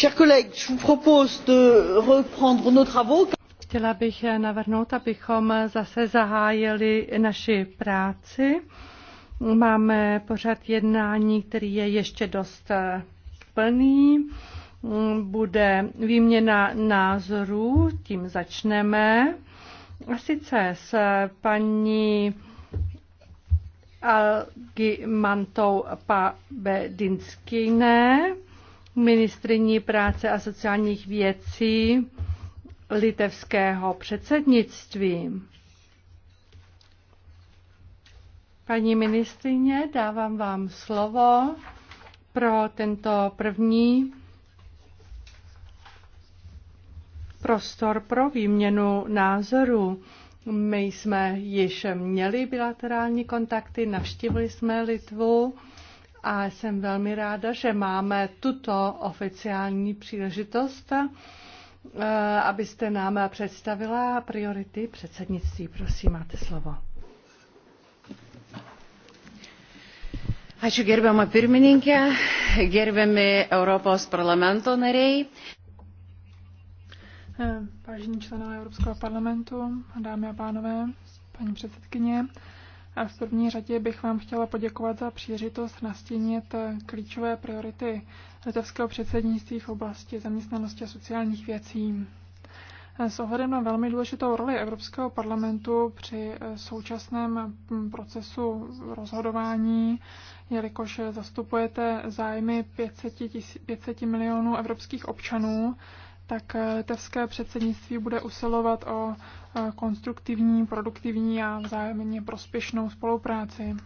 chers collègues je vous propose de reprendre nos travaux. chtěla bych navrhnout abychom zase zahájili naši práci. máme pořad jednání který je ještě dost plný. bude výměna názorů tím začneme. a sice s paní Algimantou Pabedinskiné, ministriní práce a sociálních věcí litevského předsednictví. Paní ministrině, dávám vám slovo pro tento první prostor pro výměnu názorů. My jsme již měli bilaterální kontakty, navštívili jsme Litvu a jsem velmi ráda, že máme tuto oficiální příležitost, eh, abyste nám představila priority předsednictví. Prosím, máte slovo. Ačiū gerbiamą pirmininkę, gerbiami Europos parlamento nariai. Eh, vážení členové Evropského parlamentu, dámy a pánové, paní předsedkyně, a v první řadě bych vám chtěla poděkovat za příležitost nastínit eh, klíčové priority litevského předsednictví v oblasti zaměstnanosti a sociálních věcí. Eh, s ohledem na velmi důležitou roli Evropského parlamentu při eh, současném hm, procesu rozhodování, jelikož zastupujete zájmy 500, 000, 500 milionů evropských občanů, tak eh, litevské předsednictví bude usilovat o eh, konstruktivní, produktivní a vzájemně prospěšnou spolupráci.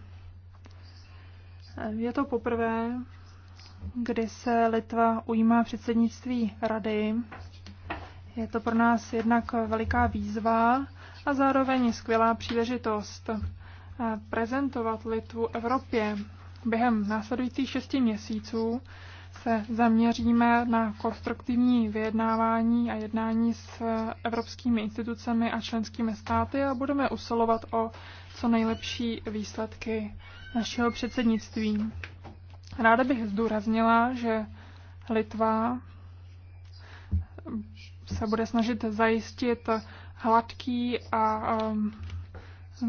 Je to poprvé, kdy se Litva ujímá předsednictví rady. Je to pro nás jednak veliká výzva a zároveň skvělá příležitost eh, prezentovat Litvu Evropě během následujících šesti měsíců se zaměříme na konstruktivní vyjednávání a jednání s evropskými institucemi a členskými státy a budeme usilovat o co nejlepší výsledky našeho předsednictví. Ráda bych zdůraznila, že Litva se bude snažit zajistit hladký a um,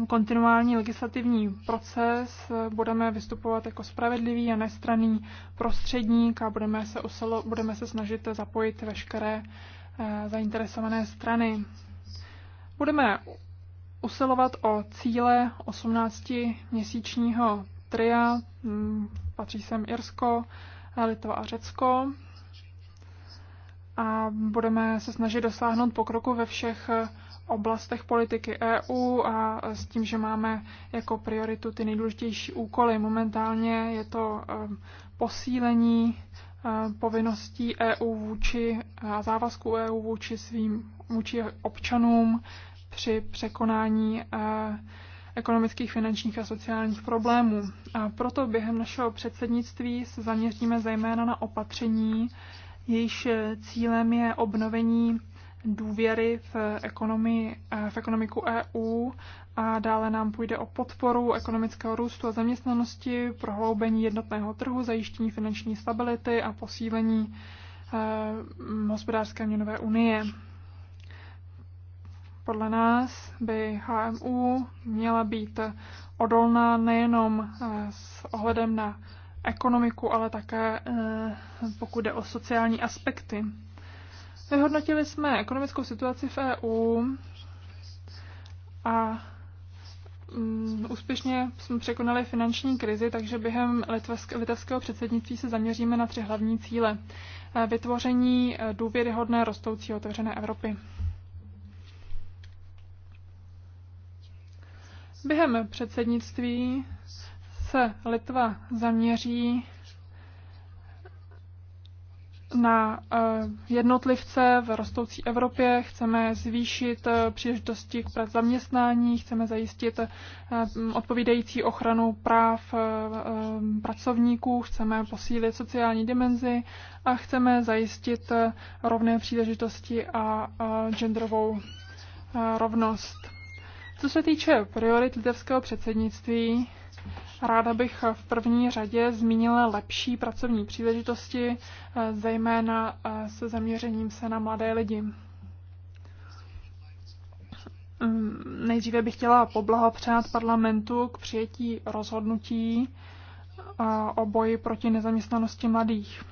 kontinuální legislativní proces, budeme vystupovat jako spravedlivý a nestraný prostředník a budeme se, usilo, budeme se snažit zapojit veškeré eh, zainteresované strany. Budeme usilovat o cíle 18-měsíčního tria, mm, patří sem Irsko, Litva a Řecko. A budeme se snažit dosáhnout pokroku ve všech eh, oblastech politiky EU a s tím, že máme jako prioritu ty nejdůležitější úkoly. Momentálně je to ehm, posílení ehm, povinností EU vůči a závazků EU vůči svým vůči občanům při překonání eh, ekonomických, finančních a sociálních problémů. A proto během našeho předsednictví se zaměříme zejména na opatření, jejíž eh, cílem je obnovení důvěry v, ekonomii, eh, v ekonomiku EU a dále nám půjde o podporu ekonomického růstu a zaměstnanosti, prohloubení jednotného trhu, zajištění finanční stability a posílení eh, hospodářské měnové unie. Podle nás by HMU měla být odolná nejenom eh, s ohledem na ekonomiku, ale také pokud jde o sociální aspekty. Vyhodnotili jsme ekonomickou situaci v EU a um, úspěšně jsme překonali finanční krizi, takže během litevského předsednictví se zaměříme na tři hlavní cíle. E, vytvoření e, důvěryhodné rostoucí otevřené Evropy. Během předsednictví se Litva zaměří na eh, jednotlivce v rostoucí Evropě, chceme zvýšit eh, příležitosti k zaměstnání, chceme zajistit eh, odpovídající ochranu práv pracovníků, chceme posílit sociální dimenzi a chceme zajistit rovné příležitosti a genderovou rovnost. Co se týče priorit litevského předsednictví, Ráda bych v první řadě zmínila lepší pracovní příležitosti, eh, zejména eh, se zaměřením se na mladé lidi. Mm, nejdříve bych chtěla poblahopřát parlamentu k přijetí rozhodnutí eh, o boji proti nezaměstnanosti mladých.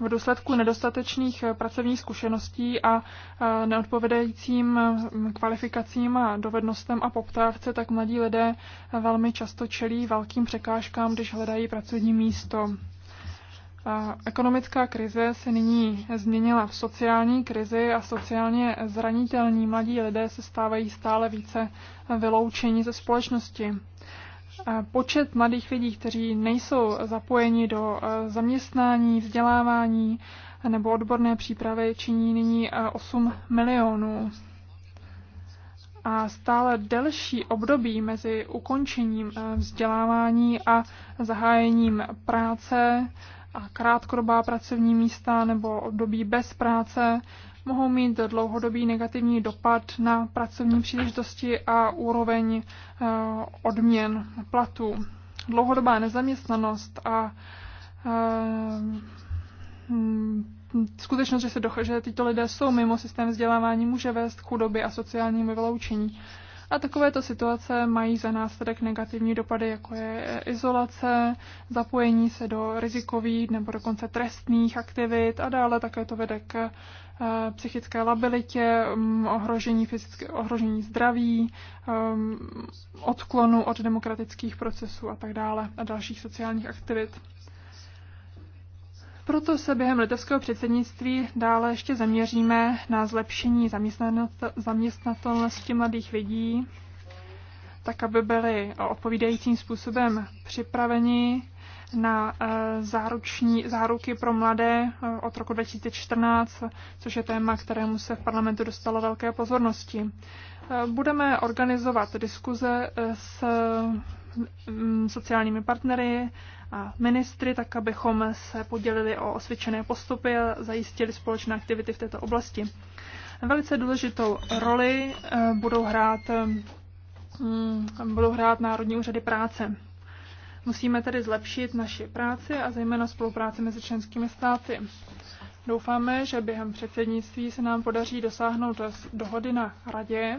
v důsledku nedostatečných eh, pracovních zkušeností a eh, neodpovědajícím eh, kvalifikacím a dovednostem a poptávce, tak mladí lidé velmi často čelí velkým překážkám, když hledají pracovní místo. Ekonomická krize se nyní změnila v sociální krizi a sociálně zranitelní mladí lidé se stávají stále více vyloučení ze společnosti počet mladých lidí, kteří nejsou zapojeni do eh, zaměstnání, vzdělávání nebo odborné přípravy, činí nyní 8 eh, milionů. A stále delší období mezi ukončením eh, vzdělávání a zahájením práce a krátkodobá pracovní místa nebo období bez práce mohou mít dlouhodobý negativní dopad na pracovní příležitosti a úroveň eh, odměn platů. Dlouhodobá nezaměstnanost a eh, skutečnost, že, se doch- že tyto lidé jsou mimo systém vzdělávání, může vést k chudobě a sociálnímu vyloučení. A takovéto situace mají za následek negativní dopady, jako je e, izolace, zapojení se do rizikových nebo dokonce trestných aktivit a dále také to vede k e, psychické labilitě, ohrožení, fyzické, ohrožení zdraví, odklonu od demokratických procesů a tak dále a dalších sociálních aktivit. Proto se během litevského předsednictví dále ještě zaměříme na zlepšení zaměstnatelnosti mladých lidí, tak aby byli odpovídajícím způsobem připraveni na eh, záruční, záruky pro mladé eh, od roku 2014, což je téma, kterému se v parlamentu dostalo velké pozornosti. Eh, budeme organizovat diskuze s sociálními partnery a ministry, tak abychom se podělili o osvědčené postupy a zajistili společné aktivity v této oblasti. Velice důležitou roli e, budou hrát, e, budou hrát Národní úřady práce. Musíme tedy zlepšit naši práci a zejména spolupráci mezi členskými státy. Doufáme, že během předsednictví se nám podaří dosáhnout dohody na radě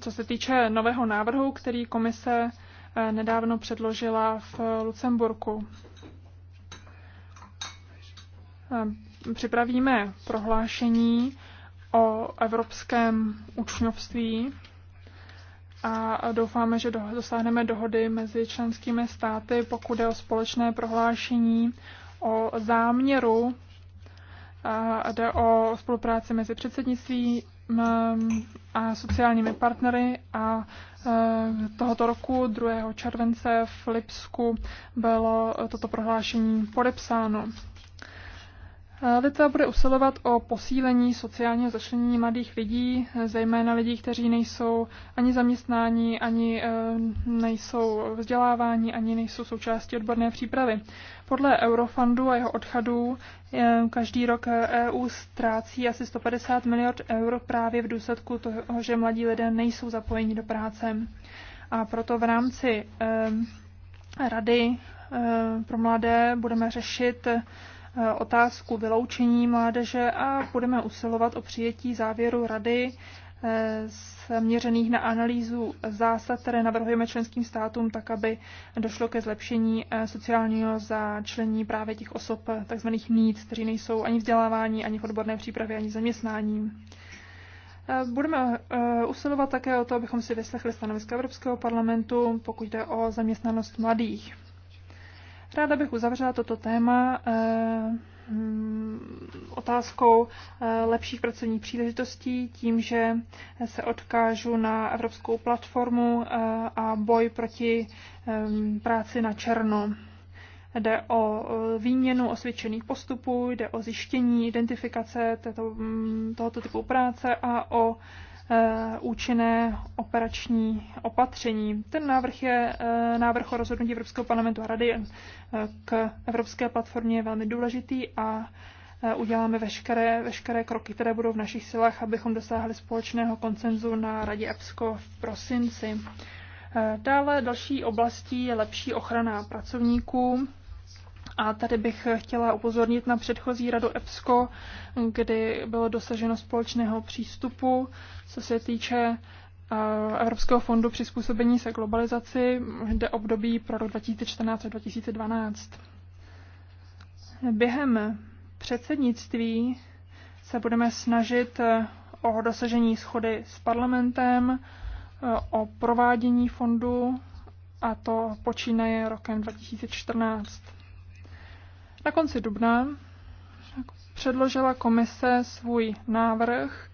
co se týče nového návrhu, který komise eh, nedávno předložila v Lucemburku. Eh, připravíme prohlášení o evropském učňovství a doufáme, že dosáhneme dohody mezi členskými státy, pokud je o společné prohlášení o záměru eh, a jde o spolupráci mezi předsednictví, a sociálními partnery a e, tohoto roku, 2. července v Lipsku, bylo toto prohlášení podepsáno. Litva bude usilovat o posílení sociálního začlenění mladých lidí, zejména lidí, kteří nejsou ani zaměstnání, ani eh, nejsou vzdělávání, ani nejsou součástí odborné přípravy. Podle Eurofondu a jeho odchadů eh, každý rok EU eh, e ztrácí asi 150 miliard eur právě v důsledku toho, že mladí lidé nejsou zapojeni do práce. A proto v rámci Rady pro mladé budeme řešit otázku vyloučení mládeže a budeme usilovat o přijetí závěru rady eh, zaměřených na analýzu zásad, které navrhujeme členským státům, tak aby došlo ke zlepšení eh, sociálního začlení právě těch osob eh, takzvaných needs, kteří nejsou ani vzdělávání, ani v odborné přípravě, ani zaměstnání. Budeme usilovat také o to, abychom si vyslechli stanoviska Evropského parlamentu, pokud jde o zaměstnanost mladých. Ráda bych uzavřela toto téma eh, hm, otázkou eh, lepších pracovních příležitostí, tím, že se odkážu na Evropskou platformu eh, a boj proti hm, práci na černo. Jde o výměnu osvědčených postupů, jde o zjištění, identifikace této, hm, tohoto typu práce a o Eh, účinné operační opatření. Ten návrh je eh, návrh o rozhodnutí Evropského parlamentu a rady eh, k Evropské platformě je velmi důležitý a uděláme veškeré, veškeré kroky, které budou v našich silách, abychom dosáhli společného koncenzu na Radě EPSCO v prosinci. Dále další oblastí je lepší ochrana pracovníků. A tady bych chtěla upozornit na předchozí radu EPSCO, kdy bylo dosaženo společného přístupu, co se týče eh, Evropského fondu přizpůsobení se globalizaci, jde období pro rok 2014 a 2012. Během předsednictví se budeme snažit eh, o dosažení schody s parlamentem, eh, o provádění fondu a to počínaje rokem 2014. Na konci dubna předložila komise svůj návrh,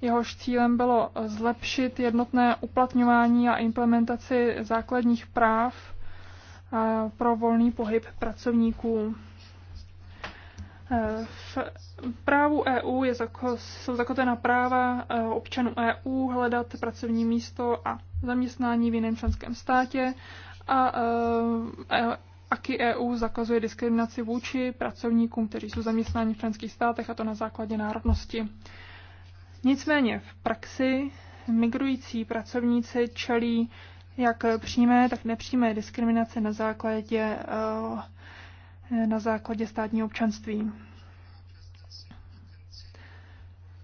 jehož cílem bylo zlepšit jednotné uplatňování a implementaci základních práv eh, pro volný pohyb pracovníků. Eh, v právu EU je, jsou zakotvena práva eh, občanů EU hledat pracovní místo a zaměstnání v jiném členském státě a Aky EU zakazuje diskriminaci vůči pracovníkům, kteří jsou zaměstnáni v členských státech, a to na základě národnosti. Nicméně v praxi migrující pracovníci čelí jak přímé, tak nepřímé diskriminace na základě, eh, na základě státního občanství.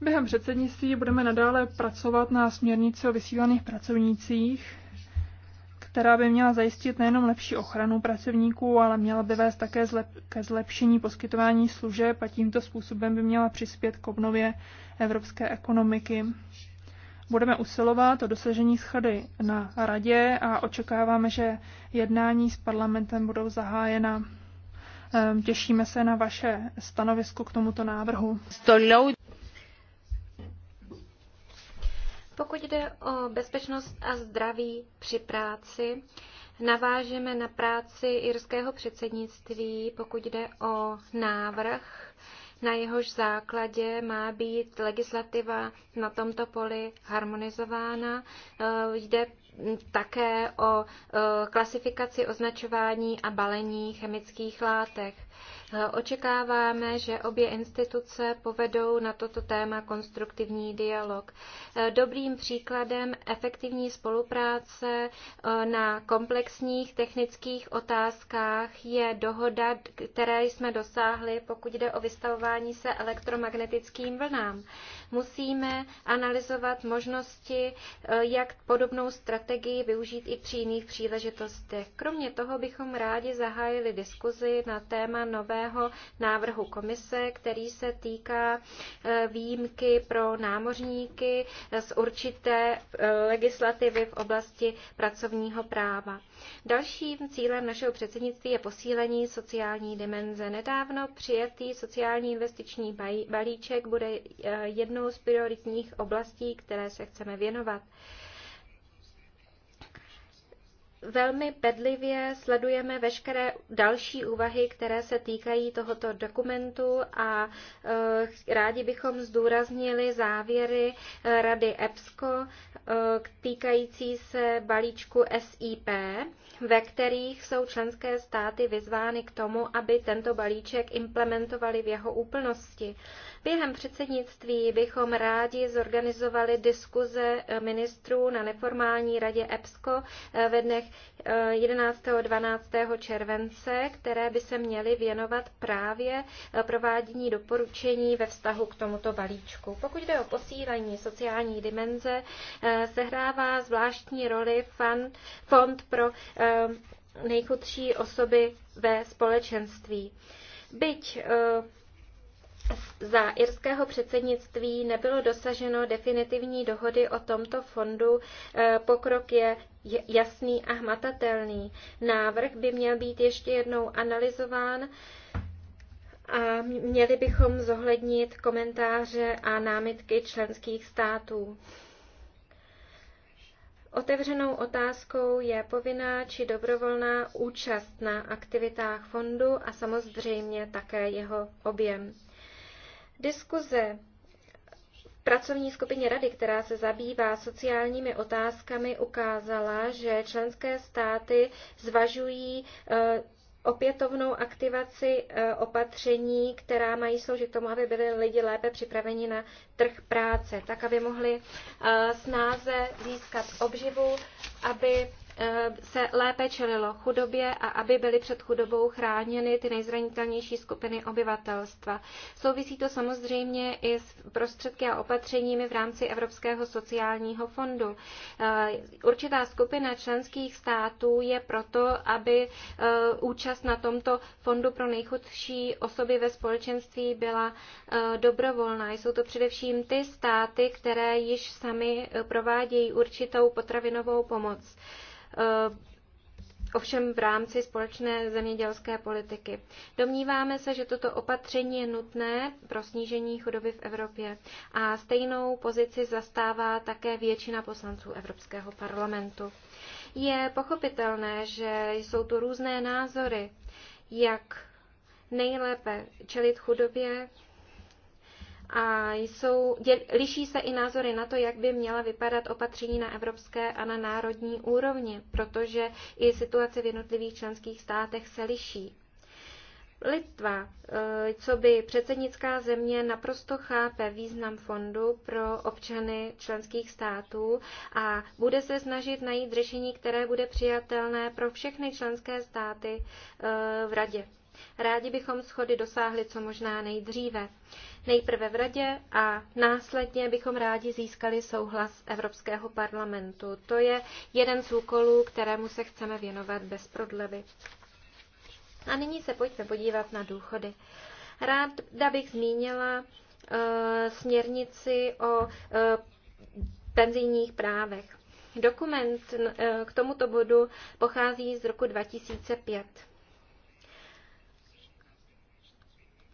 Během předsednictví budeme nadále pracovat na směrnici o vysílaných pracovnících která by měla zajistit nejenom lepší ochranu pracovníků, ale měla by vést také zlep- ke zlepšení poskytování služeb a tímto způsobem by měla přispět k obnově evropské ekonomiky. Budeme usilovat o dosažení schody na radě a očekáváme, že jednání s parlamentem budou zahájena. Ehm, těšíme se na vaše stanovisko k tomuto návrhu. Pokud jde o bezpečnost a zdraví při práci, navážeme na práci irského předsednictví, pokud jde o návrh, na jehož základě má být legislativa na tomto poli harmonizována. Eh, jde také o e, klasifikaci, označování a balení chemických látek. E, očekáváme, že obě instituce povedou na toto téma konstruktivní dialog. E, dobrým příkladem efektivní spolupráce na komplexních technických otázkách je dohoda, které jsme dosáhli, pokud jde o vystavování se elektromagnetickým vlnám. Musíme analyzovat možnosti, jak podobnou strategii strategii využít i při jiných příležitostech. Kromě toho bychom rádi zahájili diskuzi na téma nového návrhu komise, který se týká e, výjimky pro námořníky z určité e, legislativy v oblasti pracovního práva. Dalším cílem našeho předsednictví je posílení sociální dimenze. Nedávno přijatý sociální investiční balíček bude e, jednou z prioritních oblastí, které se chceme věnovat velmi bedlivě sledujeme veškeré další úvahy, které se týkají tohoto dokumentu a eh, rádi bychom zdůraznili závěry eh, Rady EPSCO eh, týkající se balíčku SIP, ve kterých jsou členské státy vyzvány k tomu, aby tento balíček implementovali v jeho úplnosti. Během předsednictví bychom rádi zorganizovali diskuze ministrů na neformální radě EPSCO eh, ve dnech 11. Eh, a 12. července, které by se měly věnovat právě eh, provádění doporučení ve vztahu k tomuto balíčku. Pokud jde o posílení sociální dimenze, sehrává zvláštní roli fan, Fond pro nejchudší osoby ve společenství. Byť za irského předsednictví nebylo dosaženo definitivní dohody o tomto fondu, e, pokrok je jasný a hmatatelný. Návrh by měl být ještě jednou analyzován a měli bychom zohlednit komentáře a námitky členských států. Otevřenou otázkou je povinná či dobrovolná účast na aktivitách fondu a samozřejmě také jeho objem. Diskuze v pracovní skupině Rady, která se zabývá sociálními otázkami, ukázala, že členské státy zvažují eh, opětovnou aktivaci eh, opatření, která mají sloužit k tomu, aby byli lidi lépe připraveni na trh práce, tak aby mohli eh, snáze získat obživu, aby Eh, se lépe čelilo chudobě a aby byly před chudobou chráněny ty nejzranitelnější skupiny obyvatelstva. Souvisí to samozřejmě i s prostředky a opatřeními v rámci Evropského sociálního fondu. Eh, určitá skupina členských států je proto, aby eh, účast na tomto fondu pro nejchudší osoby ve společenství byla dobrovolná. Jsou to především ty státy, které již sami provádějí určitou potravinovou pomoc. Eh, ovšem v rámci společné zemědělské politiky. Domníváme se, že toto opatření je nutné pro snížení chudoby v Evropě a stejnou pozici zastává také většina poslanců Evropského parlamentu. Je pochopitelné, že jsou tu různé názory, jak nejlépe čelit chudobě, a jsou, děl, liší se i názory na to, jak by měla vypadat opatření na evropské a na národní úrovni, protože i situace v jednotlivých členských státech se liší. Litva, e, co by předsednická země, naprosto chápe význam fondu pro občany členských států a bude se snažit najít řešení, které bude přijatelné pro všechny členské státy e, v Radě. Rádi bychom schody dosáhli co možná nejdříve. Nejprve v Radě a následně bychom rádi získali souhlas Evropského parlamentu. To je jeden z úkolů, kterému se chceme věnovat bez prodlevy. A nyní se pojďme podívat na důchody. Ráda bych zmínila e, směrnici o e, penzijních právech. Dokument eh, k tomuto bodu pochází z roku 2005.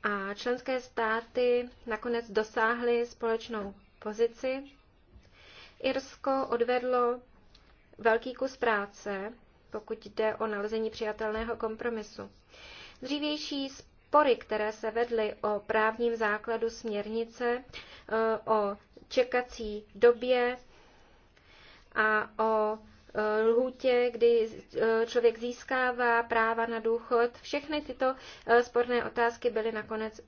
A členské státy nakonec dosáhly společnou pozici. Irsko odvedlo velký kus práce, pokud jde o nalezení přijatelného kompromisu. Dřívější spory, které se vedly o právním základu směrnice, eh, o čekací době a o Eh, lhůtě, kdy eh, člověk získává práva na důchod. Všechny tyto eh, sporné otázky byly nakonec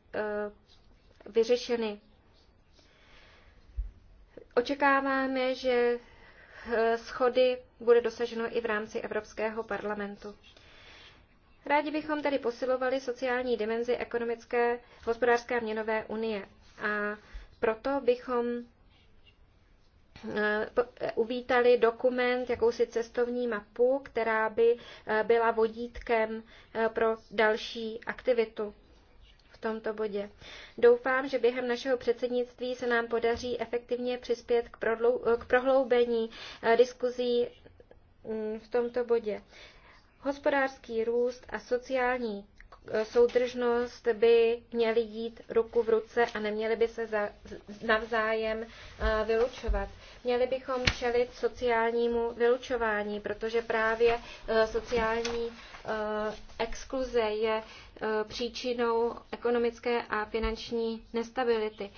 vyřešeny. Očekáváme, že schody bude dosaženo i v rámci Evropského parlamentu. Rádi bychom tedy posilovali sociální dimenzi ekonomické, hospodářské a měnové unie a proto bychom Eh, uvítali dokument, jakousi cestovní mapu, která by eh, byla vodítkem eh, pro další aktivitu v tomto bodě. Doufám, že během našeho předsednictví se nám podaří efektivně přispět k, prodlou, k prohloubení diskuzí mm, v tomto bodě. Hospodářský růst a sociální soudržnost by měly jít ruku v ruce a neměly by se za, navzájem vylučovat. Měli bychom čelit sociálnímu vylučování, protože právě e, sociální e, exkluze je e, příčinou ekonomické a finanční nestability.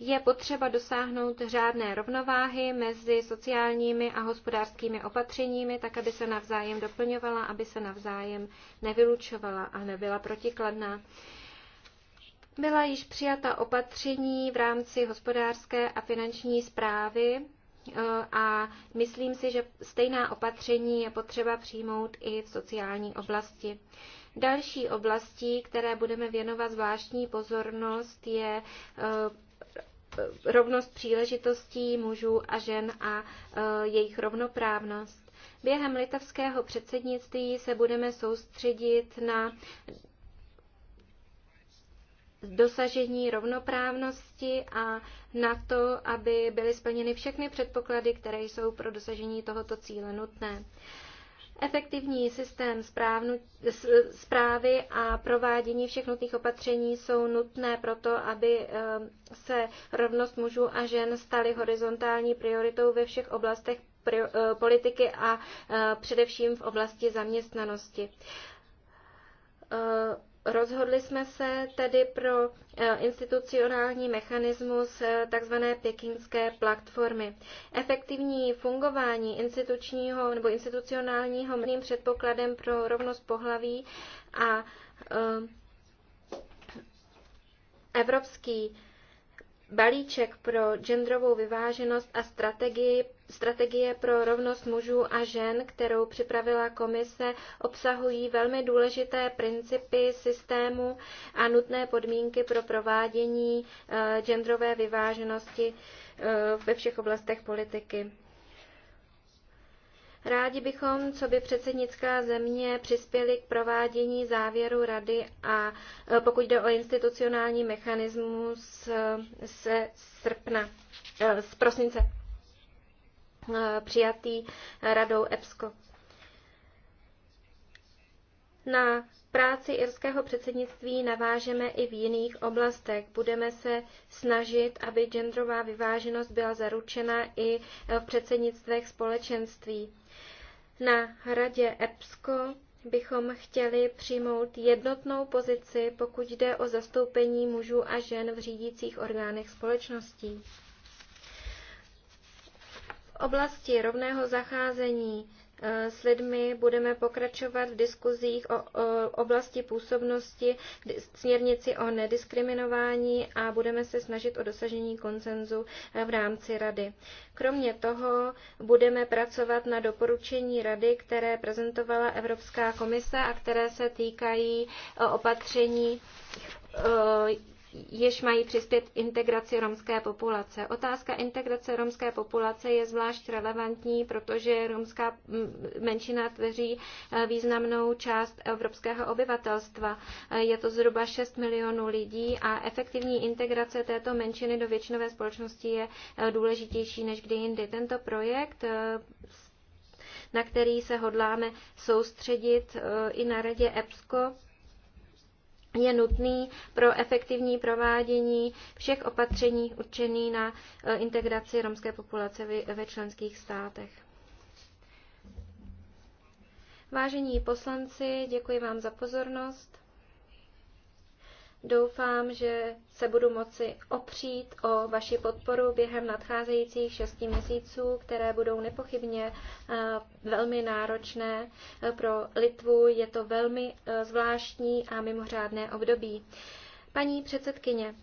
Je potřeba dosáhnout řádné rovnováhy mezi sociálními a hospodářskými opatřeními, tak aby se navzájem doplňovala, aby se navzájem nevylučovala a nebyla protikladná. Byla již přijata opatření v rámci hospodářské a finanční zprávy eh, a myslím si, že stejná opatření je potřeba přijmout i v sociální oblasti. Další oblastí, které budeme věnovat zvláštní pozornost, je eh, Eh, rovnost příležitostí mužů a žen a eh, jejich rovnoprávnost. Během litavského předsednictví se budeme soustředit na dosažení rovnoprávnosti a na to, aby byly splněny všechny předpoklady, které jsou pro dosažení tohoto cíle nutné. Efektivní systém správy zprávy a provádění všech nutných opatření jsou nutné proto, aby eh, se rovnost mužů a žen staly horizontální prioritou ve všech oblastech eh, politiky a eh, především v oblasti zaměstnanosti Rozhodli jsme se tedy pro eh, institucionální mechanismus eh, tzv. pekinské platformy. Efektivní fungování institučního nebo institucionálního mým předpokladem pro rovnost pohlaví a eh, evropský balíček pro genderovou vyváženost a strategii, strategie pro rovnost mužů a žen, kterou připravila komise, obsahují velmi důležité principy systému a nutné podmínky pro provádění eh, genderové vyváženosti eh, ve všech oblastech politiky. Rádi bychom, co by předsednická země, přispěli k provádění závěru rady a e, pokud jde o institucionální mechanismus e, se srpna, e, z prosince přijatý radou EPSCO. Na práci irského předsednictví navážeme i v jiných oblastech. Budeme se snažit, aby genderová vyváženost byla zaručena i v předsednictvech společenství. Na radě EPSCO bychom chtěli přijmout jednotnou pozici, pokud jde o zastoupení mužů a žen v řídících orgánech společností. V oblasti rovného zacházení Eh, s lidmi, budeme pokračovat v diskuzích o, o oblasti působnosti směrnici o nediskriminování a budeme se snažit o dosažení konsenzu eh, v rámci rady. Kromě toho budeme pracovat na doporučení rady, které prezentovala Evropská komise a které se týkají eh, opatření jež mají přispět integraci romské populace. Otázka integrace romské populace je zvlášť relevantní, protože romská menšina tvoří e, významnou část evropského obyvatelstva. E, je to zhruba 6 milionů lidí a efektivní integrace této menšiny do většinové společnosti je e, důležitější než kdy jindy. Tento projekt na který se hodláme soustředit i na radě EPSCO, je nutný pro efektivní provádění všech opatření určených na e, integraci romské populace ve členských státech. Vážení poslanci, děkuji vám za pozornost. Doufám, že se budu moci opřít o vaši podporu během nadcházejících šesti měsíců, které budou nepochybně eh, velmi náročné eh, pro Litvu. Je to velmi eh, zvláštní a mimořádné období. Paní předsedkyně,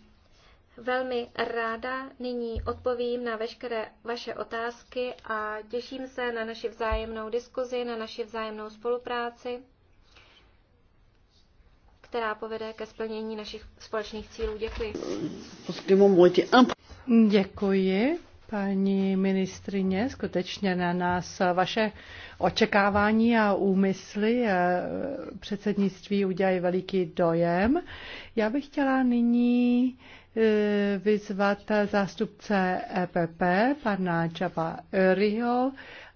Velmi ráda nyní odpovím na veškeré vaše otázky a těším se na naši vzájemnou diskuzi, na naši vzájemnou spolupráci která povede ke splnění našich společných cílů. Děkuji. Děkuji, paní ministrině. Skutečně na nás vaše očekávání a úmysly eh, předsednictví udělají veliký dojem. Já bych chtěla nyní eh, vyzvat zástupce EPP, pana Čapa Öryho,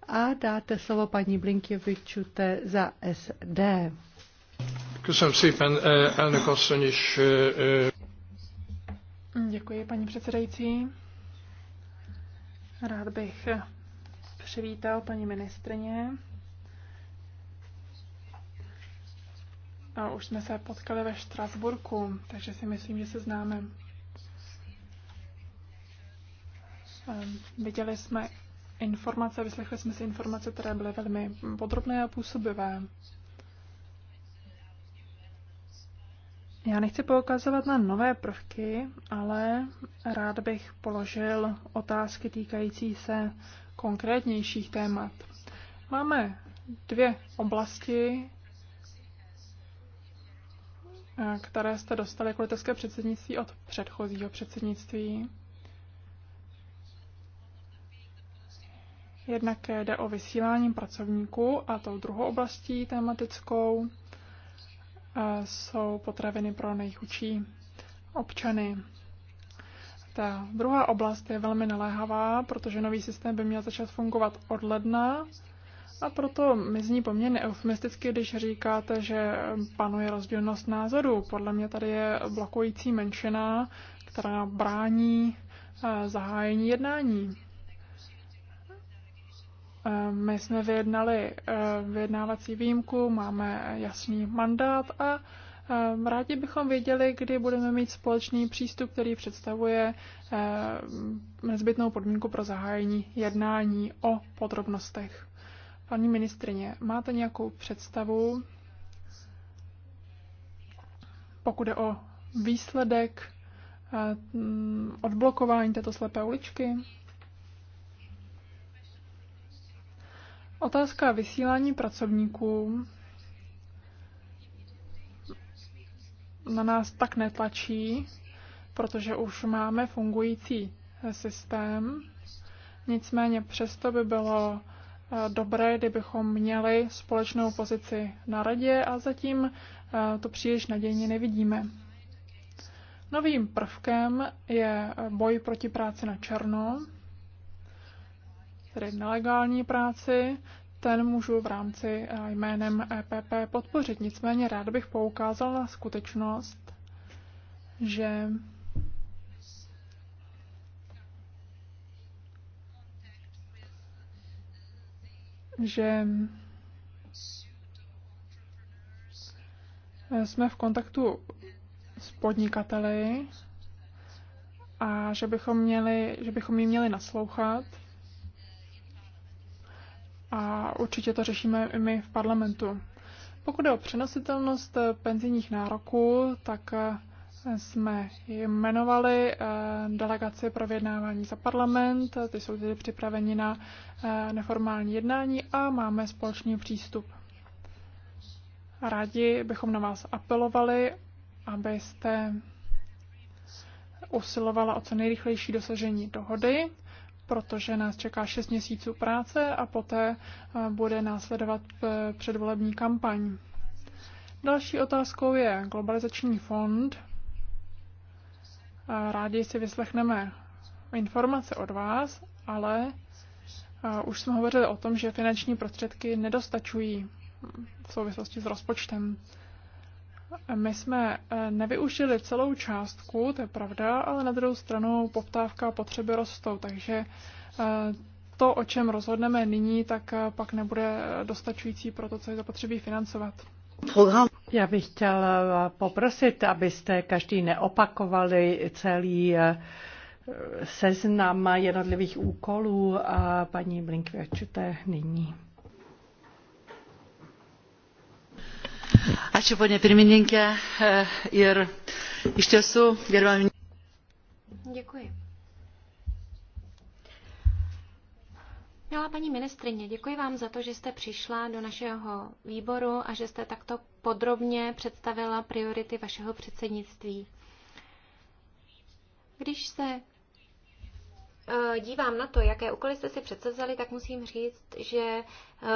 a dáte slovo paní Blinkěvičute za SD. Köszönöm szépen, eh, elnök asszony is. Eh, eh. Děkuji, paní předsedající. Rád bych přivítal paní ministrině. A už jsme se potkali ve Štrasburku, takže si myslím, že se známe. Viděli jsme informace, vyslechli jsme si informace, které byly velmi podrobné a působivé. Já nechci poukazovat na nové prvky, ale rád bych položil otázky týkající se konkrétnějších témat. Máme dvě oblasti, které jste dostali jako letecké předsednictví od předchozího předsednictví. Jednak jde o vysílání pracovníků a tou druhou oblastí tematickou jsou potraviny pro nejchučší občany. Ta druhá oblast je velmi naléhavá, protože nový systém by měl začít fungovat od ledna a proto mi zní poměrně eufemisticky, když říkáte, že panuje rozdílnost názorů. Podle mě tady je blokující menšina, která brání eh, zahájení jednání. Eh, my jsme vyjednali eh, vyjednávací výjimku, máme jasný mandát a eh, rádi bychom věděli, kdy budeme mít společný přístup, který představuje nezbytnou podmínku pro zahájení jednání o podrobnostech. Paní ministrině, máte nějakou představu, pokud je o výsledek odblokování této slepé uličky? Otázka vysílání pracovníků na nás tak netlačí, protože už máme fungující eh, systém. Nicméně přesto by bylo eh, dobré, kdybychom měli společnou pozici na radě a zatím eh, to příliš nadějně nevidíme. Novým prvkem je boj proti práci na černo tedy nelegální práci, ten můžu v rámci eh, jménem EPP podpořit. Nicméně rád bych poukázal na skutečnost, že že jsme v kontaktu s podnikateli a že bychom, měli, že bychom jim měli naslouchat a určitě to řešíme i my v parlamentu. Pokud je o přenositelnost eh, penzijních nároků, tak eh, jsme jmenovali eh, delegaci pro vyjednávání za parlament, ty jsou tedy připraveni na neformální jednání a máme společný přístup. Rádi bychom na vás apelovali, abyste usilovala o co nejrychlejší dosažení dohody protože nás čeká 6 měsíců práce a poté eh, bude následovat eh, předvolební kampaň. Další otázkou je globalizační fond. Eh, rádi si vyslechneme informace od vás, ale už jsme hovořili o tom, že finanční prostředky nedostačují v souvislosti s rozpočtem. My jsme eh, nevyužili celou částku, to je pravda, ale na druhou stranu poptávka a potřeby rostou, takže eh, to, o čem rozhodneme nyní, tak eh, pak nebude dostačující pro to, co je zapotřebí financovat. Program. Já bych chtěla poprosit, abyste každý neopakovali celý seznam jednotlivých úkolů a paní Blinkvěčute nyní. Ačiū, ponė pirmininkė. E, ir iš tiesų, gerbiami. Děkuji. Milá paní ministrině, děkuji vám za to, že jste přišla do našeho výboru a že jste takto podrobně představila priority vašeho předsednictví. Když se Eh, dívám na to, jaké úkoly jste si předsevzali, tak musím říct, že eh,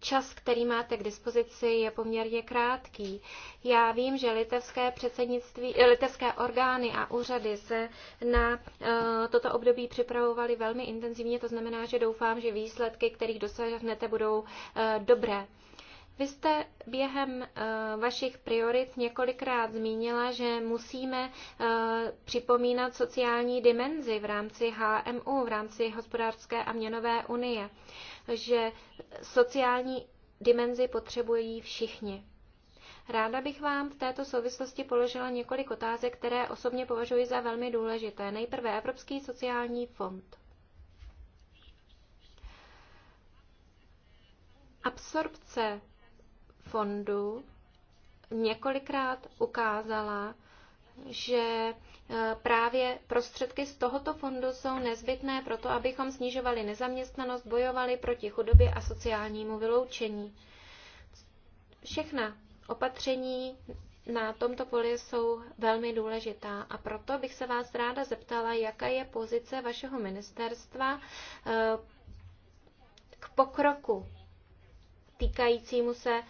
čas, který máte k dispozici, je poměrně krátký. Já vím, že litevské, předsednictví, eh, litevské orgány a úřady se na toto období připravovaly velmi intenzivně, to znamená, že doufám, že výsledky, kterých dosáhnete, budou dobré. Vy jste během eh, vašich priorit několikrát zmínila, že musíme eh, připomínat sociální dimenzi v rámci HMU, v rámci hospodářské a měnové unie, že sociální dimenzi potřebují všichni. Ráda bych vám v této souvislosti položila několik otázek, které osobně považuji za velmi důležité. Nejprve Evropský sociální fond. Absorpce fondu několikrát ukázala, že e, právě prostředky z tohoto fondu jsou nezbytné pro to, abychom snižovali nezaměstnanost, bojovali proti chudobě a sociálnímu vyloučení. Všechna opatření na tomto poli jsou velmi důležitá a proto bych se vás ráda zeptala, jaká je pozice vašeho ministerstva e, k pokroku týkajícímu se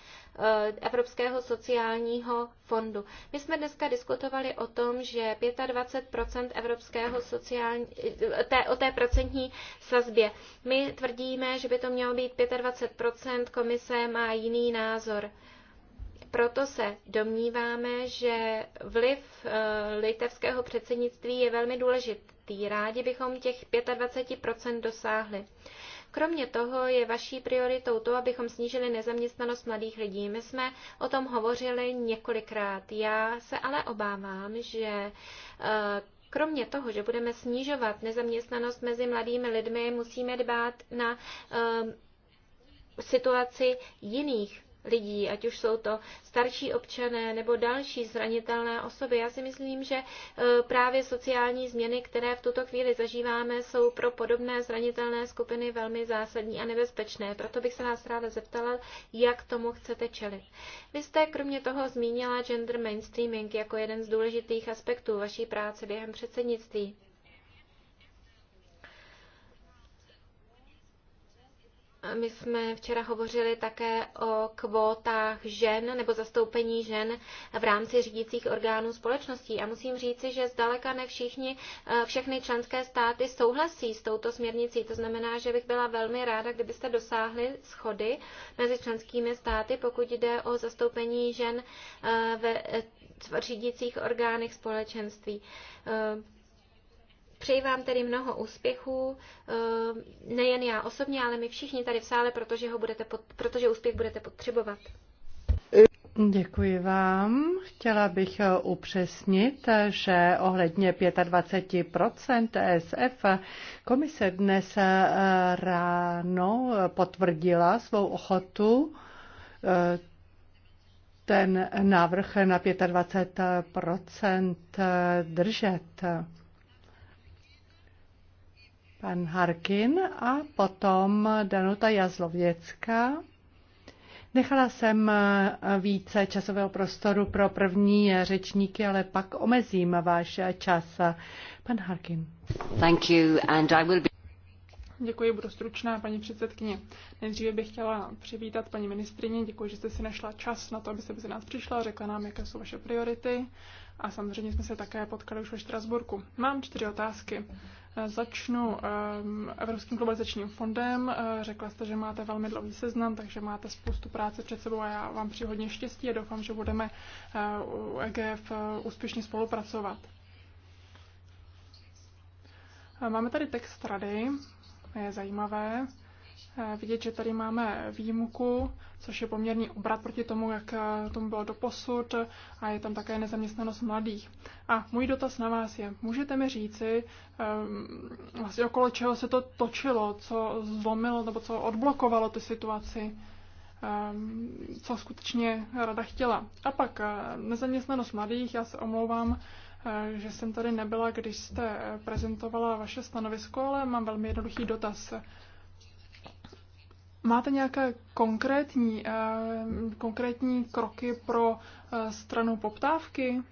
Eh, Evropského sociálního fondu. My jsme dneska diskutovali o tom, že 25 Evropského sociální, eh, té, o té procentní sazbě. My tvrdíme, že by to mělo být 25 komise má jiný názor. Proto se domníváme, že vliv eh, litevského předsednictví je velmi důležitý. Rádi bychom těch 25 dosáhli. Kromě toho je vaší prioritou to, abychom snížili nezaměstnanost mladých lidí. My jsme o tom hovořili několikrát. Já se ale obávám, že eh, Kromě toho, že budeme snižovat nezaměstnanost mezi mladými lidmi, musíme dbát na eh, situaci jiných lidí, ať už jsou to starší občané nebo další zranitelné osoby. Já si myslím, že eh, právě sociální změny, které v tuto chvíli zažíváme, jsou pro podobné zranitelné skupiny velmi zásadní a nebezpečné. Proto bych se vás ráda zeptala, jak tomu chcete čelit. Vy jste kromě toho zmínila gender mainstreaming jako jeden z důležitých aspektů vaší práce během předsednictví. My jsme včera hovořili také o kvótách žen nebo zastoupení žen v rámci řídících orgánů společností. A musím říci, že zdaleka ne všichni, eh, všechny členské státy souhlasí s touto směrnicí. To znamená, že bych byla velmi ráda, kdybyste dosáhli schody mezi členskými státy, pokud jde o zastoupení žen eh, ve eh, řídících orgánech společenství. Přeji vám tedy mnoho úspěchů, eh, nejen já osobně, ale my všichni tady v sále, protože, ho budete pod, protože úspěch budete potřebovat. Děkuji vám. Chtěla bych eh, upřesnit, eh, že ohledně 25 SF komise dnes ráno potvrdila svou ochotu ten návrh na 25 držet pan Harkin a potom Danuta Jazlověcka. Nechala jsem více časového prostoru pro první řečníky, ale pak omezím váš čas. Pan Harkin. Thank you and I will be... Děkuji, budu stručná, paní předsedkyně. Nejdříve bych chtěla přivítat paní ministrině. Děkuji, že jste si našla čas na to, abyste mezi nás přišla, řekla nám, jaké jsou vaše priority. A samozřejmě jsme se také potkali už ve Štrasburku. Mám čtyři otázky. Začnu ehm, Evropským globalizačním fondem. Eh, řekla jste, že máte velmi dlouhý seznam, takže máte spoustu práce před sebou a já vám přeji hodně štěstí a doufám, že budeme eh, u EGF eh, úspěšně spolupracovat. Máme tady text rady, je zajímavé. Eh, vidět, že tady máme výjimku, což je poměrný obrat proti tomu, jak eh, tomu bylo doposud a je tam také nezaměstnanost mladých. A můj dotaz na vás je, můžete mi říci, ehm, vlastně okolo čeho se to točilo, co zlomilo nebo co odblokovalo ty situaci, ehm, co skutečně rada chtěla. A pak eh, nezaměstnanost mladých, já se omlouvám, že jsem tady nebyla, když jste prezentovala vaše stanovisko, ale mám velmi jednoduchý dotaz. Máte nějaké konkrétní, eh, konkrétní kroky pro eh, stranu poptávky?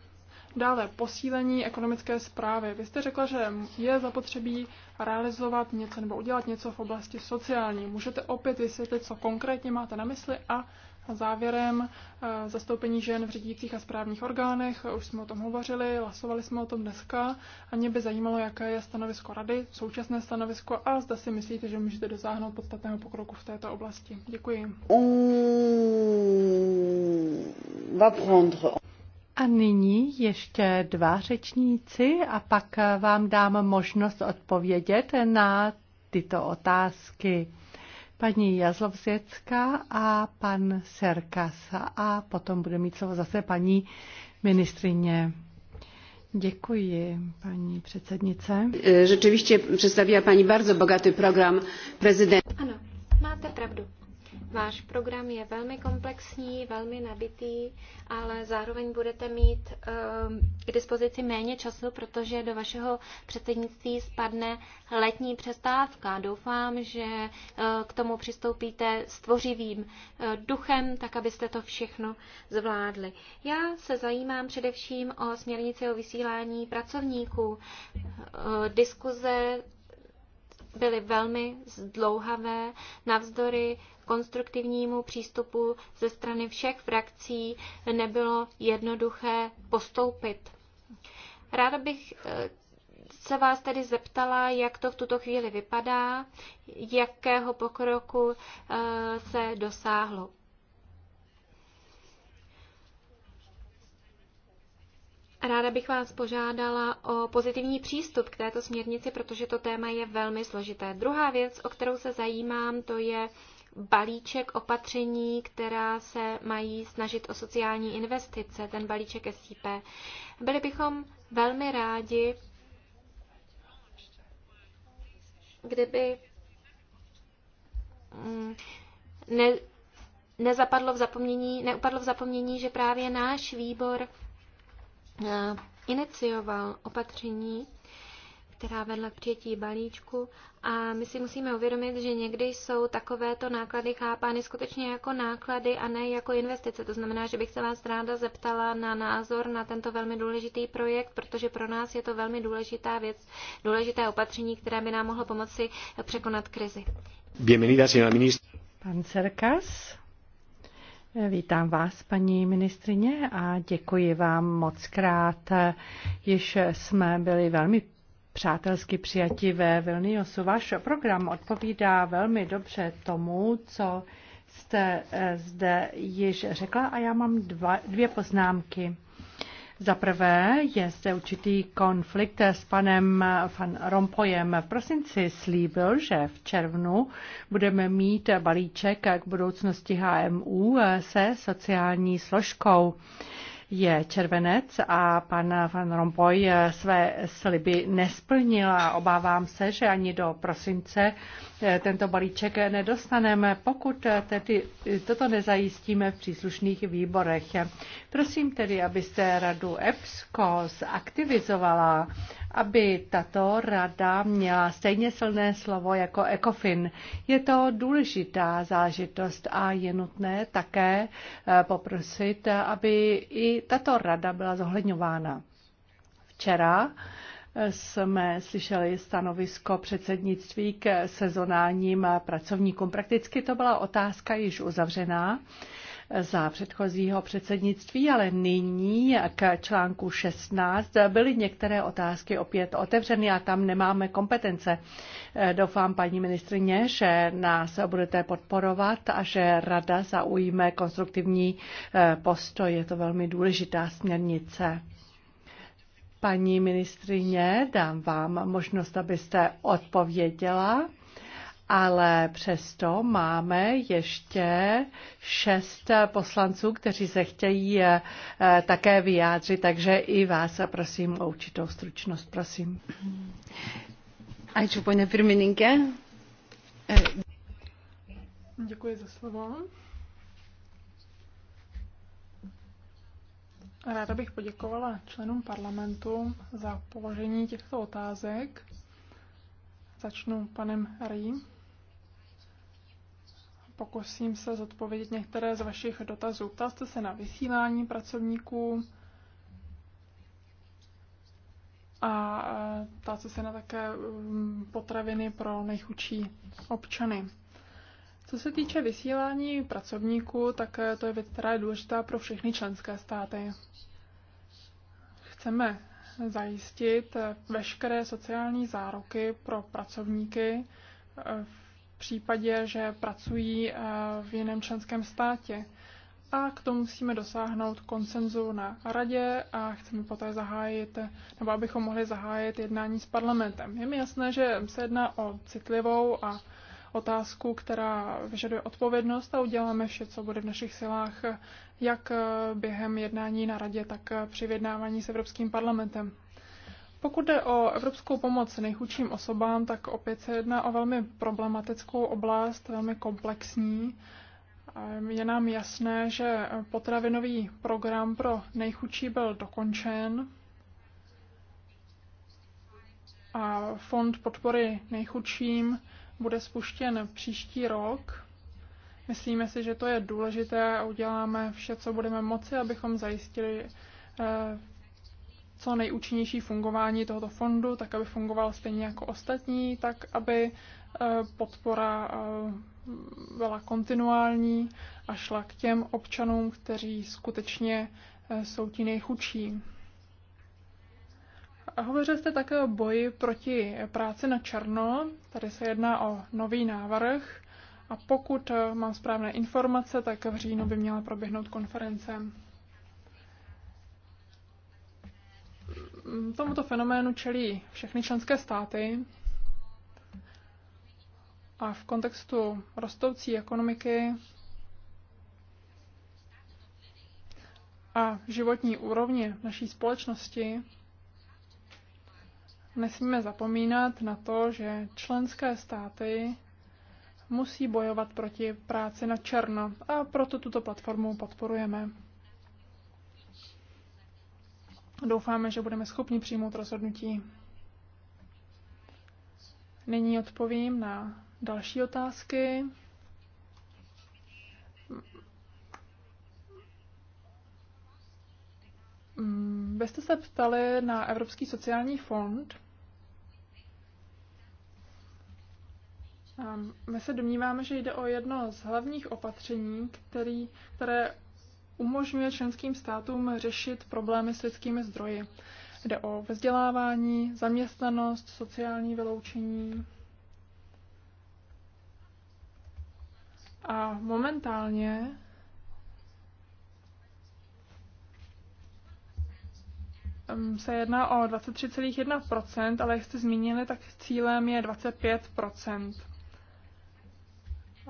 Dále posílení ekonomické zprávy. Vy jste řekla, že je zapotřebí realizovat něco nebo udělat něco v oblasti sociální. Můžete opět vysvětlit, co konkrétně máte na mysli a a závěrem eh, zastoupení žen v řídících a správních orgánech, už jsme o tom hovořili, hlasovali jsme o tom dneska a mě by zajímalo, jaké je stanovisko rady, současné stanovisko a zda si myslíte, že můžete dosáhnout podstatného pokroku v této oblasti. Děkuji. A nyní ještě dva řečníci a pak vám dám možnost odpovědět na tyto otázky paní Jazlovsvěcká a pan Serkas a potom bude mít slovo zase paní ministrině. Děkuji, paní předsednice. E, Rzeczywiście przedstawiła Pani bardzo bogaty program prezydenta. Ano, máte pravdu. Váš program je velmi komplexní, velmi nabitý, ale zároveň budete mít ehm, k dispozici méně času, protože do vašeho předsednictví spadne letní přestávka. Doufám, že eh, k tomu přistoupíte s tvořivým eh, duchem, tak abyste to všechno zvládli. Já se zajímám především o směrnici o vysílání pracovníků. Eh, diskuze byly velmi zdlouhavé navzdory konstruktivnímu přístupu ze strany všech frakcí nebylo jednoduché postoupit. Ráda bych eh, se vás tedy zeptala, jak to v tuto chvíli vypadá, jakého pokroku eh, se dosáhlo. Ráda bych vás požádala o pozitivní přístup k této směrnici, protože to téma je velmi složité. Druhá věc, o kterou se zajímám, to je balíček opatření, která se mají snažit o sociální investice, ten balíček SIP. Byli bychom velmi rádi, kdyby mm, ne, nezapadlo v zapomnění, neupadlo v zapomnění, že právě náš výbor eh, inicioval opatření, která vedla k přijetí balíčku. A my si musíme uvědomit, že někdy jsou takovéto náklady chápány skutečně jako náklady a ne jako investice. To znamená, že bych se vás ráda zeptala na názor na tento velmi důležitý projekt, protože pro nás je to velmi důležitá věc, důležité opatření, které by nám mohlo pomoci překonat krizi. Bienvenida, señora ministra. Pan Cerkas. Vítám vás, paní ministrině, a děkuji vám moc krát. Již jsme byli velmi přátelsky přijati ve Vilniusu. Váš program odpovídá velmi dobře tomu, co jste eh, zde již řekla a já mám dva, dvě poznámky. Za prvé je zde určitý konflikt s panem eh, Van Rompojem. V prosinci slíbil, že v červnu budeme mít balíček k budoucnosti HMU eh, se sociální složkou je červenec a pan Van Rompuy své sliby nesplnil a obávám se, že ani do prosince Eh, tento balíček nedostaneme, pokud eh, tedy eh, toto nezajistíme v příslušných výborech. Prosím tedy, abyste radu EPSCO zaktivizovala, aby tato rada měla stejně silné slovo jako ECOFIN. Je to důležitá zážitost a je nutné také poprosit, aby i tato rada byla zohledňována. Včera jsme slyšeli stanovisko předsednictví k sezonálním pracovníkům. Prakticky to byla otázka již uzavřená za předchozího předsednictví, ale nyní k článku 16 byly některé otázky opět otevřeny a tam nemáme kompetence. Doufám, paní ministrině, že nás budete podporovat a že rada zaujme konstruktivní eh, postoj. Je to velmi důležitá směrnice. Paní ministrině, dám vám možnost, abyste odpověděla, ale přesto máme ještě šest poslanců, kteří se chtějí eh, také vyjádřit, takže i vás prosím o určitou stručnost, prosím. Eh, Děkuji za slovo. Ráda bych poděkovala členům parlamentu za položení těchto otázek. Začnu panem Rý. Pokusím se zodpovědět některé z vašich dotazů. Ptal jste se na vysílání pracovníků a ptal jste se na také mm, potraviny pro nejchudší občany. Co se týče vysílání pracovníků, tak eh, to je věc, která je důležitá pro všechny členské státy. Chceme zajistit eh, veškeré sociální záruky pro pracovníky eh, v případě, že pracují v jiném členském státě. A k tomu musíme dosáhnout konsenzu na radě a chceme poté zahájit, nebo abychom mohli zahájit jednání s parlamentem. Je mi jasné, že se jedná o citlivou a otázku, která vyžaduje odpovědnost a uděláme vše, co bude v našich silách, jak během jednání na radě, tak při vyjednávání s Evropským parlamentem. Pokud jde o evropskou pomoc nejchudším osobám, tak opět se jedná o velmi problematickou oblast, velmi komplexní. Je nám jasné, že potravinový program pro nejchudší byl dokončen a fond podpory nejchudším bude spuštěn příští rok. Myslíme si, že to je důležité a uděláme vše, co budeme moci, abychom zajistili eh, co nejúčinnější fungování tohoto fondu, tak aby fungoval stejně jako ostatní, tak aby eh, podpora eh, byla kontinuální a šla k těm občanům, kteří skutečně jsou ti nejchudší. A hovořil jste také o boji proti práci na černo. Tady se jedná o nový návrh. A pokud mám správné informace, tak v říjnu by měla proběhnout konference. Tomuto fenoménu čelí všechny členské státy a v kontextu rostoucí ekonomiky a životní úrovně naší společnosti nesmíme zapomínat na to, že členské státy musí bojovat proti práci na černo a proto tuto platformu podporujeme. Doufáme, že budeme schopni přijmout rozhodnutí. Nyní odpovím na další otázky. Vy jste se ptali na Evropský sociální fond. Ehm, my se domníváme, že jde o jedno z hlavních opatření, který, které umožňuje členským státům řešit problémy s lidskými zdroji. Jde o vzdělávání, zaměstnanost, sociální vyloučení. A momentálně ehm, se jedná o 23,1%, ale jak jste zmínili, tak cílem je 25%.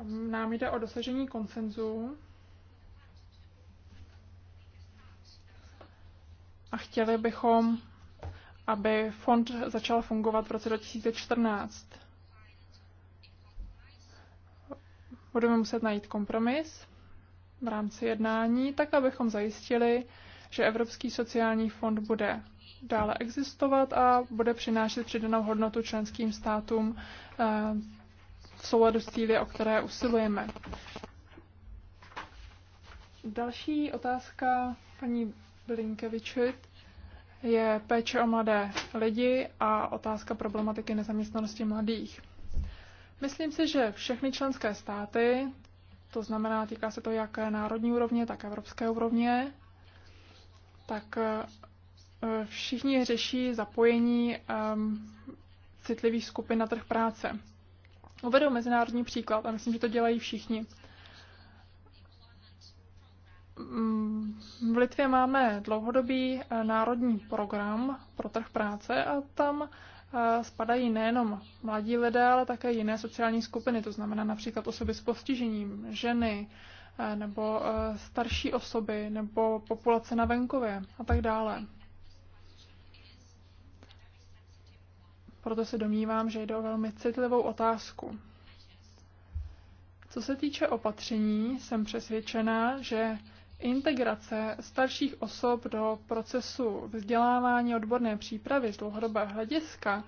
Nám jde o dosažení konsenzu a chtěli bychom, aby fond začal fungovat v roce 2014. Budeme muset najít kompromis v rámci jednání, tak abychom zajistili, že Evropský sociální fond bude dále existovat a bude přinášet přidanou hodnotu členským státům eh, v souladu s cíly, o které usilujeme. Další otázka paní Blinkevičit je péče o mladé lidi a otázka problematiky nezaměstnanosti mladých. Myslím si, že všechny členské státy, to znamená, týká se to jak národní úrovně, tak evropské úrovně, tak eh, všichni řeší zapojení ehm, citlivých skupin na trh práce uvedou mezinárodní příklad a myslím, že to dělají všichni. Mm, v Litvě máme dlouhodobý eh, národní program pro trh práce a tam eh, spadají nejenom mladí lidé, ale také jiné sociální skupiny, to znamená například osoby s postižením, ženy, eh, nebo starší osoby, nebo populace na venkově a tak dále. proto se domnívám, že jde o velmi citlivou otázku. Co se týče opatření, jsem přesvědčena, že integrace starších osob do procesu vzdělávání odborné přípravy z dlouhodobého hlediska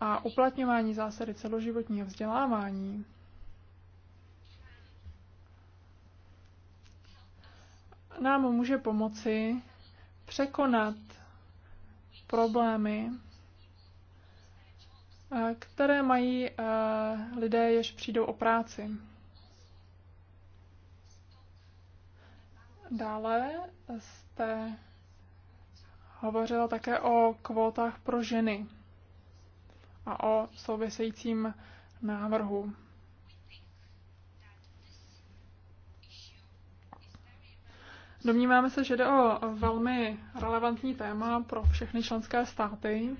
a uplatňování zásady celoživotního vzdělávání nám může pomoci překonat problémy, Eh, které mají eh, lidé, jež přijdou o práci. Dále jste hovořila také o kvótách pro ženy a o souvisejícím návrhu. Domníváme se, že jde o velmi relevantní téma pro všechny členské státy.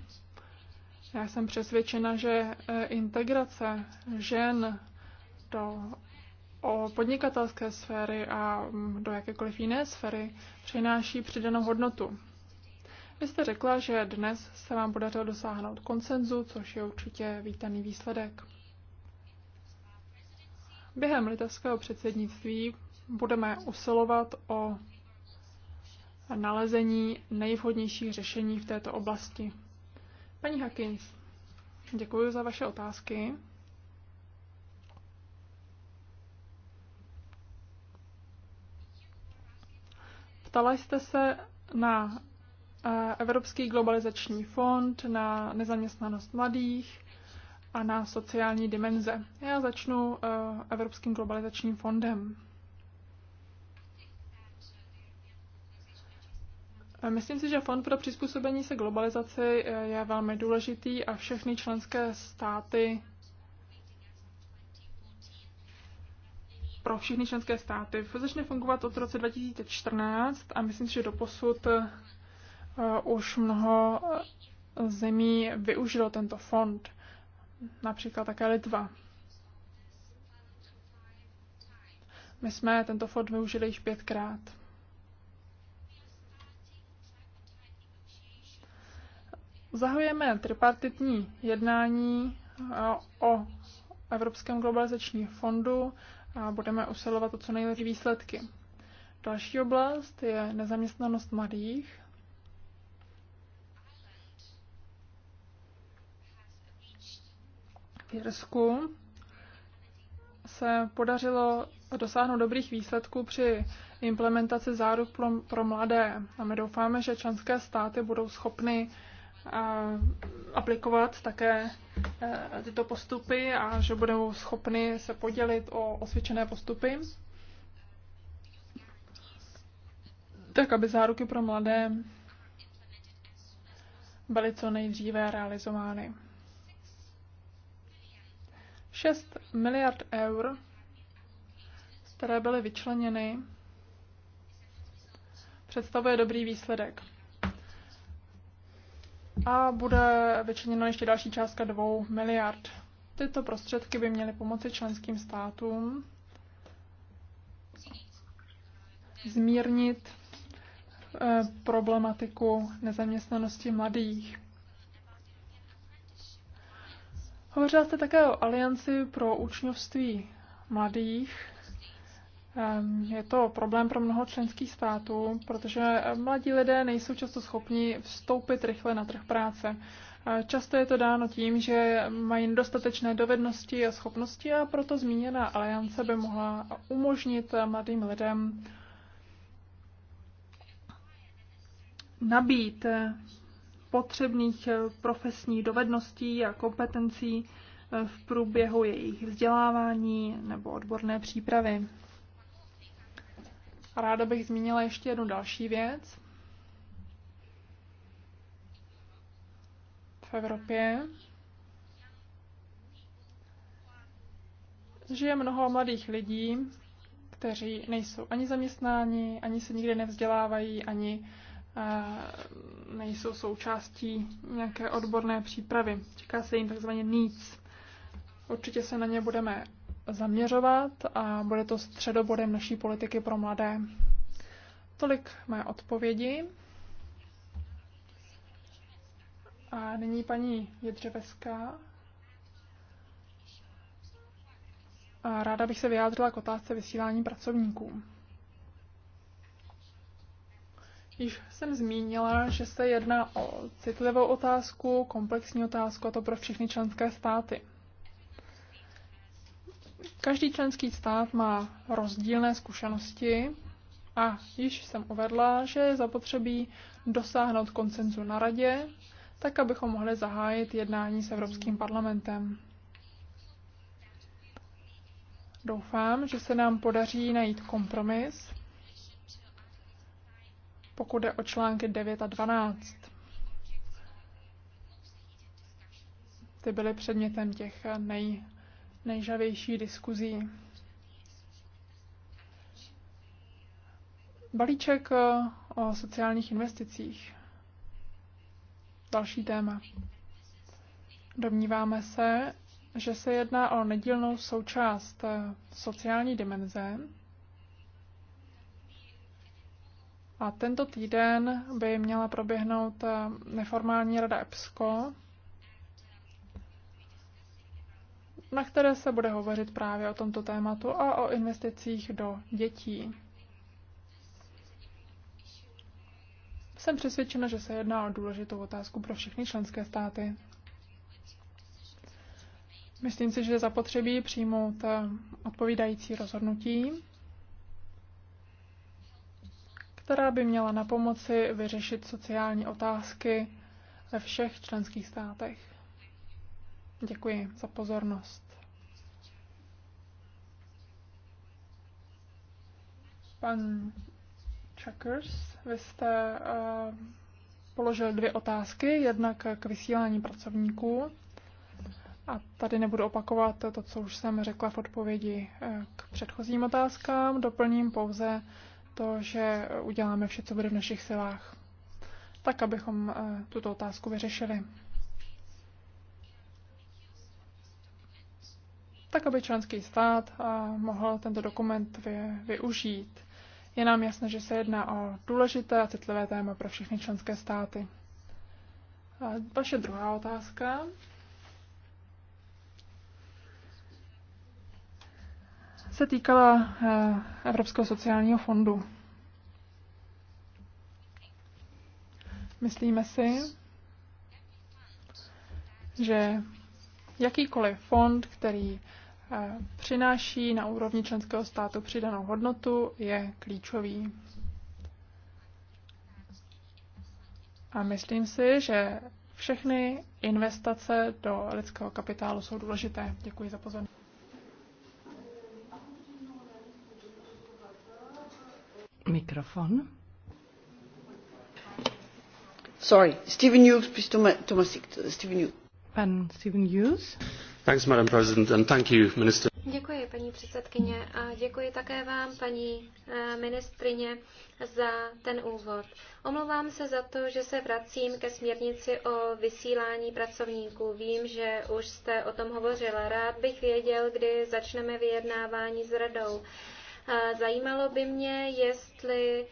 Já jsem přesvědčena, že e, integrace žen do o podnikatelské sféry a mm, do jakékoliv jiné sféry přináší přidanou hodnotu. Vy jste řekla, že dnes se vám podařilo dosáhnout konsenzu, což je určitě vítaný výsledek. Během litevského předsednictví budeme usilovat o nalezení nejvhodnějších řešení v této oblasti. Paní Hakins, děkuji za vaše otázky. Ptala jste se na eh, Evropský globalizační fond, na nezaměstnanost mladých a na sociální dimenze. Já začnu eh, Evropským globalizačním fondem. Myslím si, že Fond pro přizpůsobení se globalizaci eh, je velmi důležitý a všechny členské státy pro všechny členské státy začne fungovat od roce 2014 a myslím si, že doposud eh, už mnoho eh, zemí využilo tento fond, například také Litva. My jsme tento fond využili již pětkrát. Zahujeme tripartitní jednání eh, o Evropském globalizačním fondu a budeme usilovat o co nejlepší výsledky. Další oblast je nezaměstnanost mladých. V Jirsku se podařilo dosáhnout dobrých výsledků při implementaci záruk pro, pro mladé. A my doufáme, že členské státy budou schopny uh, aplikovat také e, tyto postupy a že budou schopny se podělit o osvědčené postupy, tak aby záruky pro mladé byly co nejdříve realizovány. 6 miliard eur, které byly vyčleněny, představuje dobrý výsledek a bude vyčleněna ještě další částka 2 miliard. Tyto prostředky by měly pomoci členským státům zmírnit eh, problematiku nezaměstnanosti mladých. Hovořila jste také o Alianci pro učňovství mladých. Ehm, je to problém pro mnoho členských států, protože ehm, mladí lidé nejsou často schopni vstoupit rychle na trh práce. Často je to dáno tím, že mají nedostatečné dovednosti a schopnosti a proto zmíněná aliance by mohla umožnit eh, mladým lidem nabít eh, potřebných eh, profesních dovedností a kompetencí v průběhu jejich vzdělávání nebo odborné přípravy. Ráda bych zmínila ještě jednu další věc. V Evropě žije mnoho mladých lidí, kteří nejsou ani zaměstnáni, ani se nikdy nevzdělávají, ani uh, nejsou součástí nějaké odborné přípravy. Čeká se jim takzvaně nic. Určitě se na ně budeme zaměřovat a bude to středobodem naší politiky pro mladé. Tolik mé odpovědi. A nyní paní Jedřeveská. A ráda bych se vyjádřila k otázce vysílání pracovníků. Již jsem zmínila, že se jedná o citlivou otázku, komplexní otázku, a to pro všechny členské státy. Každý členský stát má rozdílné zkušenosti a již jsem uvedla, že je zapotřebí dosáhnout koncenzu na radě, tak abychom mohli zahájit jednání s Evropským parlamentem. Doufám, že se nám podaří najít kompromis, pokud je o články 9 a 12. Ty byly předmětem těch nej nejžavější diskuzí. Balíček eh, o sociálních investicích. Další téma. Domníváme se, že se jedná o nedílnou součást eh, sociální dimenze. A tento týden by měla proběhnout eh, neformální rada EPSCO, na které se bude hovořit právě o tomto tématu a o investicích do dětí. Jsem přesvědčena, že se jedná o důležitou otázku pro všechny členské státy. Myslím si, že zapotřebí přijmout eh, odpovídající rozhodnutí, která by měla na pomoci vyřešit sociální otázky ve všech členských státech. Děkuji za pozornost. Pan Checkers, vy jste uh, položil dvě otázky, jednak k vysílání pracovníků. A tady nebudu opakovat to, co už jsem řekla v odpovědi eh, k předchozím otázkám. Doplním pouze to, že uděláme vše, co bude v našich silách, tak abychom eh, tuto otázku vyřešili. tak aby členský stát mohl tento dokument využít. Je nám jasné, že se jedná o důležité a citlivé téma pro všechny členské státy. A vaše druhá otázka. se týkala e, Evropského sociálního fondu. Myslíme si, že jakýkoliv fond, který přináší na úrovni členského státu přidanou hodnotu, je klíčový. A myslím si, že všechny investace do lidského kapitálu jsou důležité. Děkuji za pozornost. Mikrofon. Sorry, Stephen Hughes, please, Tomasik, Stephen Hughes. Pan Stephen Hughes. Děkuji, paní předsedkyně, a děkuji také vám, paní eh, ministrině, za ten úvod. Omlouvám se za to, že se vracím ke směrnici o vysílání pracovníků. Vím, že už jste o tom hovořila. Rád bych věděl, kdy začneme vyjednávání s radou. Zajímalo by mě, jestli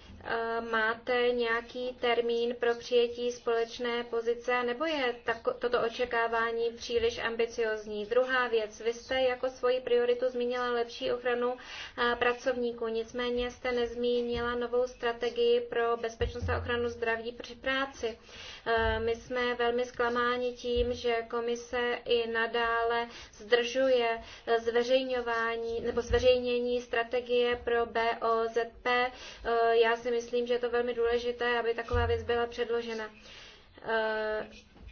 máte nějaký termín pro přijetí společné pozice, nebo je toto očekávání příliš ambiciozní. Druhá věc, vy jste jako svoji prioritu zmínila lepší ochranu pracovníků, nicméně jste nezmínila novou strategii pro bezpečnost a ochranu zdraví při práci. Eh, my jsme velmi zklamáni tím, že komise i nadále zdržuje eh, zveřejňování nebo zveřejnění strategie pro BOZP. Eh, já si myslím, že je to velmi důležité, aby taková věc byla předložena.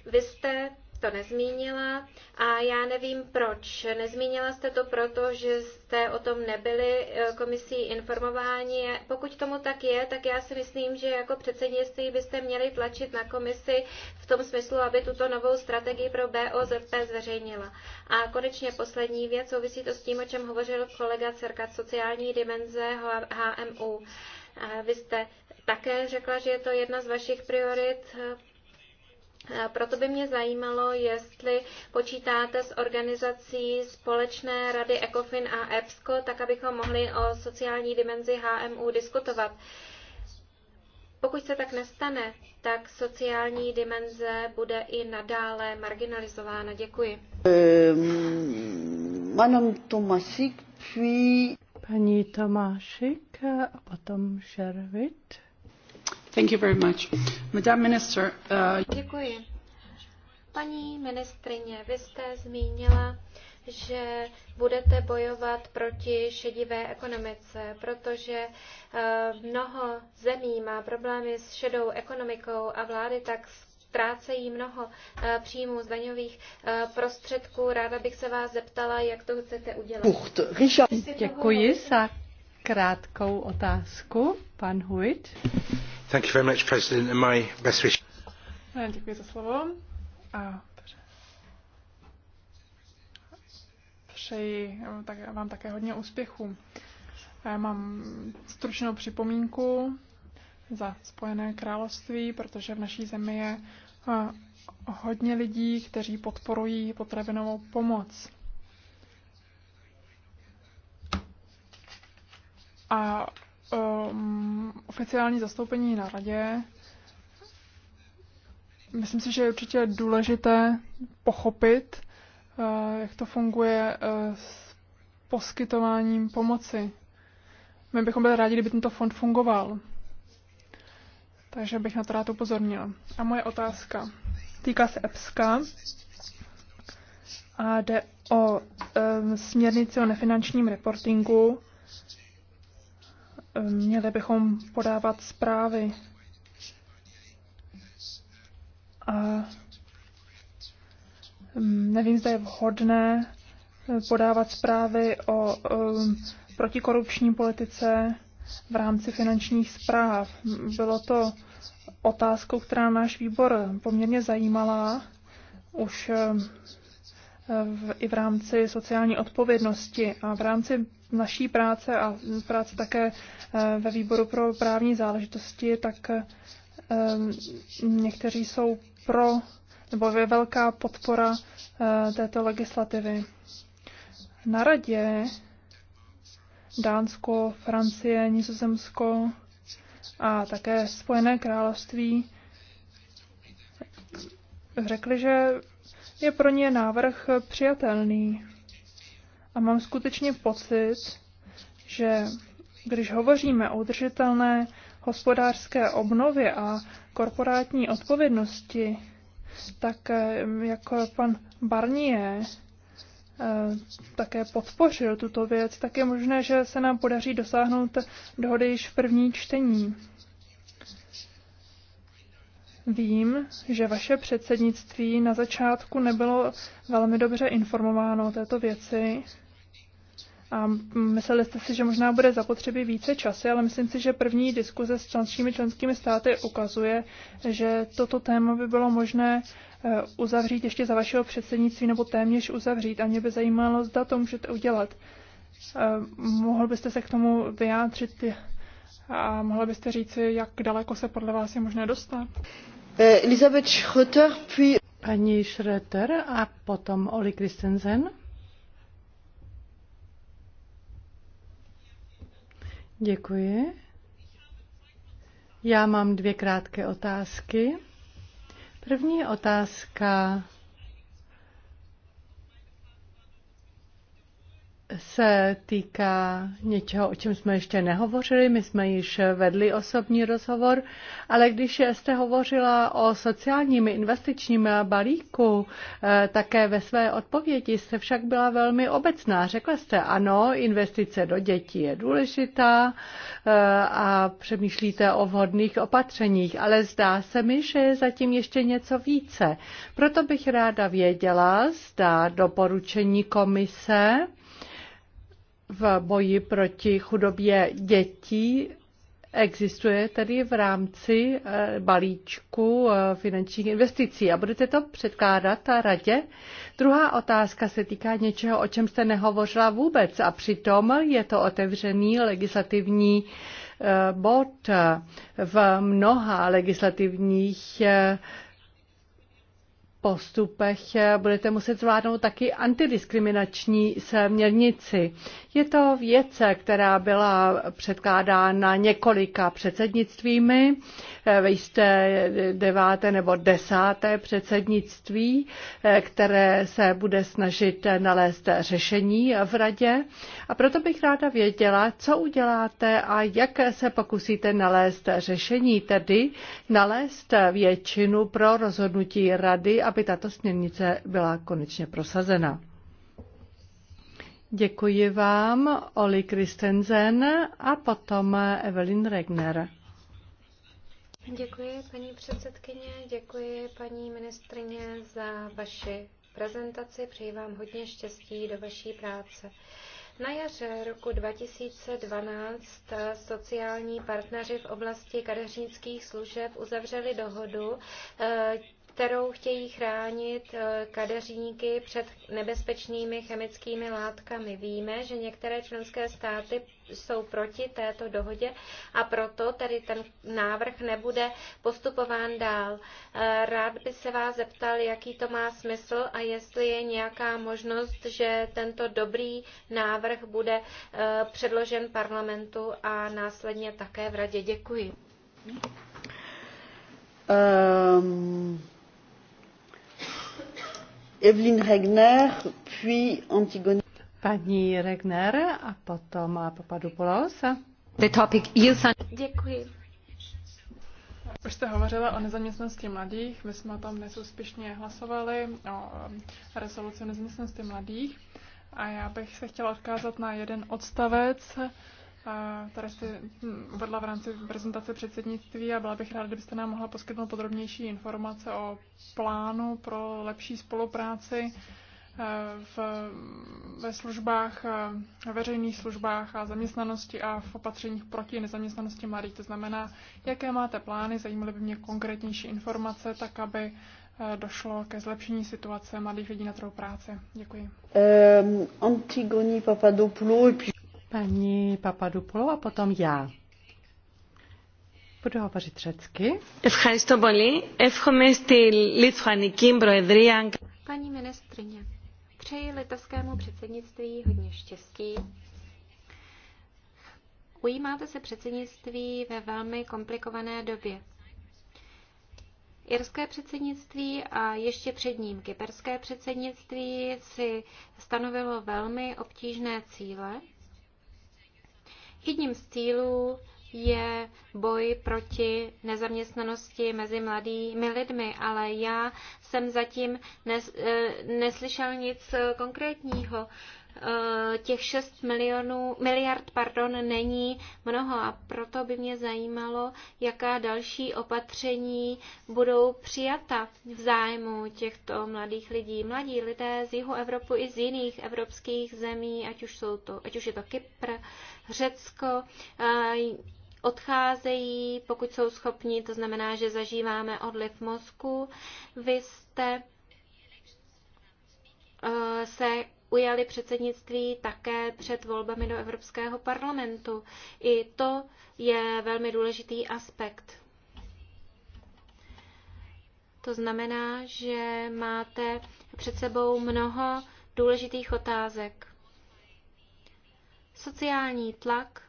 Vy jste to nezmínila a já nevím proč. Nezmínila jste to proto, že jste o tom nebyli eh, komisí informováni. Pokud tomu tak je, tak já si myslím, že jako předsednictví byste měli tlačit na komisi v tom smyslu, aby tuto novou strategii pro BOZP zveřejnila. A konečně poslední věc, souvisí to s tím, o čem hovořil kolega Cerka, sociální dimenze HMU. Vy jste také řekla, že je to jedna z vašich priorit eh, proto by mě zajímalo, jestli počítáte s organizací společné rady ECOFIN a EPSCO, tak abychom mohli o sociální dimenzi HMU diskutovat. Pokud se tak nestane, tak sociální dimenze bude i nadále marginalizována. Děkuji. Ehm, Madame Tomášik, puis... Paní Tomášik a potom Šervit. Uh, Děkuji. Paní ministryně vy jste zmínila, že budete bojovat proti šedivé ekonomice, protože uh, mnoho zemí má problémy s šedou ekonomikou a vlády tak ztrácejí mnoho uh, příjmů z daňových prostředků. Ráda bych se vás zeptala, jak to chcete udělat. Děkuji za krátkou otázku. Pan Huit. Thank you very much, President, and my best wishes. No, děkuji za slovo. A přeji tak, vám také hodně úspěchů. Já mám stručnou připomínku za Spojené království, protože v naší zemi je hodně lidí, kteří podporují potravinovou pomoc. a um, oficiální zastoupení na radě. Myslím si, že je určitě důležité pochopit, uh, jak to funguje uh, s poskytováním pomoci. My bychom byli rádi, kdyby tento fond fungoval. Takže bych na to rád upozornila. A moje otázka týká se EPSKA a jde o um, směrnici o nefinančním reportingu měli bychom podávat zprávy. A nevím, zda je vhodné podávat zprávy o um, protikorupční politice v rámci finančních zpráv. Bylo to otázkou, která náš výbor poměrně zajímala už um, v, i v rámci sociální odpovědnosti a v rámci naší práce a práce také ve výboru pro právní záležitosti, tak ehm, někteří jsou pro, nebo je velká podpora eh, této legislativy. Na radě Dánsko, Francie, Nizozemsko a také Spojené království řekli, že je pro ně návrh přijatelný. A mám skutečně pocit, že když hovoříme o udržitelné hospodářské obnově a korporátní odpovědnosti, tak jako pan Barnier eh, také podpořil tuto věc, tak je možné, že se nám podaří dosáhnout dohody již v první čtení. Vím, že vaše předsednictví na začátku nebylo velmi dobře informováno o této věci a mysleli jste si, že možná bude zapotřebí více času, ale myslím si, že první diskuze s členskými členskými státy ukazuje, že toto téma by bylo možné eh, uzavřít ještě za vašeho předsednictví nebo téměř uzavřít a mě by zajímalo, zda to můžete udělat. Eh, mohl byste se k tomu vyjádřit a mohla byste říct, jak daleko se podle vás je možné dostat? Eh, Elizabeth Schröter, puis... Paní Schröter a potom Oli Christensen. Děkuji. Já mám dvě krátké otázky. První otázka se týká něčeho, o čem jsme ještě nehovořili. My jsme již vedli osobní rozhovor, ale když jste hovořila o sociálním investičním balíku, eh, také ve své odpovědi jste však byla velmi obecná. Řekla jste, ano, investice do dětí je důležitá eh, a přemýšlíte o vhodných opatřeních, ale zdá se mi, že je zatím ještě něco více. Proto bych ráda věděla, zda doporučení komise, v boji proti chudobě dětí existuje tedy v rámci eh, balíčku eh, finančních investicí a budete to předkládat a radě? Druhá otázka se týká něčeho, o čem jste nehovořila vůbec a přitom je to otevřený legislativní eh, bod v mnoha legislativních postupech budete muset zvládnout taky antidiskriminační směrnici. Je to věc, která byla předkládána několika předsednictvími. Eh, vy jste eh, deváté nebo desáté předsednictví, eh, které se bude snažit nalézt řešení v radě. A proto bych ráda věděla, co uděláte a jak se pokusíte nalézt řešení, tedy nalézt většinu pro rozhodnutí rady, aby tato směrnice byla konečně prosazena. Děkuji vám, Oli Kristensen a potom Evelyn Regner. Děkuji, paní předsedkyně, děkuji, paní ministrině, za vaši prezentaci. Přeji vám hodně štěstí do vaší práce. Na jaře roku 2012 sociální partneři v oblasti kadeřnických služeb uzavřeli dohodu eh, kterou chtějí chránit eh, kadeřníky před nebezpečnými chemickými látkami. Víme, že některé členské státy jsou proti této dohodě a proto tedy ten návrh nebude postupován dál. Eh, rád by se vás zeptal, jaký to má smysl a jestli je nějaká možnost, že tento dobrý návrh bude eh, předložen parlamentu a následně také v radě. Děkuji. Um... Evelyn Regner, puis Antigone. Paní Regner a potom Papadopoulos. The topic youth Děkuji. Už jste hovořila o nezaměstnanosti mladých, my jsme tam dnes úspěšně hlasovali o um, rezoluci o nezaměstnanosti mladých a já bych se chtěla odkázat na jeden odstavec, které jste uvedla v rámci prezentace předsednictví a byla bych ráda, kdybyste nám mohla poskytnout podrobnější informace o plánu pro lepší spolupráci eh, v, ve službách, eh, veřejných službách a zaměstnanosti a v opatřeních proti nezaměstnanosti mladých. To znamená, jaké máte plány, zajímaly by mě konkrétnější informace, tak aby eh, došlo ke zlepšení situace mladých lidí na trhu práce. Děkuji. Um, ehm, Antigoni Paní Papadupoulou a potom já. Budu hovořit řecky. Ευχαριστώ πολύ. Εύχομαι στη Λιθουανική Προεδρία. Paní ministrině, přeji litovskému předsednictví hodně štěstí. Ujímáte se předsednictví ve velmi komplikované době. Irské předsednictví a ještě před ním kyperské předsednictví si stanovilo velmi obtížné cíle Jedním z cílů je boj proti nezaměstnanosti mezi mladými lidmi, ale já jsem zatím nes, eh, neslyšel nic eh, konkrétního. Eh, těch 6 milionů, miliard pardon, není mnoho a proto by mě zajímalo, jaká další opatření budou přijata v zájmu těchto mladých lidí. Mladí lidé z jihu Evropy i z jiných evropských zemí, ať už, jsou to, ať už je to Kypr, Řecko, eh, odcházejí, pokud jsou schopni, to znamená, že zažíváme odliv mozku. Vy jste eh, se ujali předsednictví také před volbami do Evropského parlamentu. I to je velmi důležitý aspekt. To znamená, že máte před sebou mnoho důležitých otázek. Sociální tlak,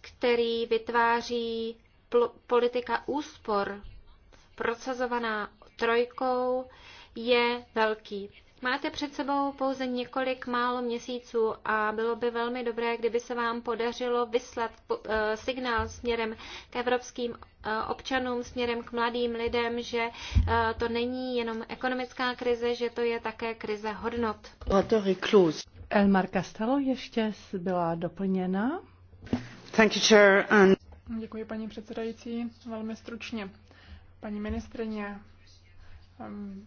který vytváří politika úspor, prosazovaná trojkou, je velký. Máte před sebou pouze několik málo měsíců a bylo by velmi dobré, kdyby se vám podařilo vyslat eh, signál směrem k evropským eh, občanům, směrem k mladým lidem, že eh, to není jenom ekonomická krize, že to je také krize hodnot. Elmar Castello ještě byla doplněna. Thank you, chair, and... Děkuji, paní předsedající. Velmi stručně. Paní ministrině,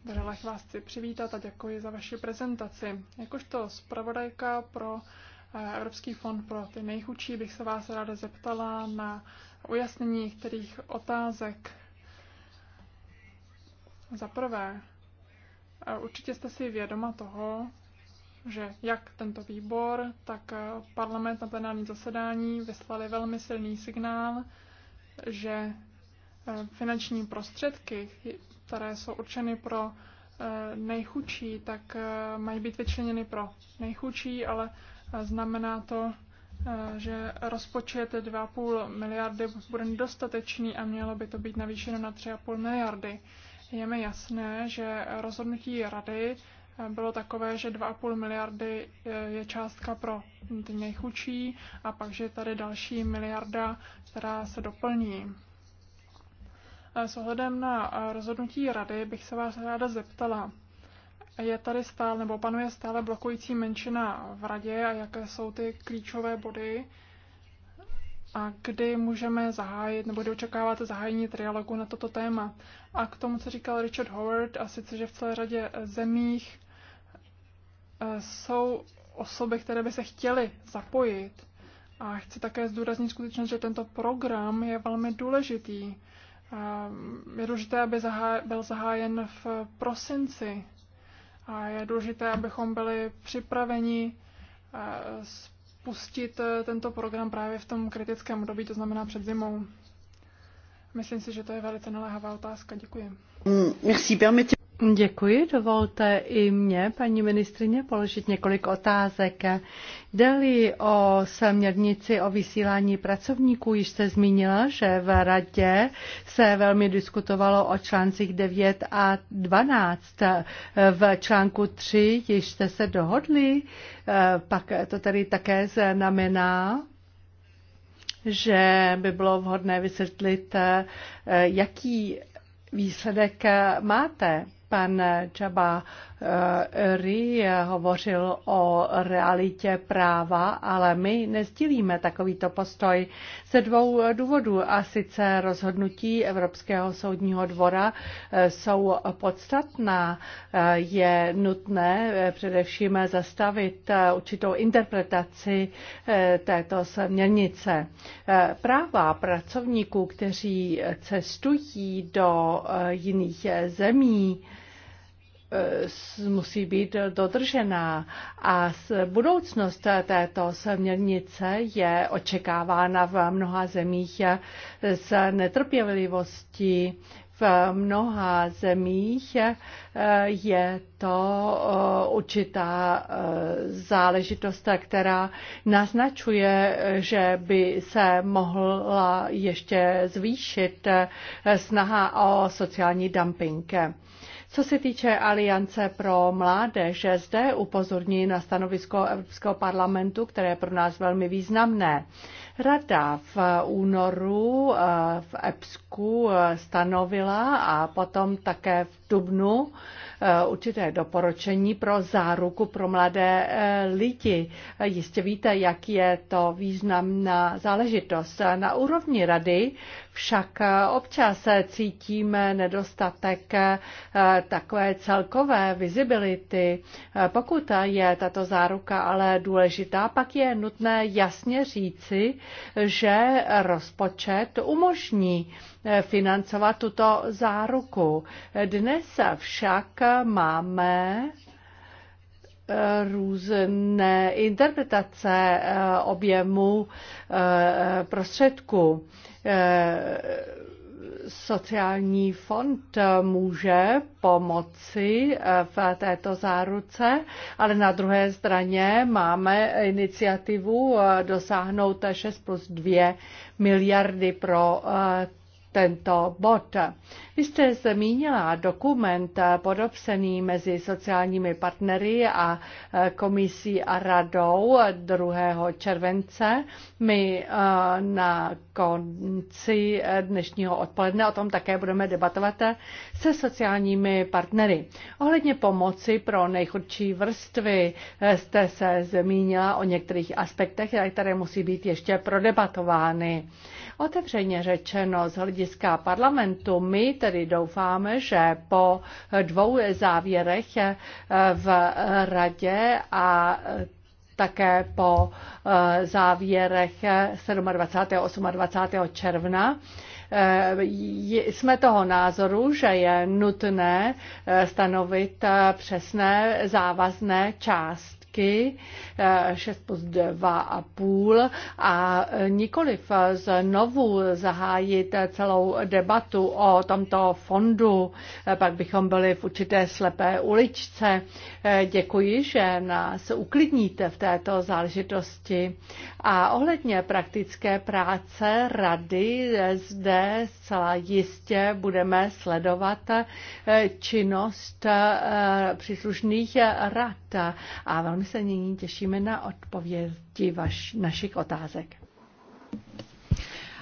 Vřele vás chci přivítat a děkuji za vaši prezentaci. Jakožto zpravodajka pro eh, Evropský fond pro ty nejchudší bych se vás ráda zeptala na ujasnění některých otázek. Za prvé, eh, určitě jste si vědoma toho, že jak tento výbor, tak eh, parlament na plenární zasedání vyslali velmi silný signál, že finanční prostředky které jsou určeny pro eh, nejchučí, tak eh, mají být vyčleněny pro nejchučí, ale eh, znamená to, že rozpočet 2,5 miliardy bude nedostatečný a mělo by to být navýšeno na 3,5 miliardy. Je mi jasné, že rozhodnutí rady bylo takové, že 2,5 miliardy je částka pro ty nejchučí a pak, že je tady další miliarda, která se doplní. S ohledem na rozhodnutí rady bych se vás ráda zeptala, je tady stále nebo panuje stále blokující menšina v radě a jaké jsou ty klíčové body a kdy můžeme zahájit nebo kdy očekáváte zahájení trialogu na toto téma. A k tomu, co říkal Richard Howard, a sice, že v celé řadě eh, zemích eh, jsou osoby, které by se chtěly zapojit. A chci také zdůraznit skutečnost, že tento program je velmi důležitý Ehm, je důležité, aby byl zahájen v prosinci a je důležité, abychom byli připraveni eh, spustit eh, tento program právě v tom kritickém období, to znamená před zimou. Myslím si, že to je velice naléhavá otázka. Děkuji. Mm, merci, permettez... Děkuji. Dovolte i mě, paní ministrině, položit několik otázek. Jde-li o směrnici o vysílání pracovníků, již se zmínila, že v radě se velmi diskutovalo o článcích 9 a 12. V článku 3 již jste se dohodli, pak to tady také znamená, že by bylo vhodné vysvětlit, jaký výsledek máte. Pan Čaba eh, Ry hovořil o realitě práva, ale my nezdílíme takovýto postoj ze dvou důvodů. A sice rozhodnutí Evropského soudního dvora eh, jsou podstatná. Eh, je nutné především zastavit určitou interpretaci této směrnice. Práva pracovníků, kteří cestují do jiných zemí, musí být dodržená. A budoucnost této směrnice je očekávána v mnoha zemích s netrpělivostí. V mnoha zemích eh, je to eh, určitá eh, záležitost, která naznačuje, že by se mohla ještě zvýšit snaha o sociální dumping. Co se týče Aliance pro mládež, zde upozorní na stanovisko Evropského parlamentu, které je pro nás velmi významné. Rada v únoru eh, v EPSku eh, stanovila a potom také v dubnu Eh, určité doporučení pro záruku pro mladé eh, lidi. Eh, jistě víte, jak je to významná záležitost. Na úrovni rady však občas cítíme nedostatek takové celkové vizibility. Pokud je tato záruka ale důležitá, pak je nutné jasně říci, že rozpočet umožní financovat tuto záruku. Dnes však máme eh, různé interpretace eh, objemu eh, prostředků. Sociální fond může pomoci v této záruce, ale na druhé straně máme iniciativu dosáhnout 6 plus 2 miliardy pro tento bod. Vy jste zmínila dokument podopsaný mezi sociálními partnery a e, komisí a radou 2. července. My e, na konci dnešního odpoledne o tom také budeme debatovat se sociálními partnery. Ohledně pomoci pro nejchudší vrstvy e, jste se zmínila o některých aspektech, které musí být ještě prodebatovány. Otevřeně řečeno z hlediska parlamentu, my tedy doufáme, že po dvou závěrech eh, v radě a eh, také po eh, závěrech 27. a 28. června jsme toho názoru, že je nutné stanovit přesné závazné části roky, 6 eh, plus půl a eh, nikoliv eh, znovu zahájit celou debatu o tomto fondu, pak bychom byli v určité slepé uličce. Děkuji, že nás uklidníte v této záležitosti. A ohledně praktické práce rady zde zcela jistě budeme sledovat činnost příslušných rad a velmi se nyní těšíme na odpovědi vaš, našich otázek.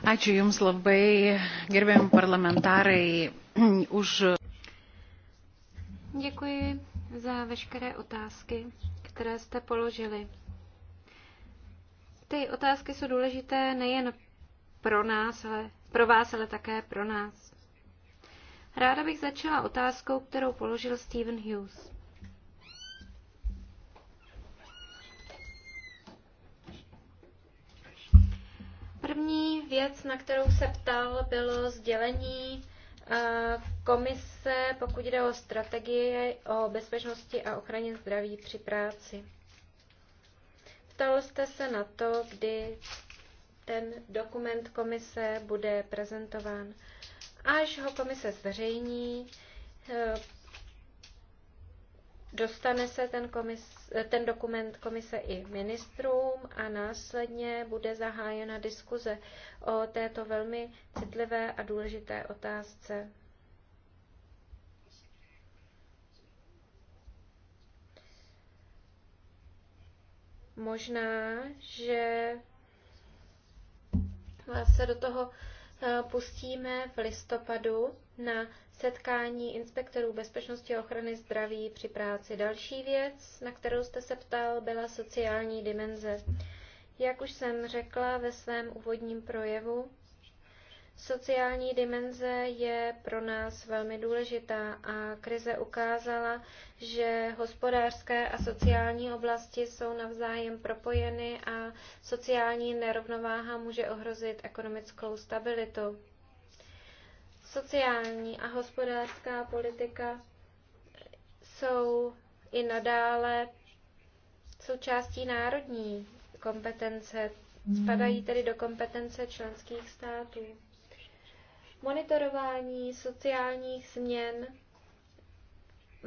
Ačiū Jums labai, gerbiami parlamentarai, už. Děkuji za veškeré otázky, které jste položili. Ty otázky jsou důležité nejen pro nás, ale pro vás, ale také pro nás. Ráda bych začala otázkou, kterou položil Stephen Hughes. První věc, na kterou se ptal, bylo sdělení eh, komise, pokud jde o strategie o bezpečnosti a ochraně zdraví při práci. Ptal jste se na to, kdy ten dokument komise bude prezentován. Až ho komise zveřejní, eh, Dostane se ten, komis, ten dokument komise i ministrům a následně bude zahájena diskuze o této velmi citlivé a důležité otázce. Možná, že vás se do toho eh, pustíme v listopadu na setkání inspektorů bezpečnosti a ochrany zdraví při práci. Další věc, na kterou jste se ptal, byla sociální dimenze. Jak už jsem řekla ve svém úvodním projevu, sociální dimenze je pro nás velmi důležitá a krize ukázala, že hospodářské a sociální oblasti jsou navzájem propojeny a sociální nerovnováha může ohrozit ekonomickou stabilitu. Sociální a hospodářská politika jsou i nadále součástí národní kompetence, hmm. spadají tedy do kompetence členských států. Monitorování sociálních změn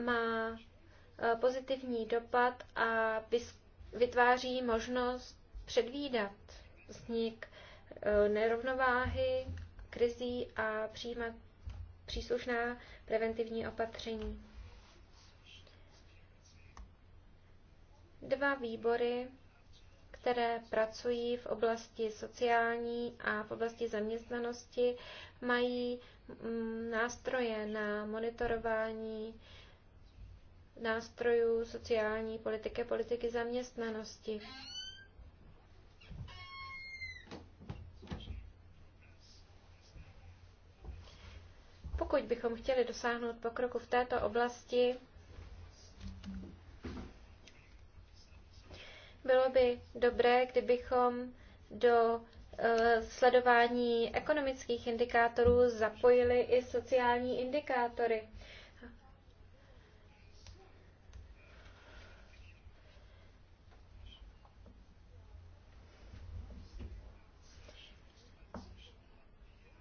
má eh, pozitivní dopad a vytváří možnost předvídat vznik eh, nerovnováhy krizí a přijímat příslušná preventivní opatření. Dva výbory, které pracují v oblasti sociální a v oblasti zaměstnanosti, mají mm, nástroje na monitorování nástrojů sociální politiky, politiky zaměstnanosti. pokud bychom chtěli dosáhnout pokroku v této oblasti, bylo by dobré, kdybychom do eh, sledování ekonomických indikátorů zapojili i sociální indikátory.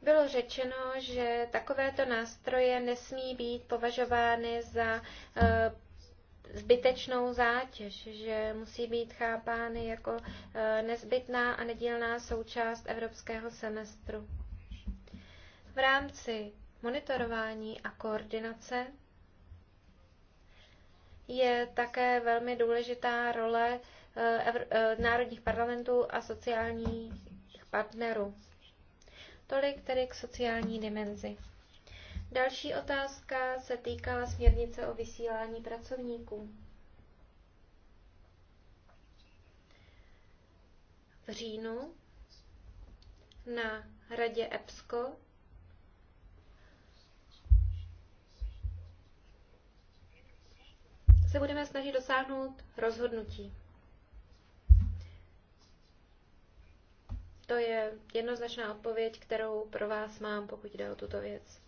Bylo řečeno, že takovéto nástroje nesmí být považovány za eh, zbytečnou zátěž, že musí být chápány jako eh, nezbytná a nedílná součást evropského semestru. V rámci monitorování a koordinace je také velmi důležitá role eh, národních parlamentů a sociálních partnerů. Tolik tedy k sociální dimenzi. Další otázka se týkala směrnice o vysílání pracovníků. V říjnu na radě EPSCO se budeme snažit dosáhnout rozhodnutí. To je jednoznačná odpověď, kterou pro vás mám, pokud jde o tuto věc.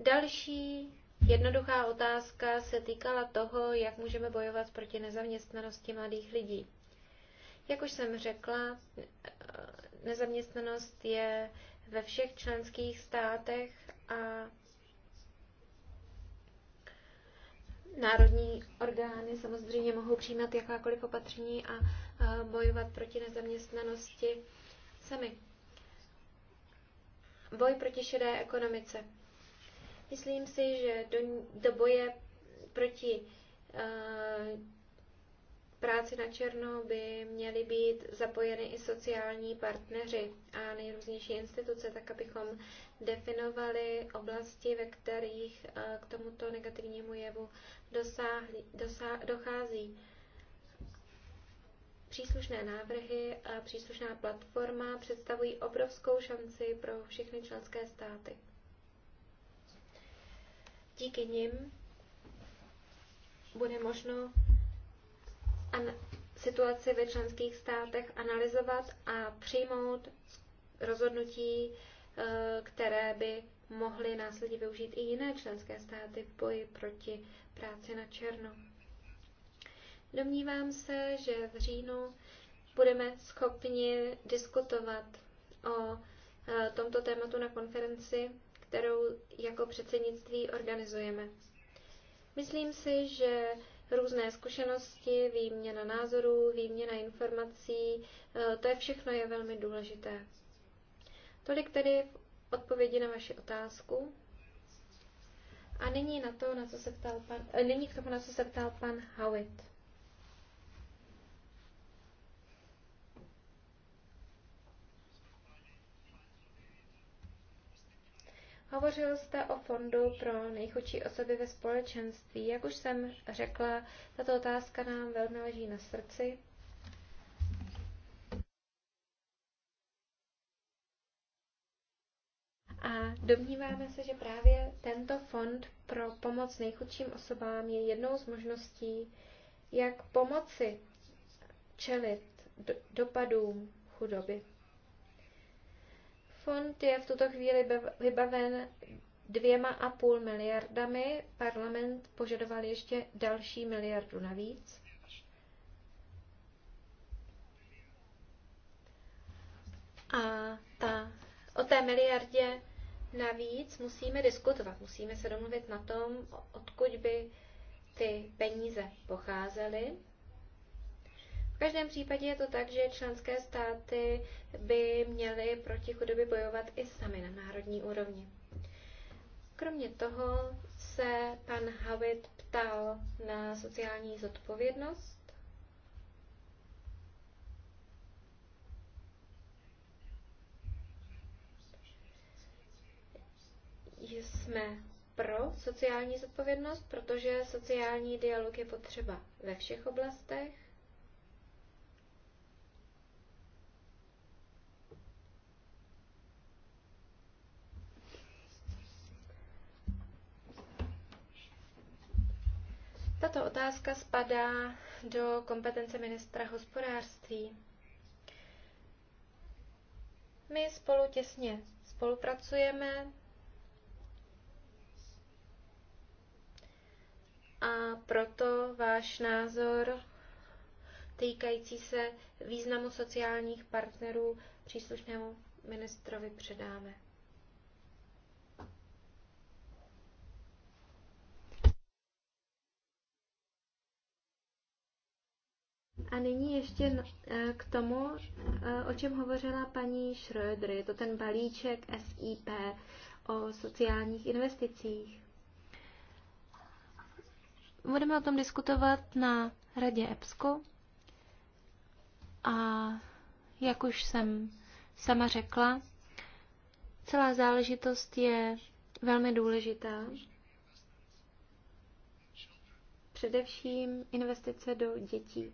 Další jednoduchá otázka se týkala toho, jak můžeme bojovat proti nezaměstnanosti mladých lidí. Jak už jsem řekla, nezaměstnanost je ve všech členských státech a Národní orgány samozřejmě mohou přijímat jakákoliv opatření a bojovat proti nezaměstnanosti sami. Boj proti šedé ekonomice. Myslím si, že do, do boje proti uh, práci na černo by měly být zapojeny i sociální partneři a nejrůznější instituce, tak abychom definovali oblasti, ve kterých eh, k tomuto negativnímu jevu dosáhli, dosá, dochází. Příslušné návrhy a příslušná platforma představují obrovskou šanci pro všechny členské státy. Díky nim bude možno situaci ve členských státech analyzovat a přijmout rozhodnutí, e, které by mohly následně využít i jiné členské státy v boji proti práci na černo. Domnívám se, že v říjnu budeme schopni diskutovat o e, tomto tématu na konferenci, kterou jako předsednictví organizujeme. Myslím si, že různé zkušenosti, výměna názorů, výměna informací, eh, to je všechno je velmi důležité. Tolik tedy odpovědi na vaši otázku. A nyní, na to, na co se ptal pan, eh, nyní k tomu, na co se ptal pan Howitt. Hovořil jste o fondu pro nejchudší osoby ve společenství. Jak už jsem řekla, tato otázka nám velmi leží na srdci. A domníváme se, že právě tento fond pro pomoc nejchudším osobám je jednou z možností, jak pomoci čelit dopadům chudoby. Fond je v tuto chvíli vybaven dvěma a půl miliardami. Parlament požadoval ještě další miliardu navíc. A ta, o té miliardě navíc musíme diskutovat. Musíme se domluvit na tom, odkud by ty peníze pocházely. V každém případě je to tak, že členské státy by měly proti chudobě bojovat i sami na národní úrovni. Kromě toho se pan Havit ptal na sociální zodpovědnost. Jsme pro sociální zodpovědnost, protože sociální dialog je potřeba ve všech oblastech. Tato otázka spadá do kompetence ministra hospodářství. My spolu těsně spolupracujeme a proto váš názor týkající se významu sociálních partnerů příslušnému ministrovi předáme. A nyní ještě eh, k tomu, eh, o čem hovořila paní Schröder, je to ten balíček SIP o sociálních investicích. Budeme o tom diskutovat na radě EPSCO a jak už jsem sama řekla, celá záležitost je velmi důležitá. Především investice do dětí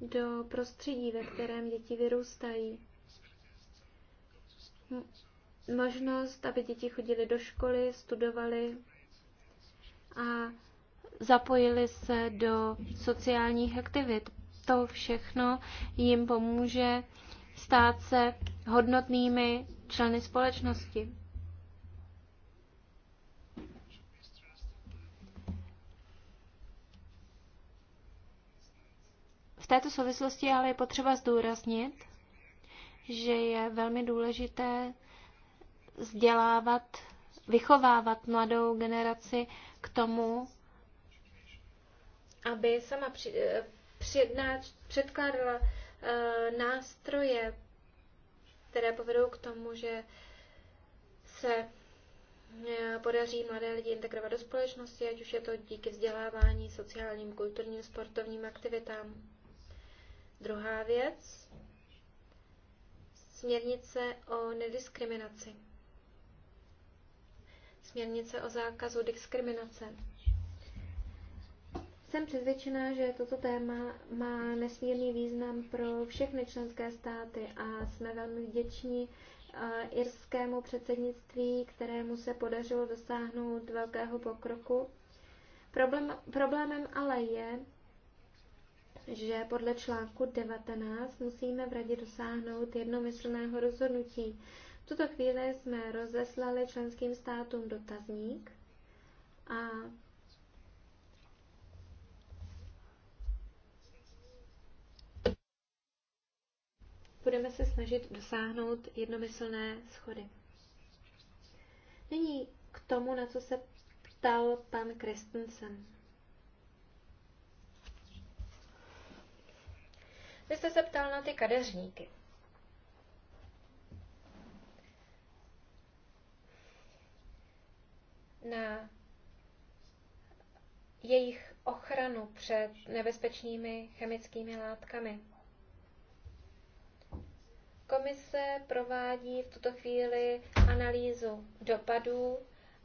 do prostředí, ve kterém děti vyrůstají. Možnost, aby děti chodili do školy, studovali a zapojili se do sociálních aktivit. To všechno jim pomůže stát se hodnotnými členy společnosti. V této souvislosti ale je potřeba zdůraznit, že je velmi důležité vzdělávat, vychovávat mladou generaci k tomu, aby sama eh, předkládala eh, nástroje, které povedou k tomu, že se eh, podaří mladé lidi integrovat do společnosti, ať už je to díky vzdělávání, sociálním, kulturním, sportovním aktivitám. Druhá věc, směrnice o nediskriminaci. Směrnice o zákazu diskriminace. Jsem přesvědčená, že toto téma má nesmírný význam pro všechny členské státy a jsme velmi vděční eh, irskému předsednictví, kterému se podařilo dosáhnout velkého pokroku. Problém, problémem ale je, že podle článku 19 musíme v radě dosáhnout jednomyslného rozhodnutí. V tuto chvíli jsme rozeslali členským státům dotazník a budeme se snažit dosáhnout jednomyslné schody. Nyní k tomu, na co se ptal pan Christensen. Vy jste se ptal na ty kadeřníky. Na jejich ochranu před nebezpečnými chemickými látkami. Komise provádí v tuto chvíli analýzu dopadů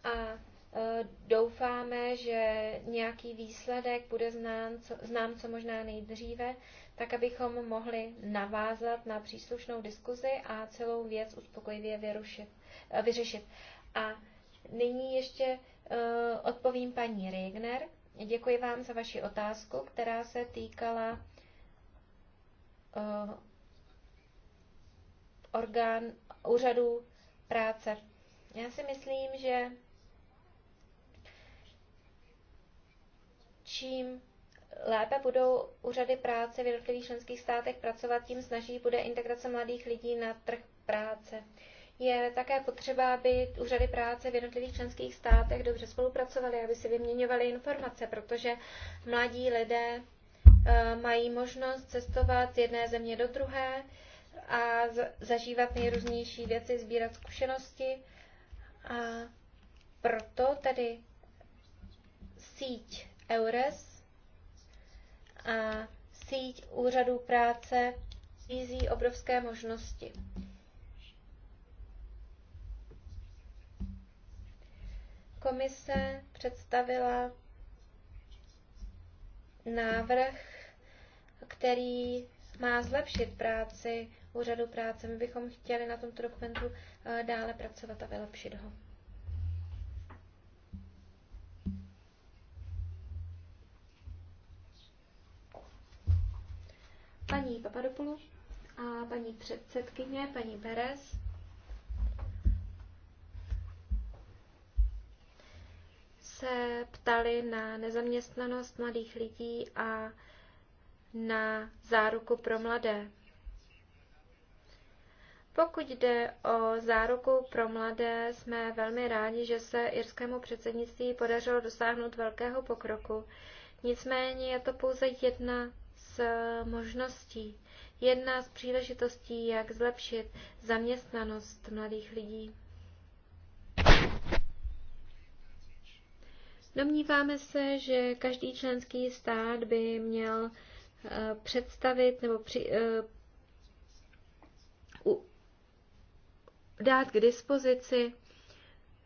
a Eh, doufáme, že nějaký výsledek bude znám co, znám co možná nejdříve, tak abychom mohli navázat na příslušnou diskuzi a celou věc uspokojivě vyrušit, eh, vyřešit. A nyní ještě eh, odpovím paní Regner. Děkuji vám za vaši otázku, která se týkala orgán úřadu práce. Já si myslím, že čím lépe budou úřady práce v jednotlivých členských státech pracovat, tím snaží bude integrace mladých lidí na trh práce. Je také potřeba, aby úřady práce v jednotlivých členských státech dobře spolupracovaly, aby si vyměňovaly informace, protože mladí lidé eh, mají možnost cestovat z jedné země do druhé a zažívat nejrůznější věci, sbírat zkušenosti. A proto tedy síť EURES a síť úřadů práce vízí obrovské možnosti. Komise představila návrh, který má zlepšit práci úřadu práce. My bychom chtěli na tomto dokumentu eh, dále pracovat a vylepšit ho. paní Papadopoulou a paní předsedkyně, paní Beres. se ptali na nezaměstnanost mladých lidí a na záruku pro mladé. Pokud jde o záruku pro mladé, jsme velmi rádi, že se irskému předsednictví podařilo dosáhnout velkého pokroku. Nicméně je to pouze jedna Eh, možností, jedna z příležitostí, jak zlepšit zaměstnanost mladých lidí. Domníváme se, že každý členský stát by měl eh, představit nebo při, uh, u, dát k dispozici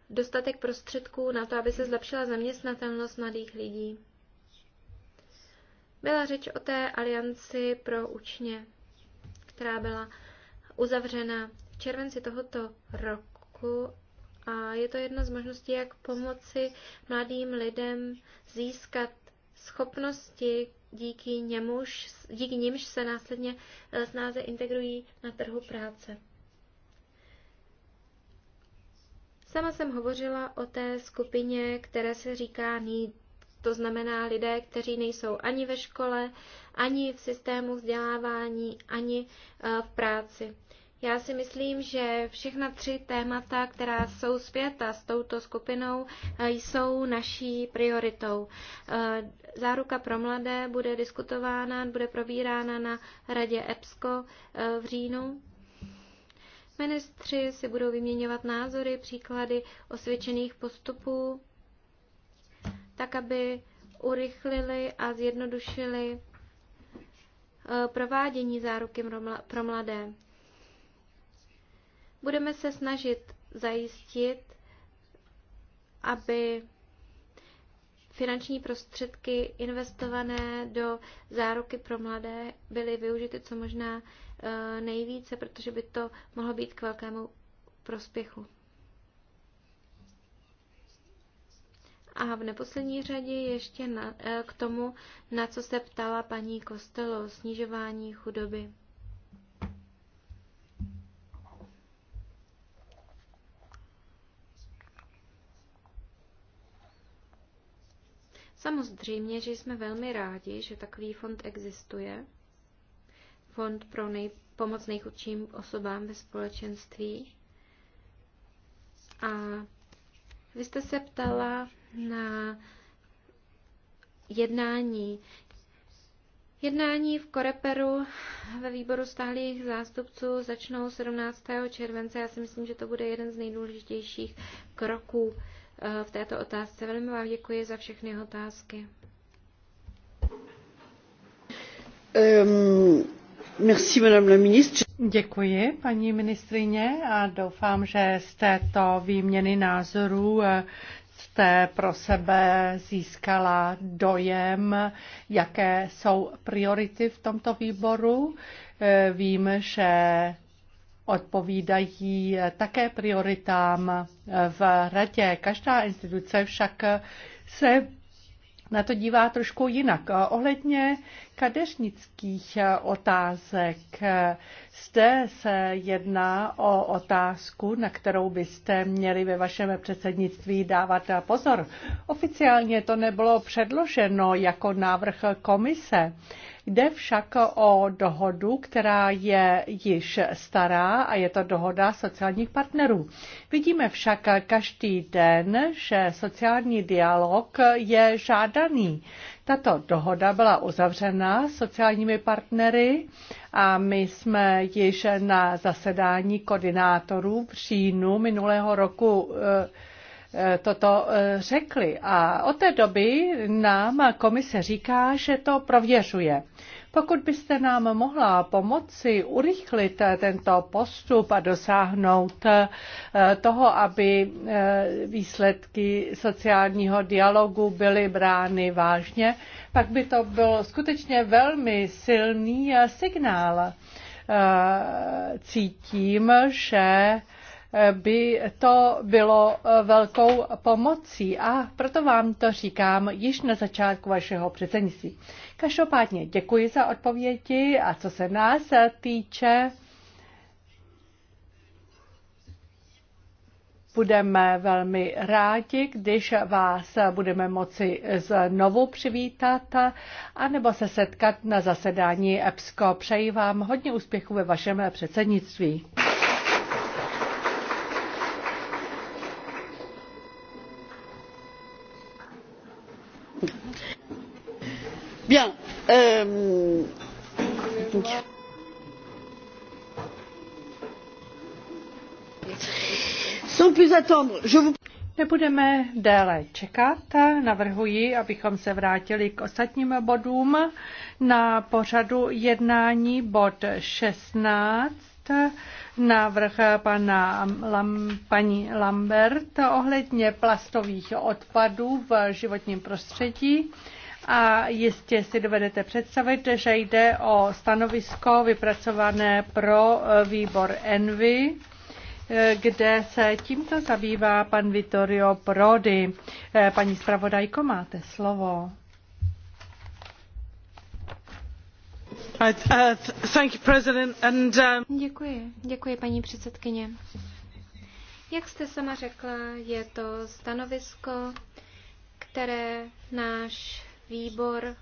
dostatek prostředků na to, aby se zlepšila zaměstnatelnost mladých lidí. Byla řeč o té alianci pro učně, která byla uzavřena v červenci tohoto roku a je to jedna z možností, jak pomoci mladým lidem získat schopnosti, díky, němuž, díky nímž se následně eh, snáze integrují na trhu práce. Sama jsem hovořila o té skupině, která se říká Need to znamená lidé, kteří nejsou ani ve škole, ani v systému vzdělávání, ani eh, v práci. Já si myslím, že všechna tři témata, která jsou zpěta s touto skupinou, eh, jsou naší prioritou. Eh, záruka pro mladé bude diskutována, bude probírána na radě EPSCO v říjnu. Ministři si budou vyměňovat názory, příklady osvědčených postupů tak aby urychlili a zjednodušili eh, provádění záruky pro mladé. Budeme se snažit zajistit, aby finanční prostředky investované do záruky pro mladé byly využity co možná eh, nejvíce, protože by to mohlo být k velkému prospěchu. A v neposlední řadě ještě na, eh, k tomu, na co se ptala paní Kostelo, snižování chudoby. Samozřejmě, že jsme velmi rádi, že takový fond existuje. Fond pro nej, pomoc nejchudším osobám ve společenství. A vy jste se ptala na jednání. Jednání v Koreperu ve výboru stálých zástupců začnou 17. července. Já si myslím, že to bude jeden z nejdůležitějších kroků eh, v této otázce. Velmi vám děkuji za všechny otázky. Um, merci, madame la ministre. Děkuji, paní ministrině, a doufám, že z této výměny názorů eh, jste pro sebe získala dojem, jaké jsou priority v tomto výboru. Eh, vím, že odpovídají také prioritám v radě. Každá instituce však se na to dívá trošku jinak. Ohledně kadeřnických otázek. Zde se jedná o otázku, na kterou byste měli ve vašem předsednictví dávat pozor. Oficiálně to nebylo předloženo jako návrh komise. Jde však o dohodu, která je již stará a je to dohoda sociálních partnerů. Vidíme však každý den, že sociální dialog je žádaný. Tato dohoda byla uzavřena sociálními partnery a my jsme již na zasedání koordinátorů v říjnu minulého roku eh, Eh, toto eh, řekli. A od té doby nám komise říká, že to prověřuje. Pokud byste nám mohla pomoci urychlit eh, tento postup a dosáhnout toho, aby výsledky sociálního dialogu byly brány vážně, pak by to byl skutečně velmi silný signál. Cítím, že by to bylo eh, velkou pomocí a proto vám to říkám již na začátku vašeho předsednictví. Každopádně děkuji za odpovědi a co se nás týče, Budeme velmi rádi, když vás budeme moci znovu přivítat anebo se setkat na zasedání EPSCO. Přeji vám hodně úspěchů ve vašem předsednictví. Bien. Euh... Sans plus attendre, je vous... Nebudeme déle čekat. Navrhuji, abychom se vrátili k ostatním bodům. Na pořadu jednání bod 16 návrh pana, Lam, paní Lambert ohledně plastových odpadů v životním prostředí. A jistě si dovedete představit, že jde o stanovisko vypracované pro výbor Envy kde se tímto zabývá pan Vittorio Prodi. Paní zpravodajko, máte slovo. Uh, um, děkuji, děkuji paní předsedkyně. Jak jste sama řekla, je to stanovisko, které náš výbor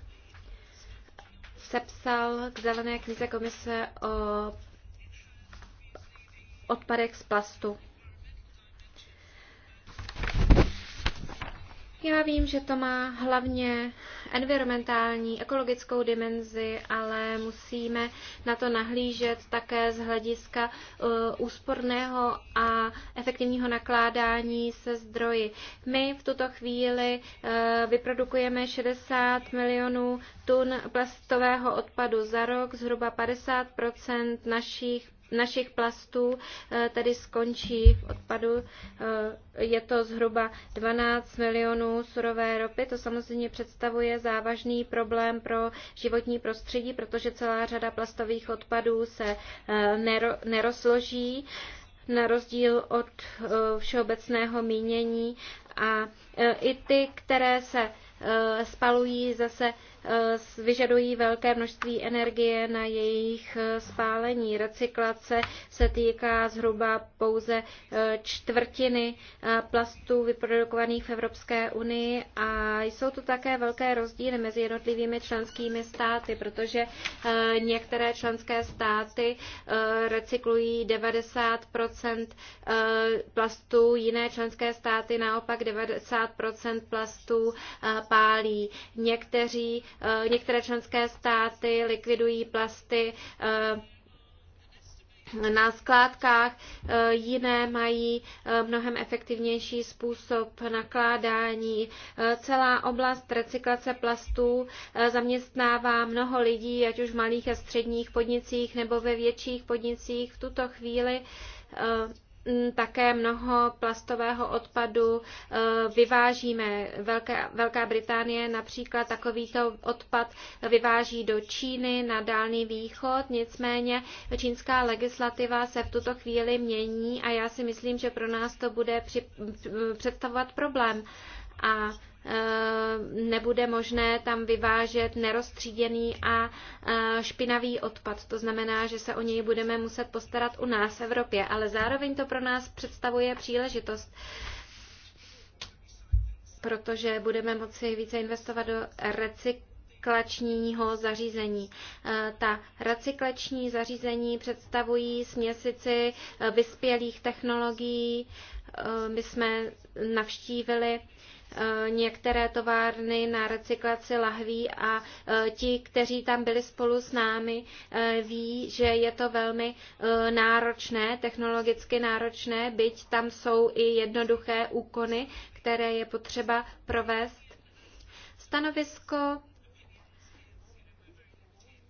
sepsal k zelené knize komise o odpadech z plastu. Já vím, že to má hlavně environmentální, ekologickou dimenzi, ale musíme na to nahlížet také z hlediska uh, úsporného a efektivního nakládání se zdroji. My v tuto chvíli uh, vyprodukujeme 60 milionů tun plastového odpadu za rok, zhruba 50 našich našich plastů eh, tady skončí v odpadu. Eh, je to zhruba 12 milionů surové ropy. To samozřejmě představuje závažný problém pro životní prostředí, protože celá řada plastových odpadů se eh, nerozloží na rozdíl od všeobecného mínění a i ty, které se spalují, zase Eh, vyžadují velké množství energie na jejich eh, spálení. Recyklace se týká zhruba pouze eh, čtvrtiny plastů vyprodukovaných v Evropské unii a jsou tu také velké rozdíly mezi jednotlivými členskými státy, protože některé členské státy recyklují 90 plastů, jiné členské státy naopak 90 plastů pálí. Někteří Eh, některé členské státy likvidují plasty eh, na skládkách, eh, jiné mají mnohem efektivnější způsob nakládání. Celá oblast recyklace plastů zaměstnává mnoho lidí, ať už v malých a středních podnicích nebo ve větších podnicích. V tuto chvíli Mm, také mnoho plastového odpadu eh, vyvážíme. Velká, Velká Británie například takovýto odpad vyváží do Číny na Dálný východ, nicméně čínská legislativa se v tuto chvíli mění a já si myslím, že pro nás to bude při, představovat problém. A Eh, nebude možné tam vyvážet neroztříděný a eh, špinavý odpad. To znamená, že se o něj budeme muset postarat u nás v Evropě, ale zároveň to pro nás představuje příležitost protože budeme moci více investovat do recyklačního zařízení. Eh, ta recyklační zařízení představují směsici vyspělých technologií. My jsme navštívili Eh, některé továrny na recyklaci lahví a eh, ti, kteří tam byli spolu s námi, eh, ví, že je to velmi náročné, technologicky náročné, byť tam jsou i jednoduché úkony, které je potřeba provést. Stanovisko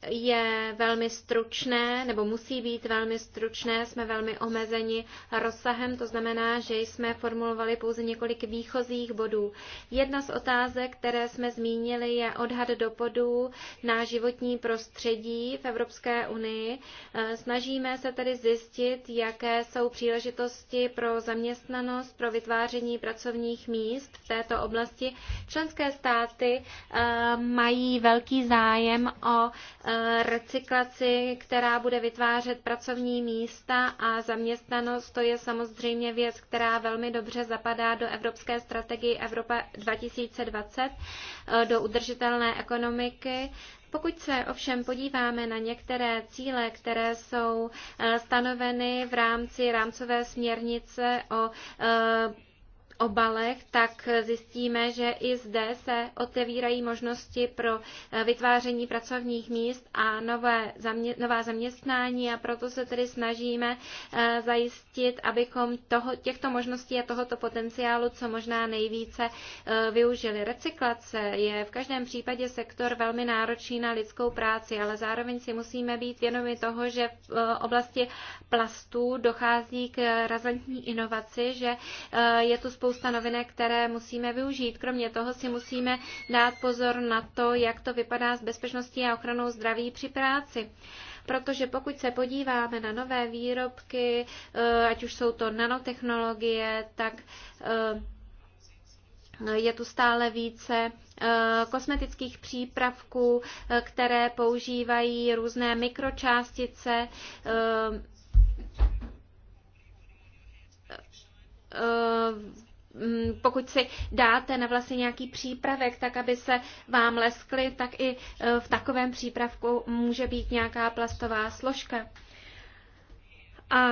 je velmi stručné, nebo musí být velmi stručné, jsme velmi omezeni rozsahem, to znamená, že jsme formulovali pouze několik výchozích bodů. Jedna z otázek, které jsme zmínili, je odhad dopadů na životní prostředí v Evropské unii. Eh, snažíme se tedy zjistit, jaké jsou příležitosti pro zaměstnanost, pro vytváření pracovních míst v této oblasti. Členské státy eh, mají velký zájem o E, recyklaci, která bude vytvářet pracovní místa a zaměstnanost, to je samozřejmě věc, která velmi dobře zapadá do Evropské strategie Evropa 2020, e, do udržitelné ekonomiky. Pokud se ovšem podíváme na některé cíle, které jsou e, stanoveny v rámci rámcové směrnice o obalech, tak zjistíme, že i zde se otevírají možnosti pro eh, vytváření pracovních míst a nové zamě- nová zaměstnání a proto se tedy snažíme eh, zajistit, abychom toho, těchto možností a tohoto potenciálu co možná nejvíce eh, využili. Recyklace je v každém případě sektor velmi náročný na lidskou práci, ale zároveň si musíme být vědomi toho, že v oblasti plastů dochází k razantní inovaci, že je tu spousta ustanovenek, které musíme využít. Kromě toho si musíme dát pozor na to, jak to vypadá s bezpečností a ochranou zdraví při práci protože pokud se podíváme na nové výrobky, eh, ať už jsou to nanotechnologie, tak eh, je tu stále více eh, kosmetických přípravků, které používají různé mikročástice, Mm, pokud si dáte na vlastně nějaký přípravek, tak aby se vám leskly, tak i e, v takovém přípravku může být nějaká plastová složka. A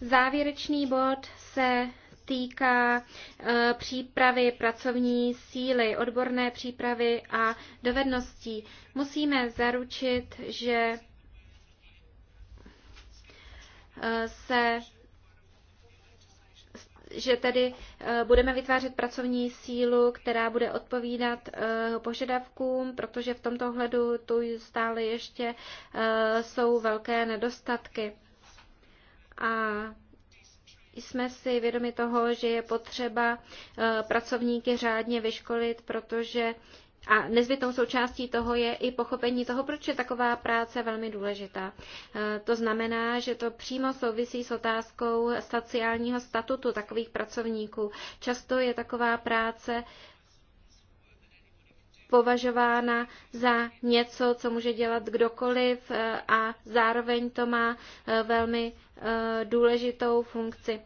závěrečný bod se týká e, přípravy pracovní síly, odborné přípravy a dovedností. Musíme zaručit, že e, se že tedy eh, budeme vytvářet pracovní sílu, která bude odpovídat eh, požadavkům, protože v tomto ohledu tu stále ještě eh, jsou velké nedostatky. A jsme si vědomi toho, že je potřeba pracovníky řádně vyškolit, protože a nezbytnou součástí toho je i pochopení toho, proč je taková práce velmi důležitá. Eh, to znamená, že to přímo souvisí s otázkou sociálního statutu takových pracovníků. Často je taková práce považována za něco, co může dělat kdokoliv eh, a zároveň to má eh, velmi důležitou funkci.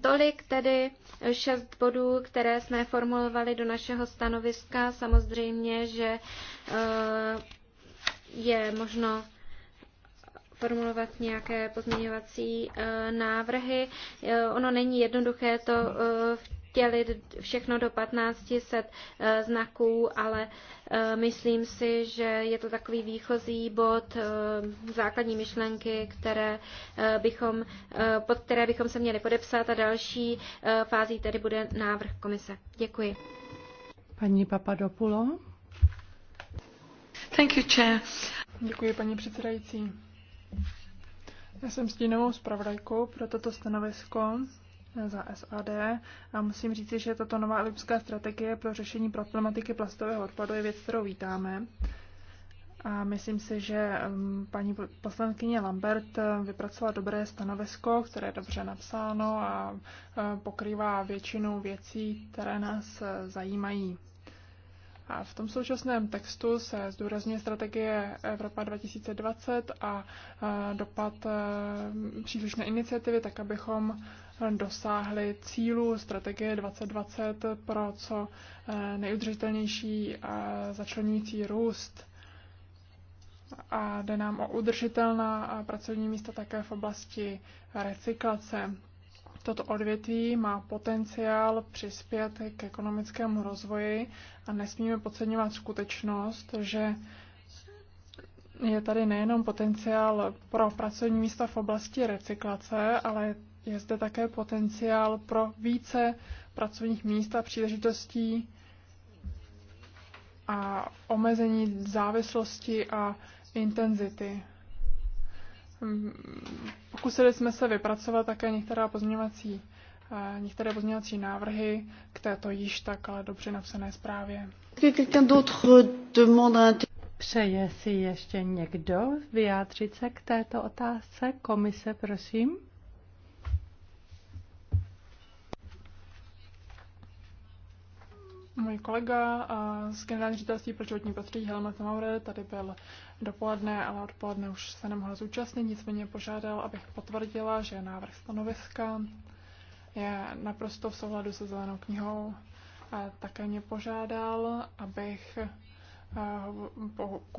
Tolik tedy šest bodů, které jsme formulovali do našeho stanoviska. Samozřejmě, že eh, je možno formulovat nějaké pozměňovací eh, návrhy. Eh, ono není jednoduché to v rozdělit všechno do 1500 eh, znaků, ale eh, myslím si, že je to takový výchozí bod eh, základní myšlenky, které bychom, pod které bychom se měli podepsat a další fází tedy bude návrh komise. Děkuji. Paní Papadopulo. Thank you, chair. Děkuji, paní předsedající. Já jsem stínovou zpravodajkou pro toto stanovisko za SAD a musím říci, že tato nová evropská strategie pro řešení problematiky plastového odpadu je věc, kterou vítáme. A myslím si, že um, paní poslankyně Lambert uh, vypracovala dobré stanovisko, které je dobře napsáno a uh, pokrývá většinu věcí, které nás uh, zajímají. A v tom současném textu se zdůrazňuje strategie Evropa 2020 a dopad příslušné iniciativy, tak abychom dosáhli cílu strategie 2020 pro co eh, nejudržitelnější a eh, začlenující růst. A jde nám o udržitelná eh, pracovní místa také v oblasti recyklace. Toto odvětví má potenciál přispět k ekonomickému rozvoji a nesmíme podceňovat skutečnost, že je tady nejenom potenciál pro pracovní místa v oblasti recyklace, ale je zde také potenciál pro více pracovních míst a příležitostí a omezení závislosti a intenzity. Pokusili jsme se vypracovat také některá pozměňovací, eh, některé pozměňovací návrhy k této již tak ale dobře napsané zprávě. Přeje si ještě někdo vyjádřit se k této otázce? Komise, prosím. Můj kolega z generální ředitelství pro životní prostředí Helmut Maure tady byl dopoledne, ale odpoledne už se nemohl zúčastnit, nicméně požádal, abych potvrdila, že návrh stanoviska je naprosto v souladu se zelenou knihou. A také mě požádal, abych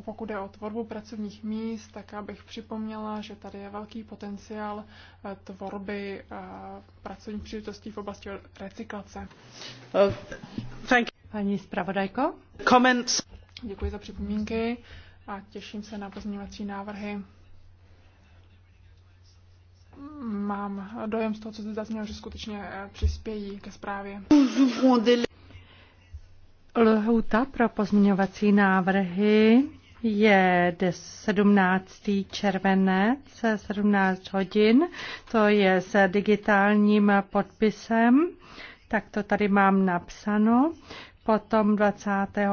pokud jde o tvorbu pracovních míst, tak abych připomněla, že tady je velký potenciál eh, tvorby eh, pracovních příležitostí v oblasti recyklace. Eh, thank you. Paní zpravodajko. Comments. Děkuji za připomínky a těším se na pozměňovací návrhy. Mám dojem z toho, co zde zaznělo, že skutečně přispějí ke zprávě. Lhuta pro pozměňovací návrhy je 17. červenec 17 hodin, to je s digitálním podpisem, tak to tady mám napsáno. Potom 25.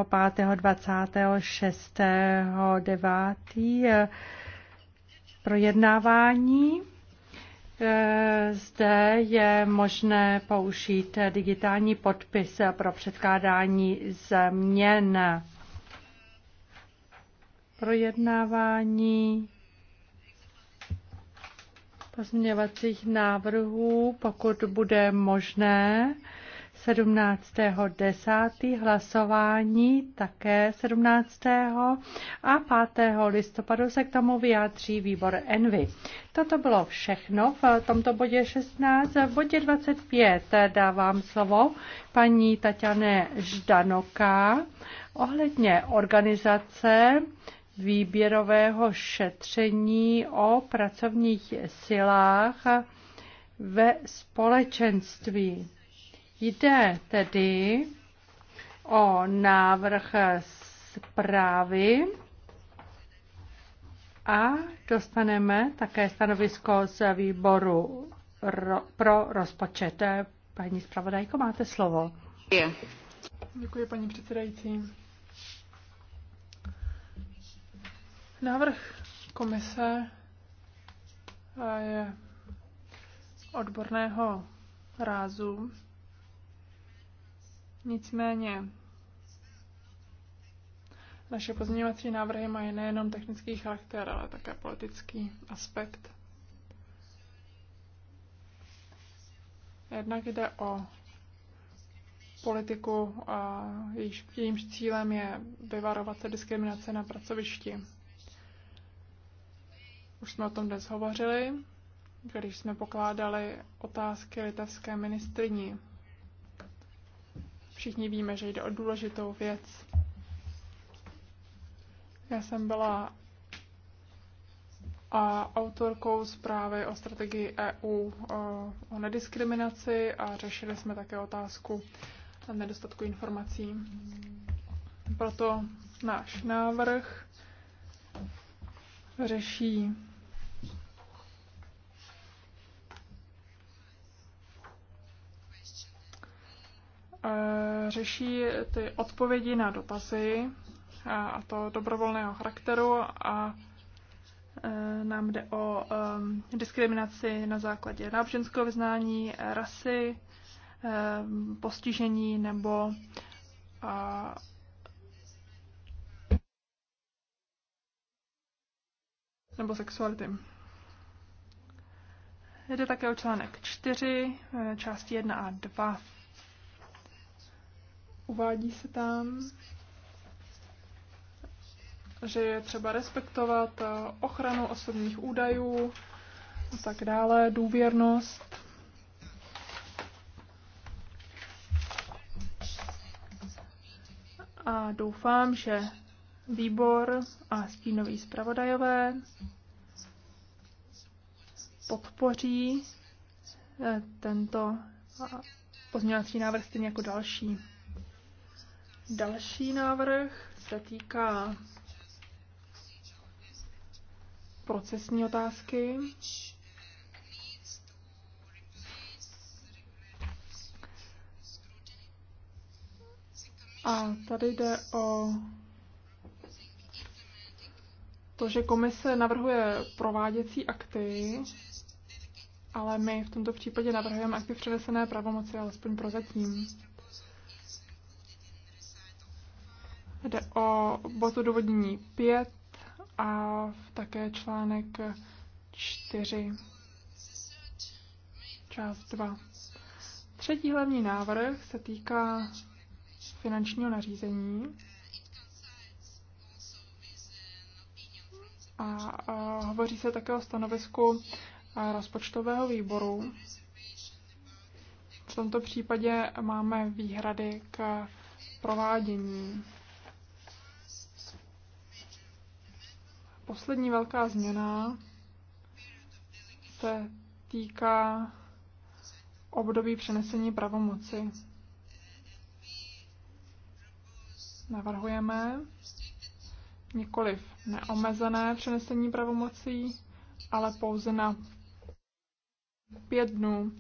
26. 9. projednávání E, zde je možné použít digitální podpis pro předkládání změn. Projednávání pozměňovacích návrhů, pokud bude možné, 17.10. hlasování také 17. a 5. listopadu se k tomu vyjádří výbor Envy. Toto bylo všechno v tomto bodě 16. V bodě 25 dávám slovo paní Tatiane Ždanoká ohledně organizace výběrového šetření o pracovních silách ve společenství. Jde tedy o návrh zprávy a dostaneme také stanovisko z výboru pro rozpočet. Paní zpravodajko, máte slovo. Děkuji, paní předsedající. Návrh komise eh, je odborného rázu Nicméně naše pozměňovací návrhy mají nejenom technický charakter, ale také politický aspekt. Jednak jde o politiku, a jejíž, jejímž cílem je vyvarovat se diskriminace na pracovišti. Už jsme o tom dnes hovořili, když jsme pokládali otázky litevské ministrní Všichni víme, že jde o důležitou věc. Já jsem byla a autorkou zprávy o strategii EU o, o nediskriminaci a řešili jsme také otázku nedostatku informací. Proto náš návrh řeší řeší ty odpovědi na dotazy, a to dobrovolného charakteru a e, nám jde o e, diskriminaci na základě náboženského vyznání, rasy, e, postižení nebo nebo sexuality. Jde také o článek 4, části 1 a 2. Uvádí se tam, že je třeba respektovat eh, ochranu osobních údajů a tak dále, důvěrnost. A doufám, že výbor a stínoví zpravodajové podpoří eh, tento eh, pozměňovací návrh stejně jako další. Další návrh se týká procesní otázky. A tady jde o to, že komise navrhuje prováděcí akty, ale my v tomto případě navrhujeme akty přenesené pravomoci, alespoň prozatím. Jde o bod odůvodnění 5 a také článek 4, část 2. Třetí hlavní návrh se týká finančního nařízení. A, a hovoří se také o stanovisku rozpočtového výboru. V tomto případě máme výhrady k provádění. poslední velká změna se týká období přenesení pravomoci. Navrhujeme nikoliv neomezené přenesení pravomocí, ale pouze na pět dnů.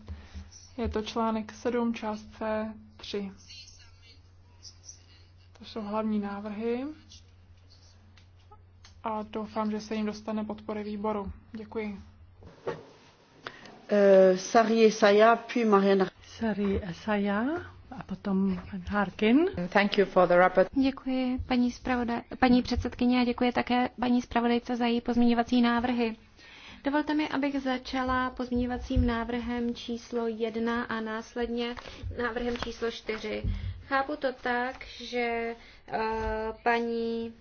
Je to článek 7, část C3. To jsou hlavní návrhy a doufám, že se jim dostane podpory výboru. Děkuji. Uh, Sari Saya, puis Mariana. Sari Saya a potom Harkin. Thank you for the rapport. Děkuji paní, zpravoda- paní předsedkyně a děkuji také paní zpravodajce za její pozměňovací návrhy. Dovolte mi, abych začala pozměňovacím návrhem číslo 1 a následně návrhem číslo 4. Chápu to tak, že eh, paní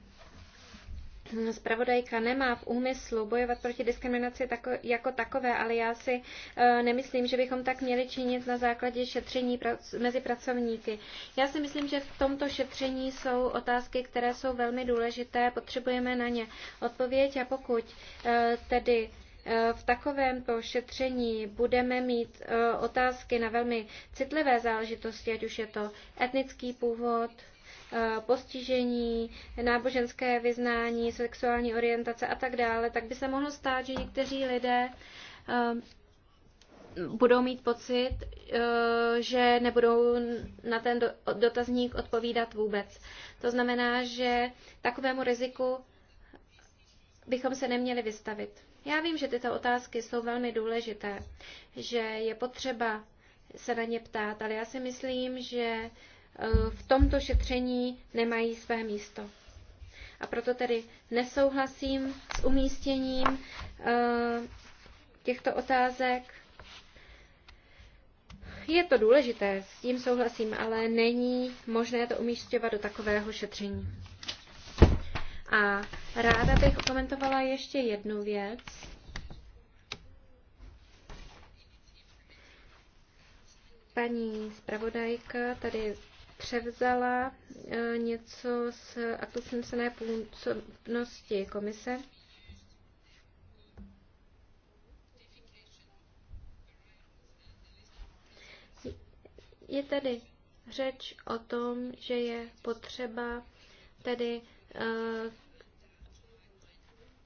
Spravodajka nemá v úmyslu bojovat proti diskriminaci tako, jako takové, ale já si e, nemyslím, že bychom tak měli činit na základě šetření prac, mezi pracovníky. Já si myslím, že v tomto šetření jsou otázky, které jsou velmi důležité, potřebujeme na ně odpověď a pokud e, tedy e, v takovémto šetření budeme mít otázky na velmi citlivé záležitosti, ať už je to etnický původ, Eh, postižení, náboženské vyznání, sexuální orientace a tak dále, tak by se mohlo stát, že někteří lidé eh, budou mít pocit, eh, že nebudou na ten dotazník odpovídat vůbec. To znamená, že takovému riziku bychom se neměli vystavit. Já vím, že tyto otázky jsou velmi důležité, že je potřeba se na ně ptát, ale já si myslím, že Eh, v tomto šetření nemají své místo. A proto tedy nesouhlasím s umístěním eh, těchto otázek. Je to důležité, s tím souhlasím, ale není možné to umístěvat do takového šetření. A ráda bych komentovala ještě jednu věc. Paní zpravodajka tady převzala eh, něco z aktu přenesené působnosti komise. Je tedy řeč o tom, že je potřeba tedy eh,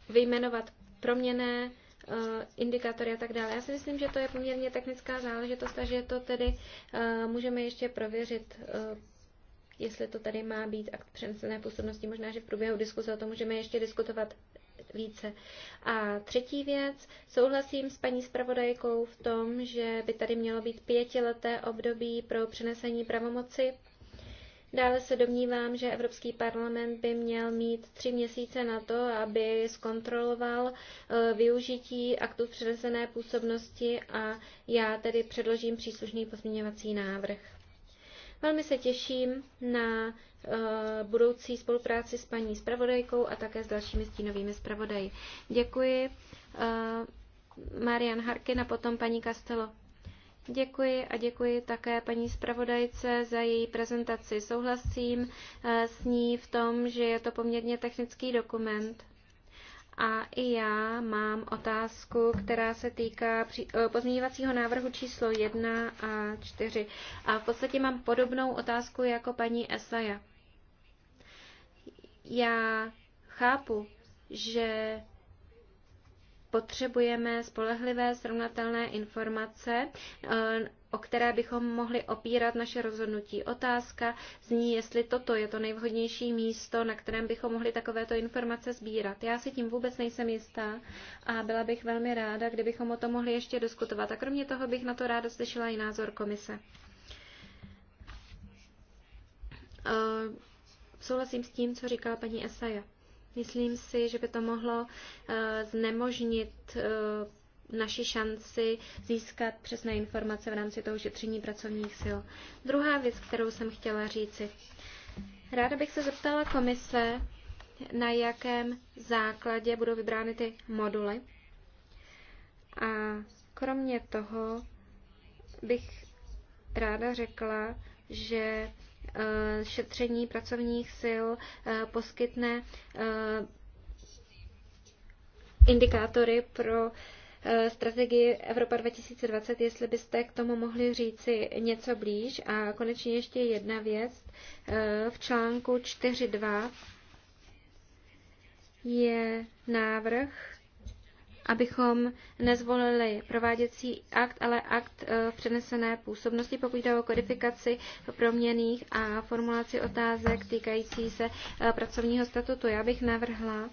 vyjmenovat proměné Eh, indikátory a tak dále. Já si myslím, že to je poměrně technická záležitost a že to tedy eh, můžeme ještě prověřit eh, jestli to tady má být akt přenesené působnosti. Možná, že v průběhu diskuse o tom můžeme ještě diskutovat více. A třetí věc, souhlasím s paní zpravodajkou v tom, že by tady mělo být pětileté období pro přenesení pravomoci. Dále se domnívám, že Evropský parlament by měl mít tři měsíce na to, aby zkontroloval eh, využití aktu přenesené působnosti a já tedy předložím příslušný pozměňovací návrh. Velmi se těším na eh, budoucí spolupráci s paní zpravodajkou a také s dalšími stínovými zpravodaji. Děkuji. Eh, Marian Harkin a potom paní Castelo. Děkuji a děkuji také paní zpravodajce za její prezentaci. Souhlasím eh, s ní v tom, že je to poměrně technický dokument. A i já mám otázku, která se týká eh, pozměňovacího návrhu číslo 1 a 4. A v podstatě mám podobnou otázku jako paní Esaja. Já chápu, že potřebujeme spolehlivé srovnatelné informace, eh, o které bychom mohli opírat naše rozhodnutí. Otázka zní, jestli toto je to nejvhodnější místo, na kterém bychom mohli takovéto informace sbírat. Já si tím vůbec nejsem jistá a byla bych velmi ráda, kdybychom o tom mohli ještě diskutovat. A kromě toho bych na to ráda slyšela i názor komise. Eh, souhlasím s tím, co říkala paní Esaja. Myslím si, že by to mohlo eh, znemožnit eh, naši šanci získat přesné informace v rámci toho šetření pracovních sil. Druhá věc, kterou jsem chtěla říci. Ráda bych se zeptala komise, na jakém základě budou vybrány ty moduly. A kromě toho bych ráda řekla, že Eh, šetření pracovních sil eh, poskytne eh, indikátory pro strategii Evropa 2020, jestli byste k tomu mohli říci něco blíž. A konečně ještě jedna věc. V článku 4.2 je návrh abychom nezvolili prováděcí akt, ale akt v eh, přenesené působnosti, pokud jde o kodifikaci proměných a formulaci otázek týkající se eh, pracovního statutu. Já bych navrhla,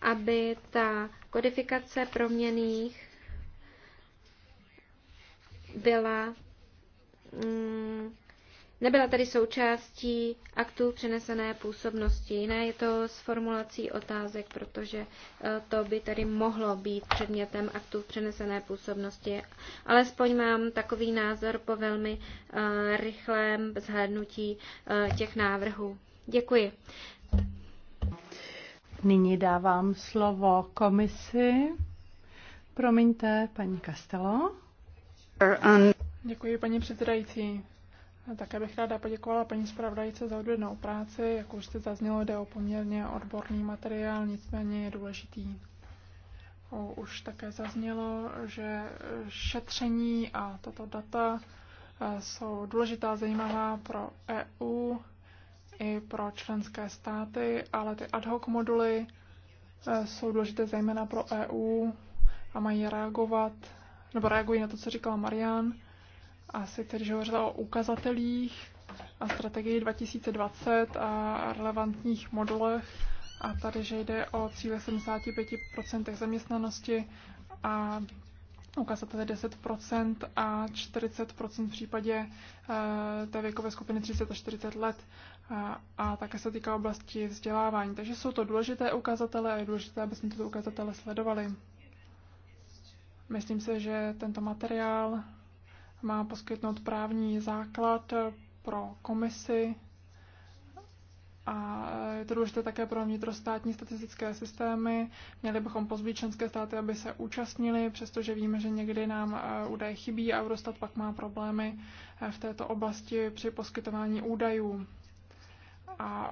aby ta kodifikace proměných byla mm, Nebyla tedy součástí aktu přenesené působnosti. ne, je to s formulací otázek, protože eh, to by tedy mohlo být předmětem aktu přenesené působnosti. Alespoň mám takový názor po velmi eh, rychlém zhlédnutí eh, těch návrhů. Děkuji. Nyní dávám slovo komisi. Promiňte, paní Castelo. Děkuji, paní předsedající. Také bych ráda poděkovala paní zpravodajce za odvědnou práci. Jak už jste zaznělo, jde o poměrně odborný materiál, nicméně je důležitý. Už také zaznělo, že šetření a tato data e, jsou důležitá, zajímavá pro EU i pro členské státy, ale ty ad hoc moduly e, jsou důležité zejména pro EU a mají reagovat, nebo reagují na to, co říkala Marian, asi, který hovořila o ukazatelích a strategii 2020 a relevantních modulech. A tady, že jde o cíle 75% zaměstnanosti a ukazatele 10% a 40% v případě eh, té věkové skupiny 30 a 40 let a, a také se týká oblasti vzdělávání. Takže jsou to důležité ukazatele a je důležité, aby jsme tyto ukazatele sledovali. Myslím si, že tento materiál má poskytnout právní základ pro komisi a je to důležité také pro vnitrostátní statistické systémy. Měli bychom pozvít členské státy, aby se účastnili, přestože víme, že někdy nám eh, údaje chybí a Eurostat pak má problémy eh, v této oblasti při poskytování údajů. A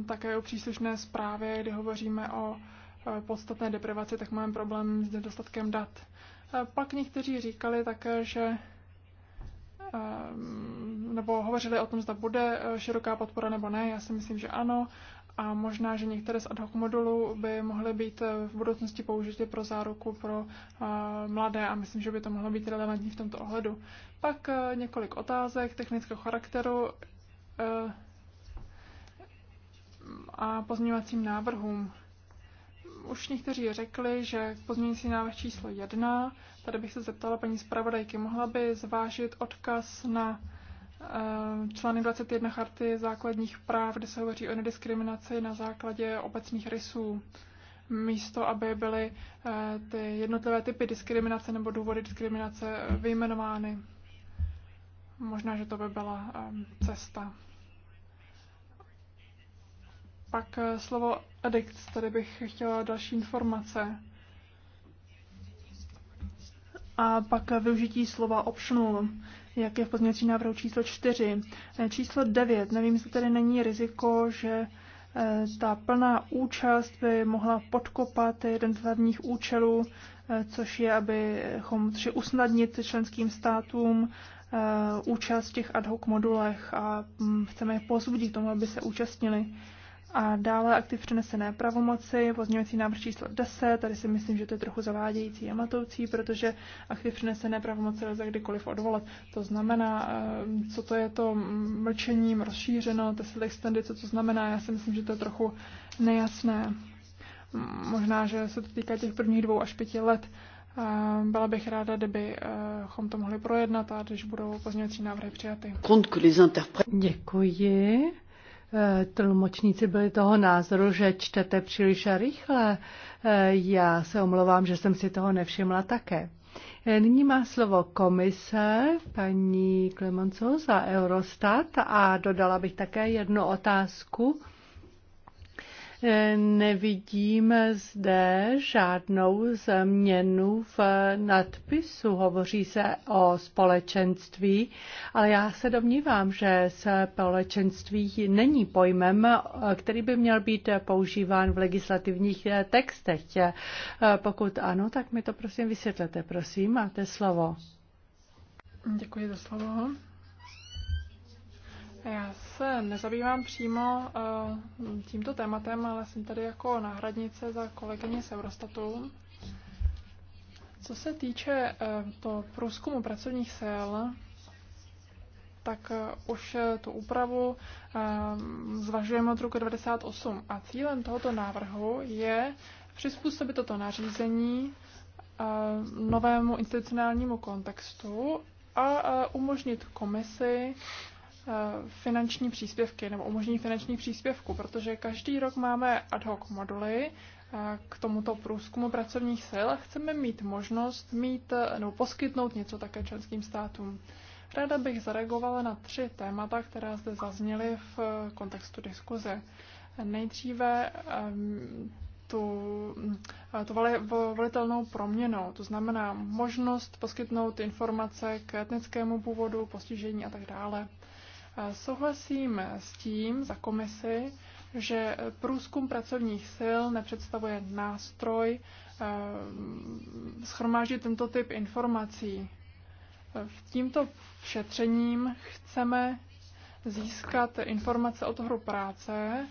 eh, také o příslušné zprávě, kdy hovoříme o podstatné deprivaci, tak máme problém s nedostatkem dat. Pak někteří říkali také, že Ehm, nebo hovořili o tom, zda bude eh, široká podpora nebo ne. Já si myslím, že ano. A možná, že některé z ad hoc modulů by mohly být eh, v budoucnosti použity pro záruku pro eh, mladé a myslím, že by to mohlo být relevantní v tomto ohledu. Pak několik otázek technického charakteru a pozměňovacím návrhům. Už někteří řekli, že pozměňující návrh číslo 1 Tady bych se zeptala paní zpravodajky, mohla by zvážit odkaz na eh, článek 21 Charty základních práv, kde se hovoří o nediskriminaci na základě obecných rysů, místo aby byly eh, ty jednotlivé typy diskriminace nebo důvody diskriminace eh, vyjmenovány. Možná, že to by byla cesta. Pak slovo edict, tady bych chtěla další informace. A pak využití slova optional, jak je v pozměňovacím návrhu číslo 4. Eh, číslo 9. Nevím, jestli tady není riziko, že eh, ta plná účast by mohla podkopat jeden z hlavních účelů, eh, což je, abychom tři usnadnit členským státům účast v těch ad hoc modulech a hm, chceme je pozbudit tomu, aby se účastnili. A dále aktiv přenesené pravomoci, pozměňovací návrh číslo 10, tady si myslím, že to je trochu zavádějící a matoucí, protože aktiv přenesené pravomoci lze kdykoliv odvolat. To znamená, eh, co to je to mlčením rozšířeno, se extendy, co to znamená, já si myslím, že to je trochu nejasné. Možná, že se to týká těch prvních dvou až pěti let. Eh, byla bych ráda, kdybychom eh, to mohli projednat a když budou pozměňovací návrhy přijaty. Děkuji. Eh, tlumočníci byli toho názoru, že čtete příliš rychle. Eh, já se omlouvám, že jsem si toho nevšimla také. Eh, nyní má slovo komise paní Klemonco za Eurostat a dodala bych také jednu otázku Nevidím zde žádnou změnu v nadpisu. Hovoří se o společenství, ale já se domnívám, že společenství není pojmem, který by měl být používán v legislativních textech. Pokud ano, tak mi to prosím vysvětlete. Prosím, máte slovo. Děkuji za slovo. Já se nezabývám přímo uh, tímto tématem, ale jsem tady jako náhradnice za kolegyně z Eurostatu. Co se týče uh, eh, to průzkumu pracovních sil, tak uh, už tu úpravu uh, zvažujeme od roku 98. a cílem tohoto návrhu je přizpůsobit toto nařízení uh, novému institucionálnímu kontextu a umožnit komisi Eh, finanční příspěvky nebo umožnění finanční příspěvku, protože každý rok máme ad hoc moduly eh, k tomuto průzkumu pracovních sil a chceme mít možnost mít eh, nebo poskytnout něco také členským státům. Ráda bych zareagovala na tři témata, která zde zazněly v kontextu diskuze. Nejdříve ehm, tu, tu volitelnou proměnou, to znamená možnost poskytnout informace k etnickému původu, postižení a tak dále. Souhlasím s tím za komisi, že průzkum pracovních sil nepředstavuje nástroj eh, schromáždit tento typ informací. V tímto šetřením chceme získat informace o trhu práce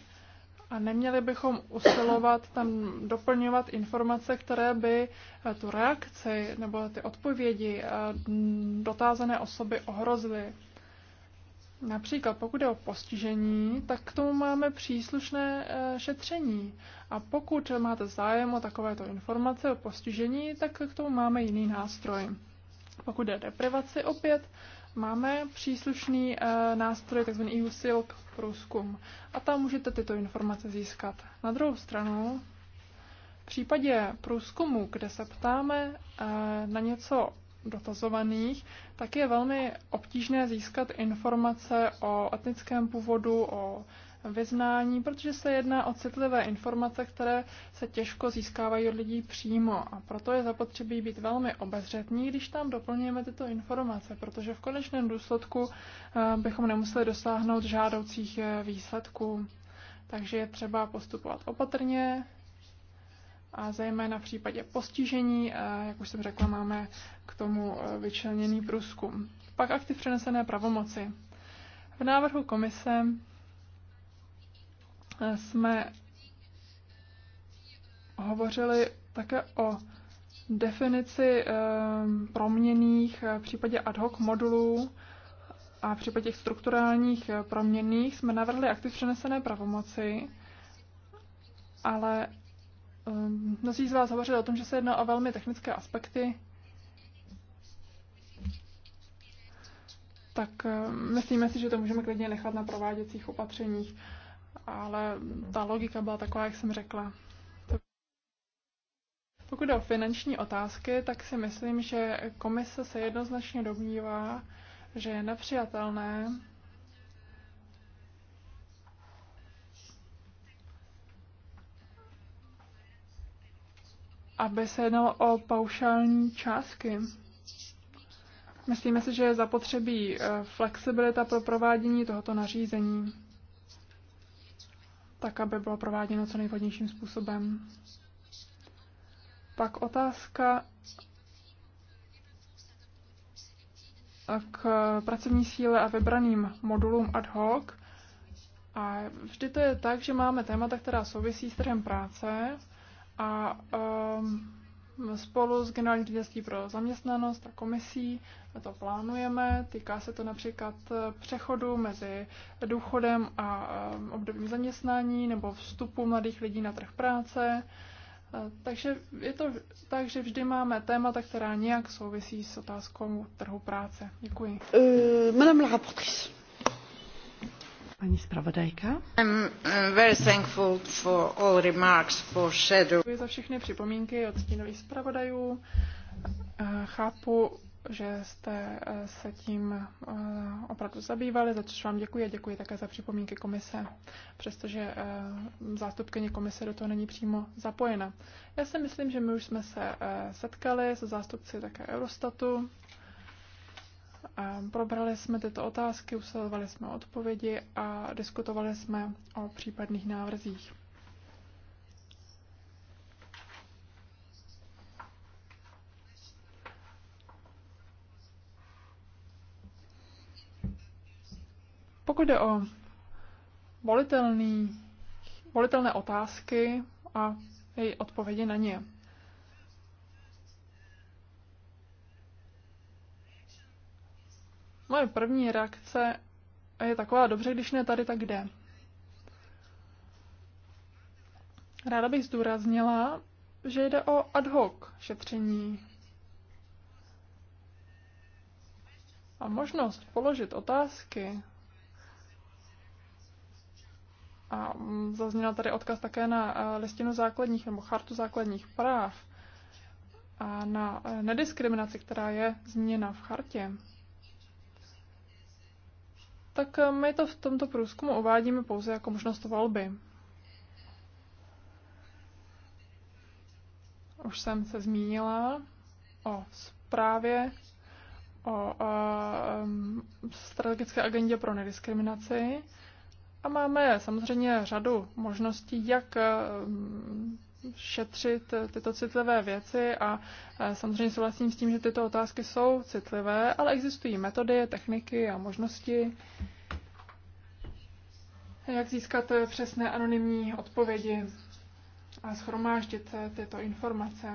a neměli bychom usilovat tam doplňovat informace, které by eh, tu reakci nebo ty odpovědi eh, dotázané osoby ohrozily. Například pokud je o postižení, tak k tomu máme příslušné eh, šetření. A pokud máte zájem o takovéto informace o postižení, tak k tomu máme jiný nástroj. Pokud je o deprivaci, opět máme příslušný eh, nástroj, tzv. EU Silk průzkum. A tam můžete tyto informace získat. Na druhou stranu, v případě průzkumu, kde se ptáme eh, na něco dotazovaných, tak je velmi obtížné získat informace o etnickém původu, o vyznání, protože se jedná o citlivé informace, které se těžko získávají od lidí přímo a proto je zapotřebí být velmi obezřetní, když tam doplňujeme tyto informace, protože v konečném důsledku eh, bychom nemuseli dosáhnout žádoucích eh, výsledků. Takže je třeba postupovat opatrně, a zejména v případě postižení, eh, jak už jsem řekla, máme k tomu eh, vyčleněný průzkum. Pak aktiv přenesené pravomoci. V návrhu komise eh, jsme hovořili také o definici proměných v případě ad hoc modulů a v případě těch strukturálních proměných jsme navrhli aktiv přenesené pravomoci, ale Ehm, mnozí z vás hovořili o tom, že se jedná o velmi technické aspekty. Tak ehm, myslíme si, že to můžeme klidně nechat na prováděcích opatřeních, ale ta logika byla taková, jak jsem řekla. Pokud jde o finanční otázky, tak si myslím, že komise se jednoznačně domnívá, že je nepřijatelné, aby se jednalo o paušální částky. Myslíme si, že je zapotřebí eh, flexibilita pro provádění tohoto nařízení, tak aby bylo prováděno co nejvhodnějším způsobem. Pak otázka eh, k pracovní síle a vybraným modulům ad hoc. A vždy to je tak, že máme témata, která souvisí s trhem práce, a um, spolu s Generální ředitelství pro zaměstnanost a komisí to plánujeme. Týká se to například eh, přechodu mezi důchodem a um, obdobím zaměstnání nebo vstupu mladých lidí na trh práce. Eh, takže je to tak, že vždy máme témata, která nějak souvisí s otázkou trhu práce. Děkuji. Uh, Madame la rapportrice. Paní zpravodajka. Děkuji za všechny připomínky od stínových zpravodajů. Eh, chápu, že jste eh, se tím eh, opravdu zabývali, za což vám děkuji a děkuji také za připomínky komise, přestože zástupkyně komise do toho není přímo zapojena. Já si myslím, že my už jsme se setkali se zástupci také Eurostatu, Probrali jsme tyto otázky, usilovali jsme odpovědi a diskutovali jsme o případných návrzích. Pokud jde o volitelné otázky a její odpovědi na ně. Moje první reakce je taková, dobře, když ne tady, tak kde? Ráda bych zdůraznila, že jde o ad hoc šetření. A možnost položit otázky a zazněl tady odkaz také na eh, listinu základních nebo chartu základních práv a na eh, nediskriminaci, která je změna v chartě tak eh, my to v tomto průzkumu uvádíme pouze jako možnost volby. Už jsem se zmínila o zprávě o um, strategické agendě pro nediskriminaci. A máme samozřejmě řadu možností, jak eh, šetřit eh, tyto citlivé věci a eh, samozřejmě souhlasím s tím, že tyto otázky jsou citlivé, ale existují metody, techniky a možnosti, jak získat eh, přesné anonymní odpovědi a schromáždit tyto informace.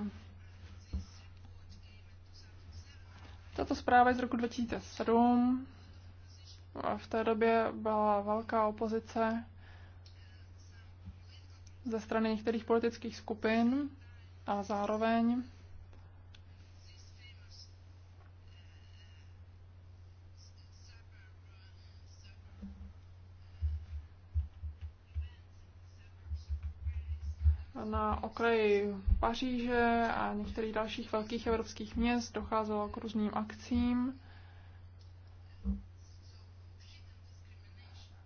Tato zpráva je z roku 2007. V té době byla velká opozice ze strany některých politických skupin a zároveň na okraji Paříže a některých dalších velkých evropských měst docházelo k různým akcím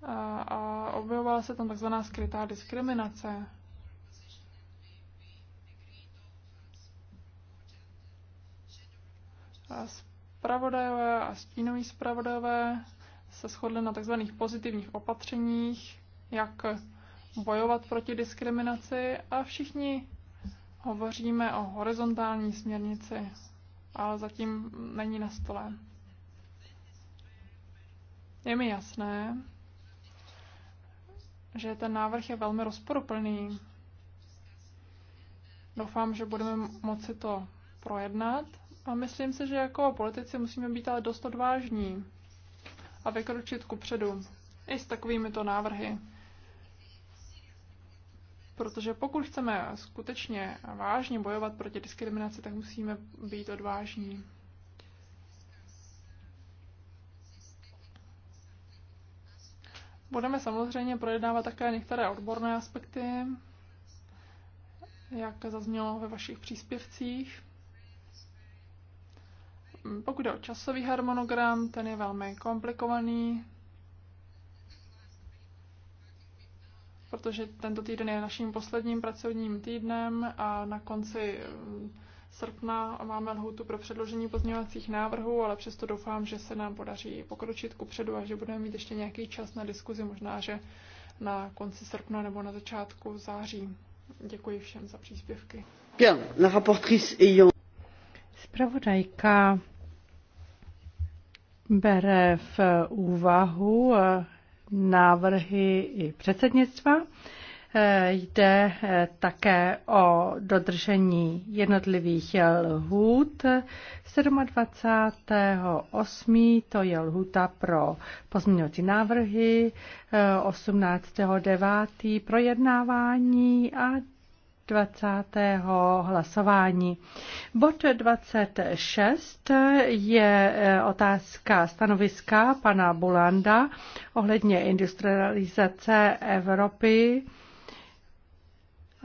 a objevovala se tam takzvaná skrytá diskriminace. A spravodajové a stínoví spravodajové se shodli na tzv. pozitivních opatřeních, jak bojovat proti diskriminaci a všichni hovoříme o horizontální směrnici, ale zatím není na stole. Je mi jasné, že ten návrh je velmi rozporuplný. Doufám, že budeme moci to projednat a myslím si, že jako politici musíme být ale dost odvážní a vykročit ku předu i s takovými to návrhy. Protože pokud chceme skutečně vážně bojovat proti diskriminaci, tak musíme být odvážní. Budeme samozřejmě projednávat také některé odborné aspekty, jak zaznělo ve vašich příspěvcích. Pokud je o časový harmonogram, ten je velmi komplikovaný, protože tento týden je naším posledním pracovním týdnem a na konci srpna máme lhoutu pro předložení pozměňovacích návrhů, ale přesto doufám, že se nám podaří pokročit ku předu a že budeme mít ještě nějaký čas na diskuzi, možná, že na konci srpna nebo na začátku září. Děkuji všem za příspěvky. Spravodajka bere v úvahu eh, návrhy i předsednictva. Jde eh, také o dodržení jednotlivých eh, lhůt. 27.8. to je lhůta pro pozměňovací návrhy, 18.9. Eh, projednávání a 20. hlasování. Bod 26 je otázka stanoviska pana Bulanda ohledně industrializace Evropy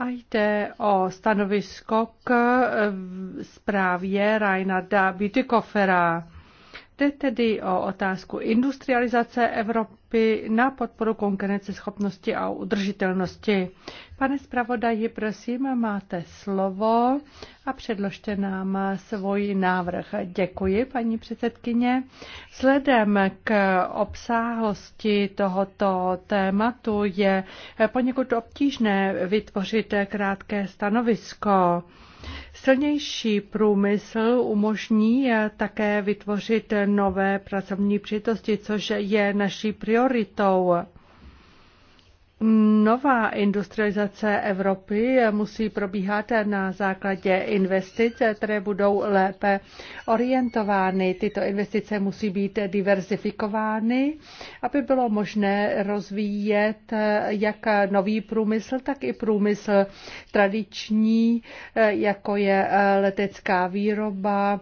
a jde o stanovisko k eh, zprávě Reinarda Bütikofera. Jde tedy o otázku industrializace Evropy Evropy na podporu konkurenceschopnosti a udržitelnosti. Pane zpravodaji, prosím, máte slovo a předložte nám svůj návrh. Děkuji, paní předsedkyně. Sledem k obsáhlosti tohoto tématu je poněkud obtížné vytvořit krátké stanovisko. Silnější průmysl umožní eh, také vytvořit nové pracovní přítosti, což je naší prioritou. Nová industrializace Evropy musí probíhat na základě investic, které budou lépe orientovány. Tyto investice musí být diversifikovány, aby bylo možné rozvíjet jak nový průmysl, tak i průmysl tradiční, jako je letecká výroba,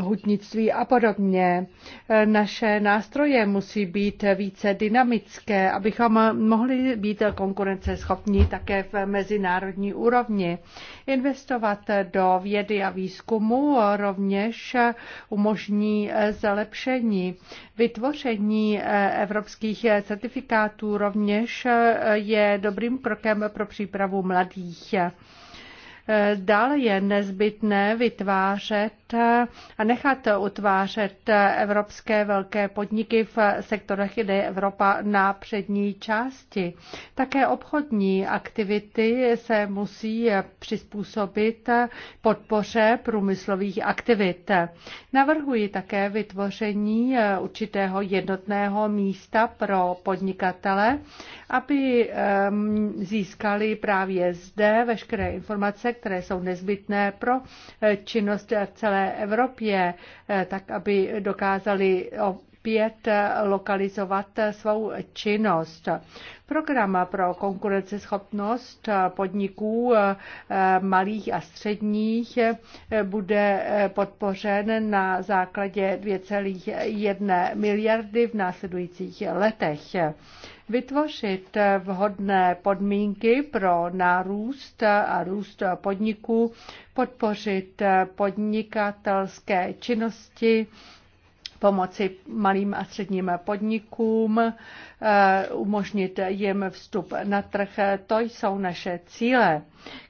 hutnictví a podobně. Naše nástroje musí být více dynamické abychom mohli být konkurenceschopní také v mezinárodní úrovni. Investovat do vědy a výzkumu rovněž umožní zlepšení. Vytvoření evropských certifikátů rovněž je dobrým krokem pro přípravu mladých. Dále je nezbytné vytvářet a nechat utvářet evropské velké podniky v sektorech, kde je Evropa na přední části. Také obchodní aktivity se musí přizpůsobit podpoře průmyslových aktivit. Navrhuji také vytvoření určitého jednotného místa pro podnikatele, aby získali právě zde veškeré informace, které jsou nezbytné pro eh, činnost celé celé Evropě, eh, tak aby dokázali opět lokalizovat svou činnost. Program pro konkurenceschopnost podniků eh, malých a středních eh, bude podpořen na základě 2,1 miliardy v následujících letech vytvořit eh, vhodné podmínky pro nárůst a růst podniků, podpořit eh, podnikatelské činnosti, pomoci malým a středním podnikům, eh, umožnit jim vstup na trh. To jsou naše cíle.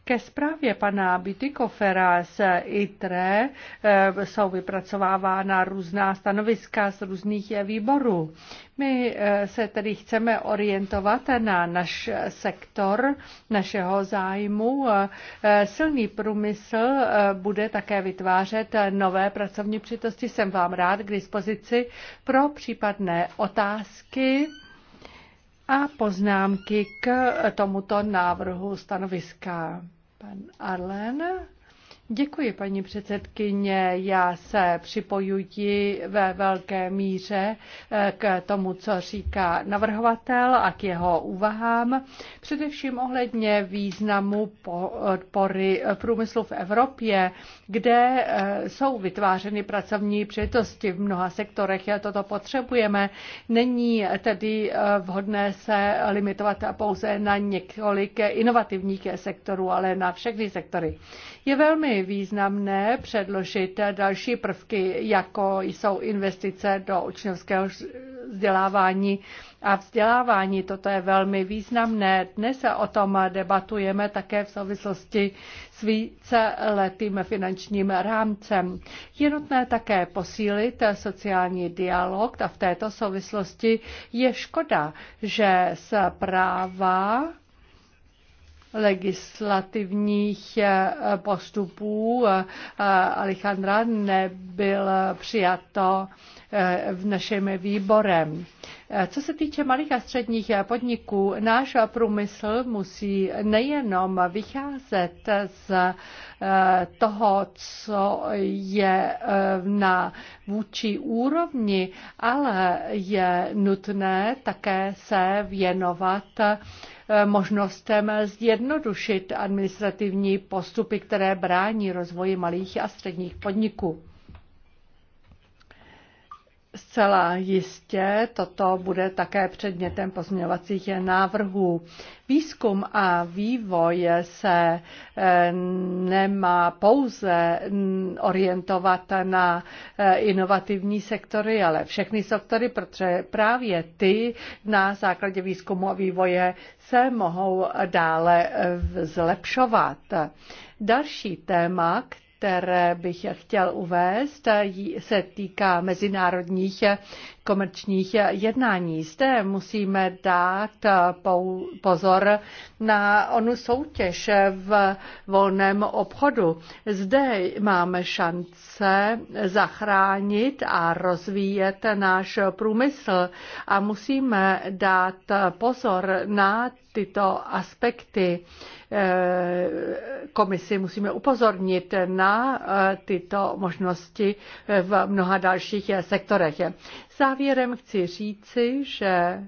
Ke zprávě pana Bitykofera z ITRE eh, jsou vypracovávána různá stanoviska z různých výborů. My eh, se tedy chceme orientovat na náš sektor našeho zájmu. Eh, silný průmysl bude také vytvářet nové pracovní přítosti. Jsem vám rád k dispozici pro případné otázky a poznámky k tomuto návrhu stanoviska. Pan Arlen Děkuji, paní předsedkyně. Já se připojuji ve velké míře eh, k tomu, co říká navrhovatel a k jeho úvahám, především ohledně významu podpory průmyslu v Evropě, kde eh, jsou vytvářeny pracovní příležitosti v mnoha sektorech. A toto potřebujeme. Není tedy eh, vhodné se limitovat pouze na několik inovativních sektorů, ale na všechny sektory. Je velmi významné předložit další prvky, jako jsou investice do učňovského vzdělávání a vzdělávání. Toto je velmi významné. Dnes o tom debatujeme také v souvislosti s víceletým finančním rámcem. Je nutné také posílit sociální dialog a v této souvislosti je škoda, že zpráva legislativních eh, postupů eh, eh, Alejandra nebyl přijato v našem výborem. Co se týče malých a středních podniků, náš průmysl musí nejenom vycházet z toho, co je na vůči úrovni, ale je nutné také se věnovat Eh, možnostem zjednodušit administrativní postupy, které brání rozvoji malých a středních podniků. Zcela jistě toto bude také předmětem pozměňovacích návrhů. Výzkum a vývoj se eh, nemá pouze mm, orientovat na eh, inovativní sektory, ale všechny sektory, protože právě ty na základě výzkumu a vývoje se mohou dále eh, zlepšovat. Další téma, které bych chtěl uvést, se týká mezinárodních komerčních jednání. Zde musíme dát pozor na onu soutěž v volném obchodu. Zde máme šance zachránit a rozvíjet náš průmysl a musíme dát pozor na tyto aspekty eh, komisi musíme upozornit na eh, tyto možnosti v mnoha dalších sektorech. Závěrem chci říci, že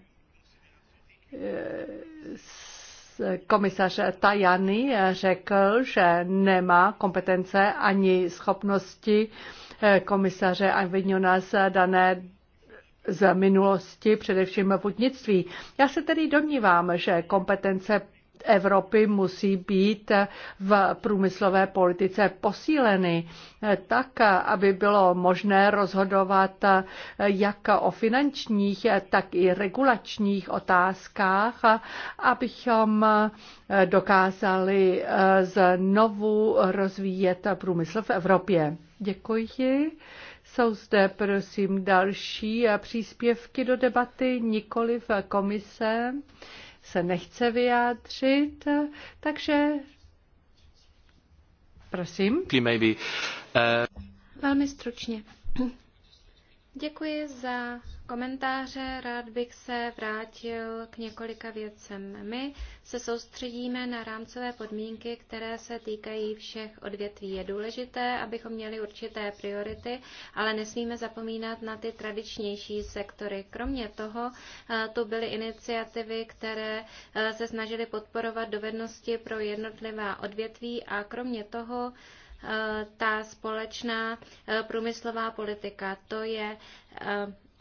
eh, komisař Tajani řekl, že nemá kompetence ani schopnosti eh, komisaře Avignona z dané z minulosti, především v putnictví. Já se tedy domnívám, že kompetence Evropy musí být v průmyslové politice posíleny tak, aby bylo možné rozhodovat jak o finančních, tak i regulačních otázkách, abychom dokázali znovu rozvíjet průmysl v Evropě. Děkuji. Jsou zde, prosím, další příspěvky do debaty, nikoli v komise se nechce vyjádřit, takže prosím. Maybe. Eh, Velmi stručně. Děkuji za komentáře, rád bych se vrátil k několika věcem. My se soustředíme na rámcové podmínky, které se týkají všech odvětví. Je důležité, abychom měli určité priority, ale nesmíme zapomínat na ty tradičnější sektory. Kromě toho eh, tu byly iniciativy, které eh, se snažily podporovat dovednosti pro jednotlivá odvětví a kromě toho eh, ta společná průmyslová politika. To je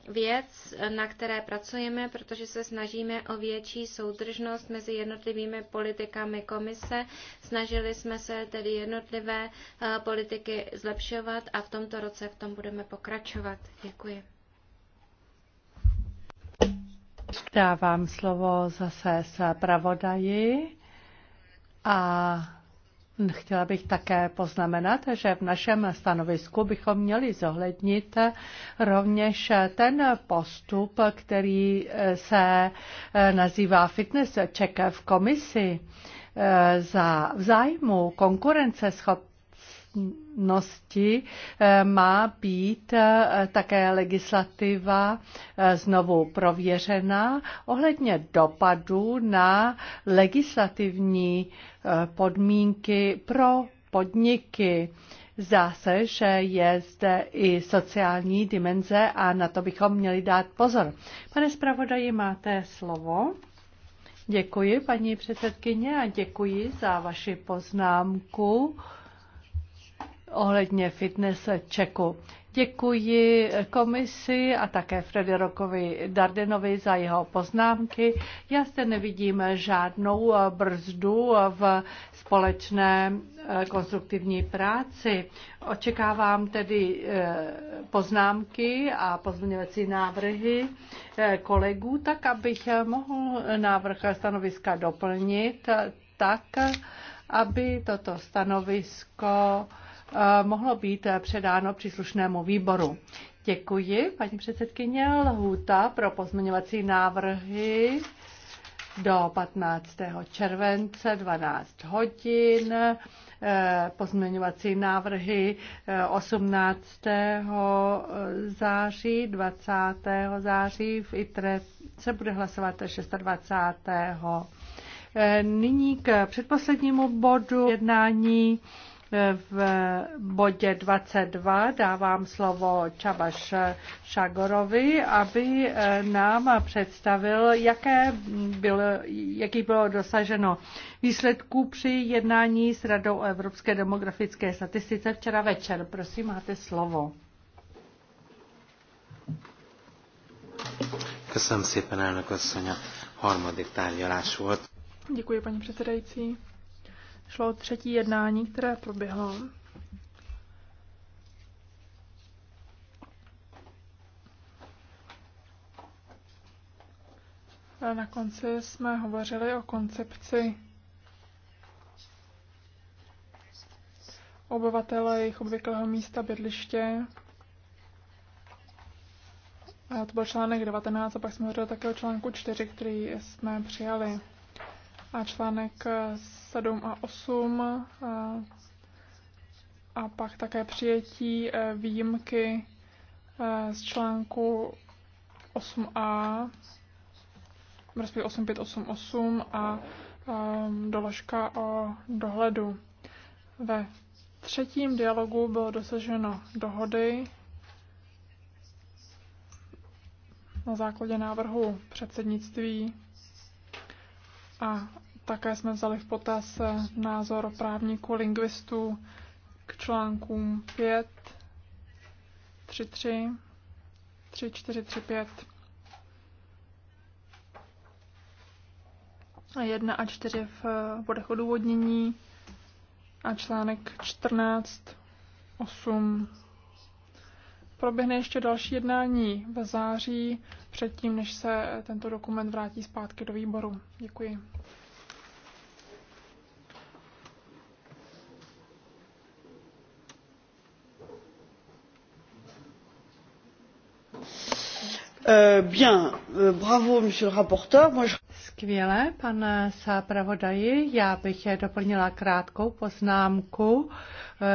věc, na které pracujeme, protože se snažíme o větší soudržnost mezi jednotlivými politikami komise. Snažili jsme se tedy jednotlivé eh, politiky zlepšovat a v tomto roce v tom budeme pokračovat. Děkuji. Dávám slovo zase zpravodaji a Chtěla bych také poznamenat, že v našem stanovisku bychom měli zohlednit rovněž ten postup, který se nazývá fitness check v komisi e, za vzájmu konkurence. konkurenceschopnosti budoucnosti eh, má být eh, také legislativa eh, znovu prověřena ohledně dopadu na legislativní podmínky pro podniky. Zdá se, že je zde i sociální dimenze a na to bychom měli dát pozor. Pane zpravodaji, máte slovo. Děkuji, paní předsedkyně, a děkuji za vaši poznámku ohledně fitness checku. Děkuji komisi a také Frederokovi Dardenovi za jeho poznámky. Já zde nevidím žádnou brzdu v společné eh, konstruktivní práci. Očekávám tedy eh, poznámky a pozměňovací návrhy eh, kolegů, tak abych mohl návrh stanoviska doplnit tak, aby toto stanovisko Eh, mohlo být eh, předáno příslušnému výboru. Děkuji, paní předsedkyně. Lhůta pro pozměňovací návrhy do 15. července 12 hodin, eh, pozměňovací návrhy 18. září, 20. září v ITRE se bude hlasovat 26. Nyní k předposlednímu bodu jednání v bodě 22 dávám slovo Čabaš Šagorovi, aby nám představil, jaké bylo, jaký bylo dosaženo výsledků při jednání s Radou o Evropské demografické statistice včera večer. Prosím, máte slovo. Děkuji, paní předsedající. Šlo o třetí jednání, které proběhlo. A na konci jsme hovořili o koncepci obyvatele jejich obvyklého místa bydliště. A to byl článek 19 a pak jsme hovořili také o článku 4, který jsme přijali a článek 7 a 8 eh, a, pak také přijetí eh, výjimky eh, z článku 8a, respektive 8588 a ehm, doložka o dohledu. Ve třetím dialogu bylo dosaženo dohody na základě návrhu předsednictví a také jsme vzali v potaz eh, názor právníků, lingvistů k článkům 5, 3, 3, 3, 4, 3, 5 a 1 a 4 v eh, bodech odůvodnění a článek 14, 8 proběhne ještě další jednání v září, předtím, než se tento dokument vrátí zpátky do výboru. Děkuji. Eh, bien, eh, bravo, monsieur le rapporteur. Skvěle, pane zpravodaji, já bych doplnila krátkou poznámku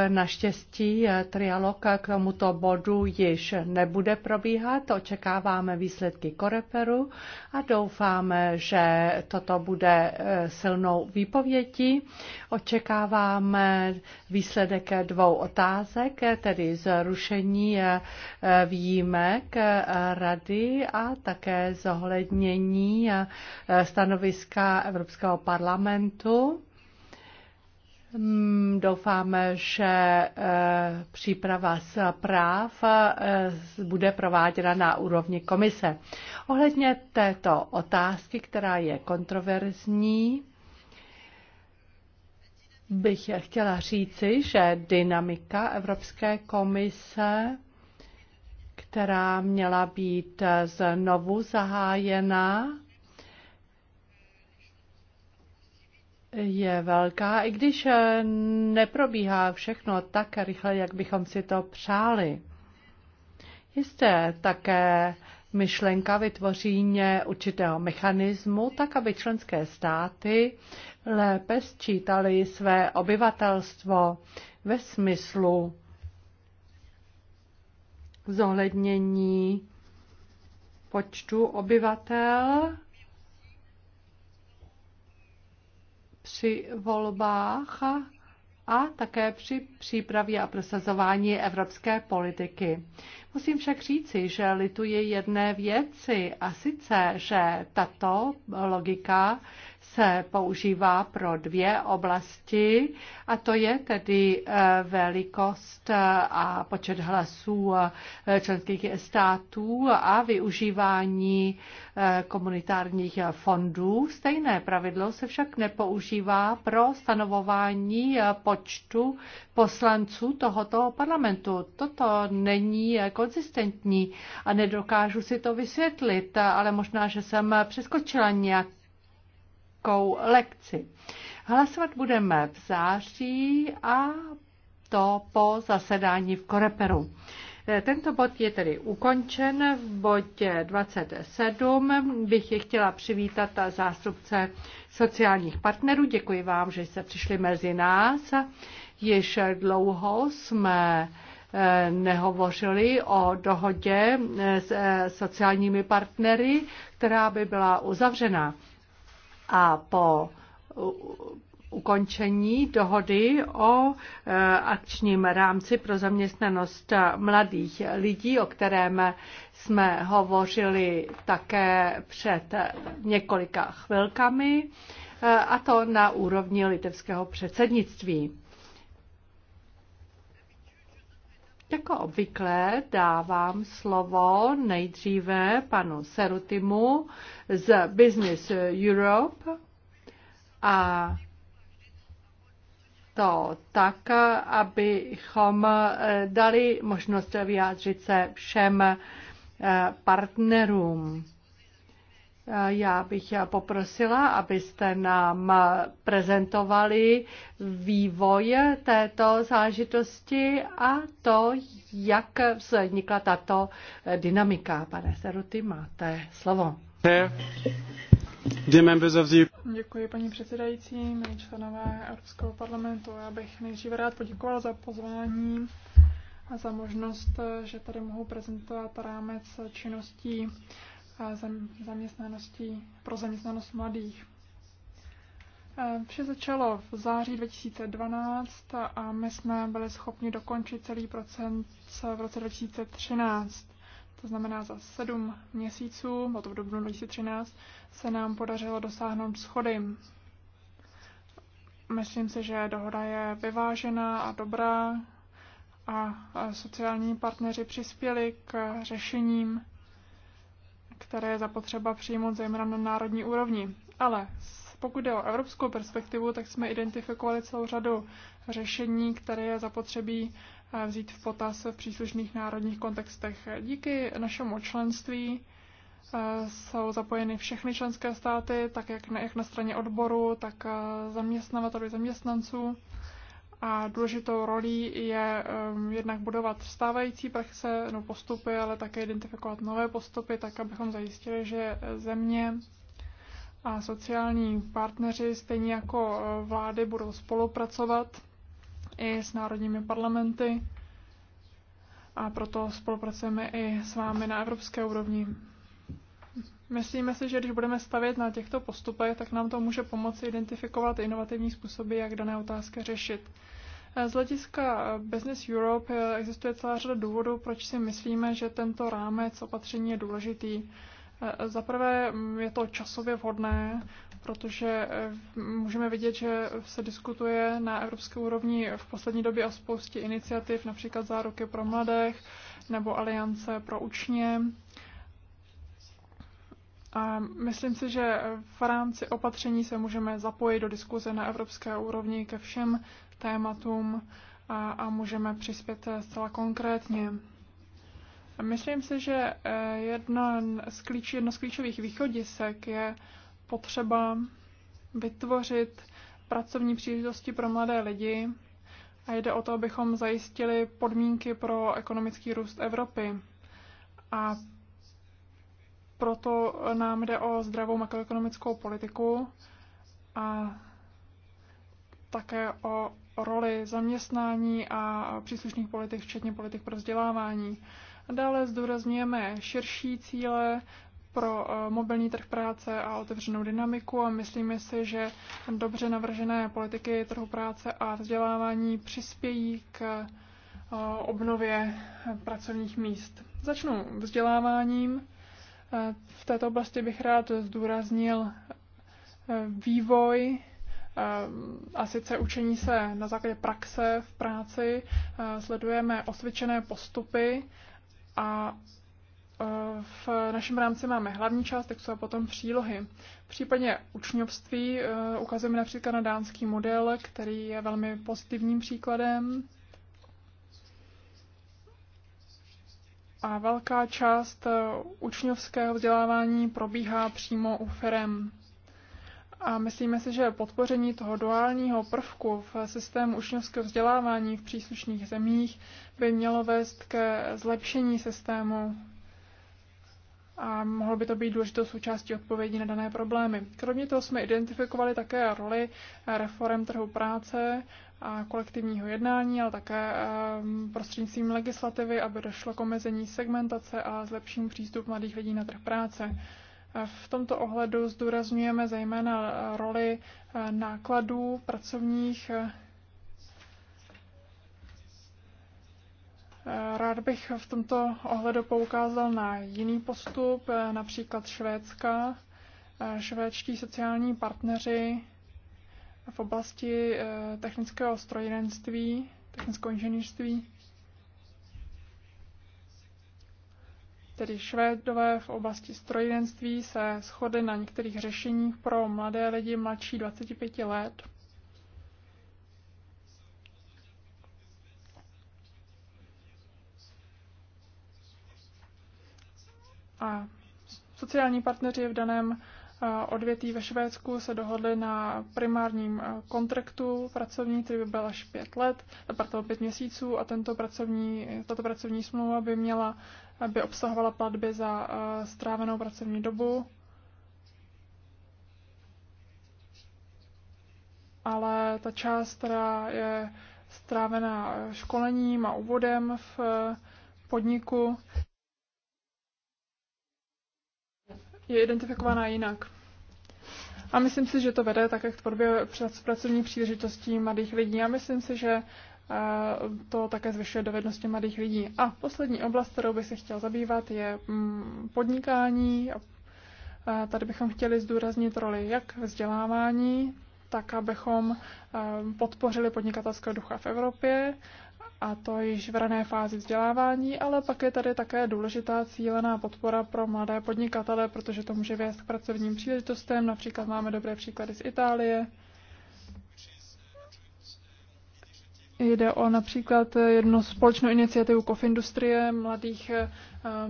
Naštěstí eh, trialog k tomuto bodu již nebude probíhat. Očekáváme výsledky koreperu a doufáme, že toto bude eh, silnou výpovědí. Očekáváme výsledek dvou otázek, eh, tedy zrušení výjimek rady a také zohlednění stanoviska Evropského parlamentu Mm, doufáme, že eh, příprava zpráv eh, bude prováděna na úrovni komise. Ohledně této otázky, která je kontroverzní, bych chtěla říci, že dynamika Evropské komise, která měla být znovu zahájena, je velká, i když eh, neprobíhá všechno tak rychle, jak bychom si to přáli. Jisté také myšlenka vytvoří určitého mechanismu, tak aby členské státy lépe sčítali své obyvatelstvo ve smyslu zohlednění počtu obyvatel při volbách a také při přípravě a prosazování evropské politiky. Musím však říci, že lituji jedné věci a sice, že tato logika se používá pro dvě oblasti, a to je tedy eh, velikost eh, a počet hlasů eh, členských států a využívání komunitárních fondů. Stejné pravidlo se však nepoužívá pro stanovování počtu poslanců tohoto parlamentu. Toto není konzistentní a nedokážu si to vysvětlit, ale možná, že jsem přeskočila nějak krátkou lekci. Hlasovat budeme v září a to po zasedání v Koreperu. Eh, tento bod je tedy ukončen. V bodě 27 bych je chtěla přivítat zástupce sociálních partnerů. Děkuji vám, že jste přišli mezi nás. Již dlouho jsme eh, nehovořili o dohodě eh, s sociálními partnery, která by byla uzavřena a po ukončení dohody o eh, akčním rámci pro zaměstnanost mladých lidí, o kterém jsme hovořili také před několika chvilkami, eh, a to na úrovni litevského předsednictví. Jako obvykle dávám slovo nejdříve panu Serutimu z Business Europe a to tak, abychom eh, dali možnost vyjádřit se všem eh, partnerům. Já bych poprosila, abyste nám prezentovali vývoj této zážitosti a to, jak vznikla tato dynamika. Pane Seruty, máte slovo. Děkuji, paní předsedající, milí členové Evropského parlamentu. Já bych nejdříve rád poděkoval za pozvání a za možnost, že tady mohu prezentovat rámec činností zaměstnaností, pro zaměstnanost mladých. E, vše začalo v září 2012 a my jsme byli schopni dokončit celý proces v roce 2013. To znamená, za sedm měsíců, bylo to v dubnu 2013, se nám podařilo dosáhnout schody. Myslím si, že dohoda je vyvážená a dobrá a sociální partneři přispěli k řešením které je zapotřeba přijmout zejména na národní úrovni. Ale pokud jde o evropskou perspektivu, tak jsme identifikovali celou řadu řešení, které je zapotřebí eh, vzít v potaz v příslušných národních kontextech. Díky našemu členství eh, jsou zapojeny všechny členské státy, tak jak na, jak na straně odboru, tak eh, zaměstnavatelů i zaměstnanců a důležitou rolí je um, jednak budovat stávající praxe no postupy, ale také identifikovat nové postupy, tak abychom zajistili, že země a sociální partneři, stejně jako uh, vlády, budou spolupracovat i s národními parlamenty. A proto spolupracujeme i s vámi na evropské úrovni. Myslíme si, že když budeme stavět na těchto postupech, tak nám to může pomoci identifikovat inovativní způsoby, jak dané otázky řešit. Z hlediska Business Europe existuje celá řada důvodů, proč si myslíme, že tento rámec opatření je důležitý. Za prvé je to časově vhodné, protože můžeme vidět, že se diskutuje na evropské úrovni v poslední době o spoustě iniciativ, například záruky pro mladých nebo aliance pro učně. A myslím si, že v rámci opatření se můžeme zapojit do diskuze na evropské úrovni ke všem tématům a, a můžeme přispět zcela konkrétně. Myslím si, že eh, jedno z, klíč, jedno z klíčových východisek je potřeba vytvořit pracovní příležitosti pro mladé lidi a jde o to, abychom zajistili podmínky pro ekonomický růst Evropy. A proto nám jde o zdravou makroekonomickou politiku a také o roli zaměstnání a příslušných politik, včetně politik pro vzdělávání. Dále zdůrazňujeme širší cíle pro eh, mobilní trh práce a otevřenou dynamiku a myslíme si, že dobře navržené politiky trhu práce a vzdělávání přispějí k eh, obnově pracovních míst. Začnu vzděláváním. V této oblasti bych rád zdůraznil e, vývoj e, a sice učení se na základě praxe v práci. E, sledujeme osvědčené postupy a v našem rámci máme hlavní část textu a potom přílohy. V případě učňovství ukazujeme například na dánský model, který je velmi pozitivním příkladem. a velká část eh, učňovského vzdělávání probíhá přímo u firem. A myslíme si, že podpoření toho duálního prvku v systému učňovského vzdělávání v příslušných zemích by mělo vést ke zlepšení systému a mohlo by to být důležitou součástí odpovědi na dané problémy. Kromě toho jsme identifikovali také roli reform trhu práce a kolektivního jednání, ale také ehm, prostřednictvím legislativy, aby došlo k omezení segmentace a zlepším přístup mladých lidí na trh práce. V tomto ohledu zdůrazňujeme zejména roli eh, nákladů pracovních eh, Rád bych v tomto ohledu poukázal na jiný postup, například Švédska. Švédští sociální partneři v oblasti eh, technického strojírenství, technického inženýrství, tedy Švédové v oblasti strojírenství se shodli na některých řešeních pro mladé lidi mladší 25 let – A sociální partneři v daném odvětví ve Švédsku se dohodli na primárním kontraktu pracovní, který by byl až pět let, pardon, pět měsíců a tento pracovní, tato pracovní smlouva by měla, by obsahovala platby za strávenou pracovní dobu, ale ta část, která je strávená školením a úvodem v podniku, je identifikována jinak. A myslím si, že to vede také k tvorbě pracovní příležitostí mladých lidí a myslím si, že eh, to také zvyšuje dovednosti mladých lidí. A poslední oblast, kterou bych se chtěl zabývat, je mm, podnikání. Eh, tady bychom chtěli zdůraznit roli jak vzdělávání, tak abychom eh, podpořili podnikatelského ducha v Evropě a to již v rané fázi vzdělávání, ale pak je tady také důležitá cílená podpora pro mladé podnikatele, protože to může vést k pracovním příležitostem. Například máme dobré příklady z Itálie. Jde o například jednu společnou iniciativu Kofindustrie, mladých eh,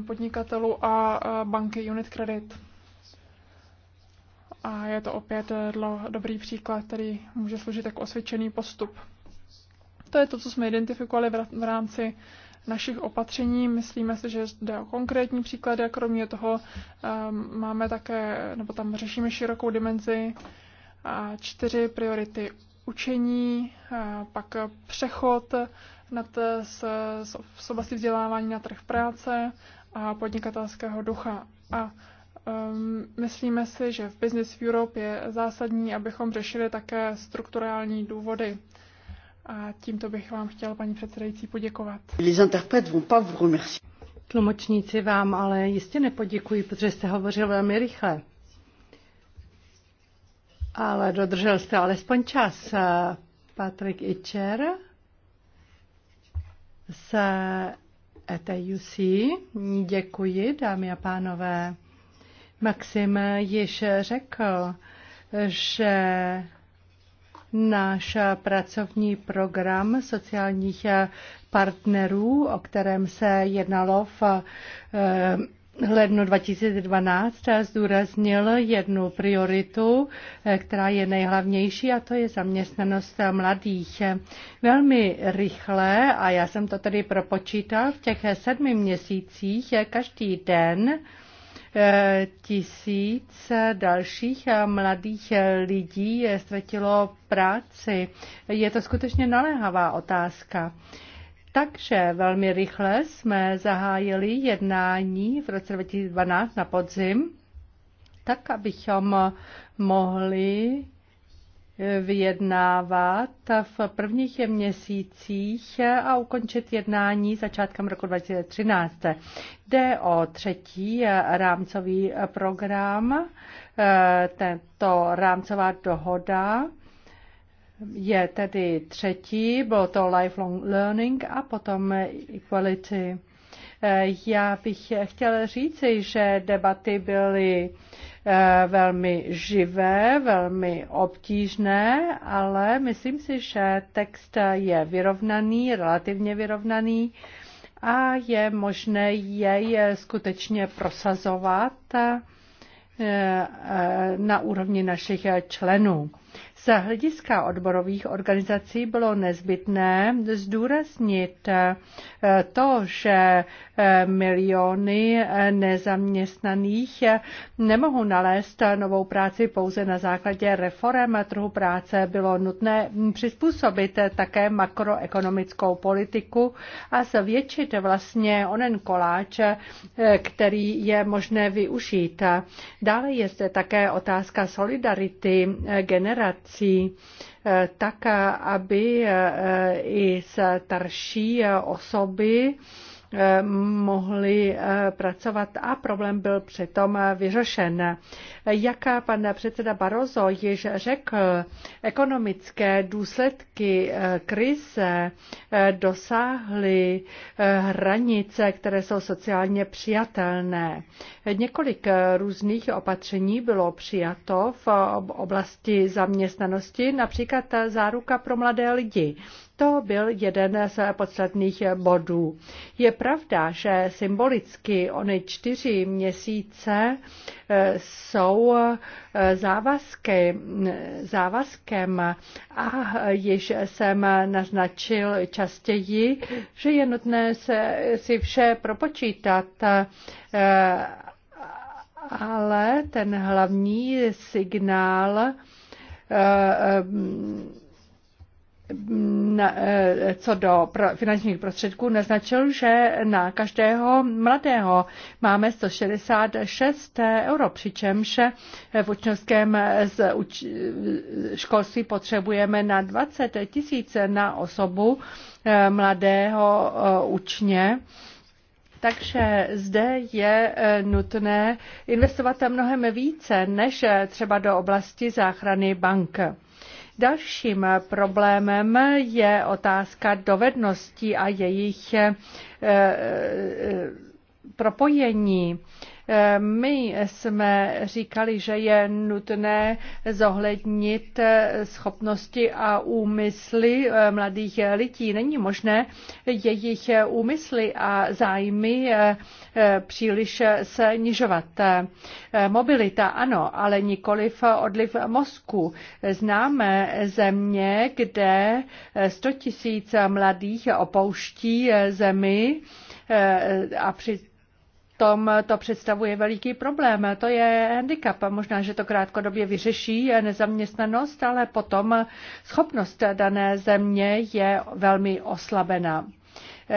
podnikatelů a eh, banky Unit Credit. A je to opět eh, dobrý příklad, který může sloužit jako osvědčený postup. To je to, co jsme identifikovali v rámci našich opatření. Myslíme si, že jde o konkrétní příklady a kromě toho ehm, máme také, nebo tam řešíme širokou dimenzi a čtyři priority učení, pak přechod nad, s, s oblasti vzdělávání na trh práce a podnikatelského ducha. A um, myslíme si, že v Business Europe je zásadní, abychom řešili také strukturální důvody. A tímto bych vám chtěl, paní předsedající, poděkovat. Les interprètes vont pas vous remercier. Tlumočníci vám ale jistě nepoděkují, protože jste hovořil velmi rychle. Ale dodržel jste alespoň čas. Eh, Patrick Itcher z ETUC. Děkuji, dámy a pánové. Maxim již řekl, že náš pracovní program sociálních partnerů, o kterém se jednalo v eh, lednu 2012 zdůraznil jednu prioritu, eh, která je nejhlavnější a to je zaměstnanost mladých. Velmi rychle, a já jsem to tedy propočítal, v těch sedmi měsících každý den tisíc dalších mladých lidí ztratilo práci. Je to skutečně naléhavá otázka. Takže velmi rychle jsme zahájili jednání v roce 2012 na podzim, tak abychom mohli vyjednávat v prvních měsících a ukončit jednání začátkem roku 2013. Jde o třetí rámcový program. Tento rámcová dohoda je tedy třetí, bylo to lifelong learning a potom equality. Já bych chtěl říci, že debaty byly eh, velmi živé, velmi obtížné, ale myslím si, že text je vyrovnaný, relativně vyrovnaný a je možné jej skutečně prosazovat eh, eh, na úrovni našich členů. Z hlediska odborových organizací bylo nezbytné zdůraznit eh, to, že eh, miliony eh, nezaměstnaných nemohou nalézt novou práci pouze na základě reform trhu práce. Bylo nutné přizpůsobit také makroekonomickou politiku a zvětšit vlastně onen koláč, který je možné využít. Dále je zde také otázka solidarity generací prací, eh, tak eh, aby eh, i starší osoby Eh, mohli eh, pracovat a problém byl přitom eh, vyřešen. Jak pan předseda Barozo již řekl, ekonomické důsledky krize dosáhly hranice, které jsou sociálně přijatelné. Několik různých opatření bylo přijato v oblasti zaměstnanosti, například záruka pro mladé lidi. To byl jeden z podstatných bodů. Je pravda, že symbolicky ony čtyři měsíce eh, jsou eh, závazky, závazkem a již jsem naznačil častěji, že je nutné se, si vše propočítat eh, ale ten hlavní signál Eh, co do finančních prostředků naznačil, že na každého mladého máme 166 euro, přičemž v učňovském eh, eh, školství potřebujeme na 20 tisíc na osobu mladého učně. Takže zde je nutné investovat mnohem více než třeba do oblasti záchrany bank. Dalším problémem je otázka dovedností a jejich eh, eh, propojení. My jsme říkali, že je nutné zohlednit schopnosti a úmysly eh, mladých lidí. Není možné jejich úmysly a zájmy eh, eh, příliš se nižovat. Mobilita ano, ale nikoliv odliv mozku. Známe země, kde 100 000 mladých opouští zemi a při tom to představuje veliký problém. To je handicap. Možná, že to krátkodobě vyřeší nezaměstnanost, ale potom schopnost dané země je velmi oslabena.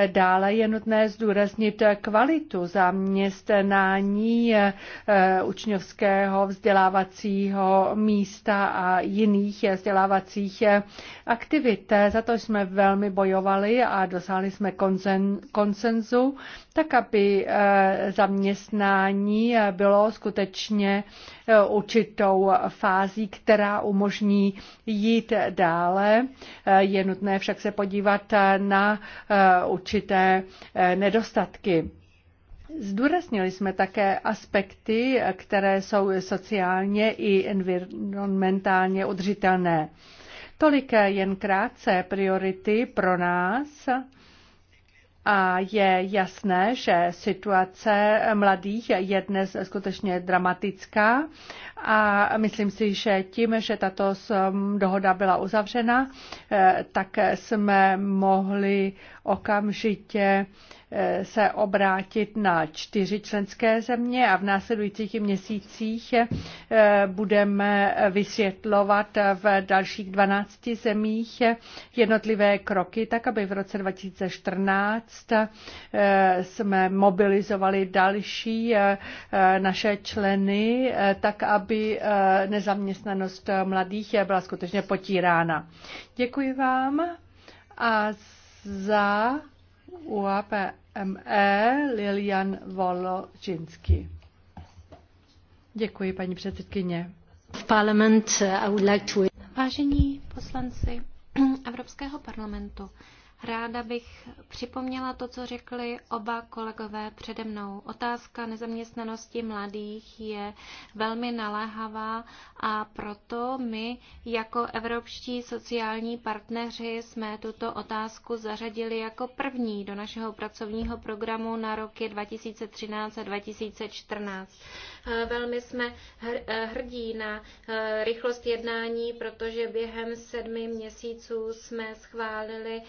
Dále je nutné zdůraznit kvalitu zaměstnání eh, eh, učňovského vzdělávacího místa a jiných vzdělávacích eh, aktivit. Za to jsme velmi bojovali a dosáhli jsme konzen, konsenzu, tak aby zaměstnání bylo skutečně určitou fází, která umožní jít dále. Je nutné však se podívat na určité eh, nedostatky. Zdůraznili jsme také aspekty, eh, které jsou sociálně i environmentálně udržitelné. Tolik eh, jen krátce priority pro nás. A je jasné, že situace mladých je dnes skutečně dramatická a myslím si, že tím, že tato dohoda byla uzavřena, e, tak jsme mohli okamžitě e, se obrátit na čtyři členské země a v následujících měsících e, budeme vysvětlovat v dalších 12 zemích jednotlivé kroky, tak aby v roce 2014 jsme mobilizovali další naše členy, tak aby aby eh, nezaměstnanost mladých byla skutečně potírána. Děkuji vám a za UAPME Lilian Voločinsky. Děkuji, paní předsedkyně. parlament eh, I would like to... Vážení poslanci Evropského parlamentu, Ráda bych připomněla to, co řekli oba kolegové přede mnou. Otázka nezaměstnanosti mladých je velmi naléhavá a proto my jako evropští sociální partneři jsme tuto otázku zařadili jako první do našeho pracovního programu na roky 2013 a 2014. Eh, velmi jsme eh, hrdí na eh, rychlost jednání, protože během sedmi měsíců jsme schválili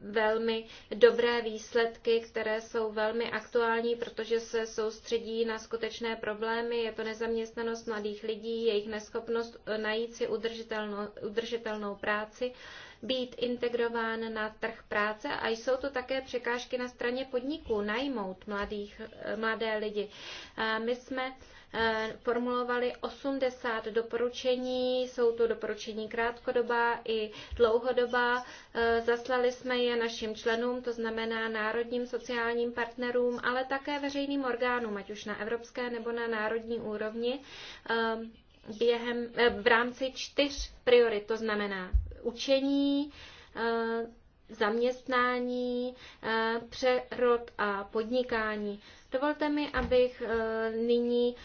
velmi dobré výsledky, které jsou velmi aktuální, protože se soustředí na skutečné problémy. Je to nezaměstnanost mladých lidí, jejich neschopnost najít si udržitelnou, udržitelnou práci být integrován na trh práce a jsou to také překážky na straně podniků najmout mladých, eh, mladé lidi. Eh, my jsme eh, formulovali 80 doporučení, jsou to doporučení krátkodobá i dlouhodobá. Zaslali jsme je našim členům, to znamená národním sociálním partnerům, ale také veřejným orgánům, ať už na evropské nebo na národní úrovni během, v rámci čtyř priorit, to znamená učení, eh, zaměstnání, eh, přerod a podnikání. Dovolte mi, abych eh, nyní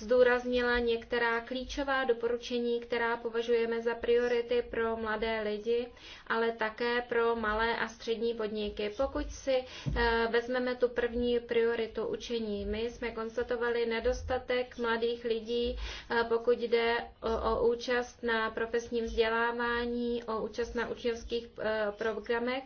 zdůraznila některá klíčová doporučení, která považujeme za priority pro mladé lidi, ale také pro malé a střední podniky. Pokud si eh, vezmeme tu první prioritu učení, my jsme konstatovali nedostatek mladých lidí, eh, pokud jde o, o účast na profesním vzdělávání, o účast na učňovských eh, programech.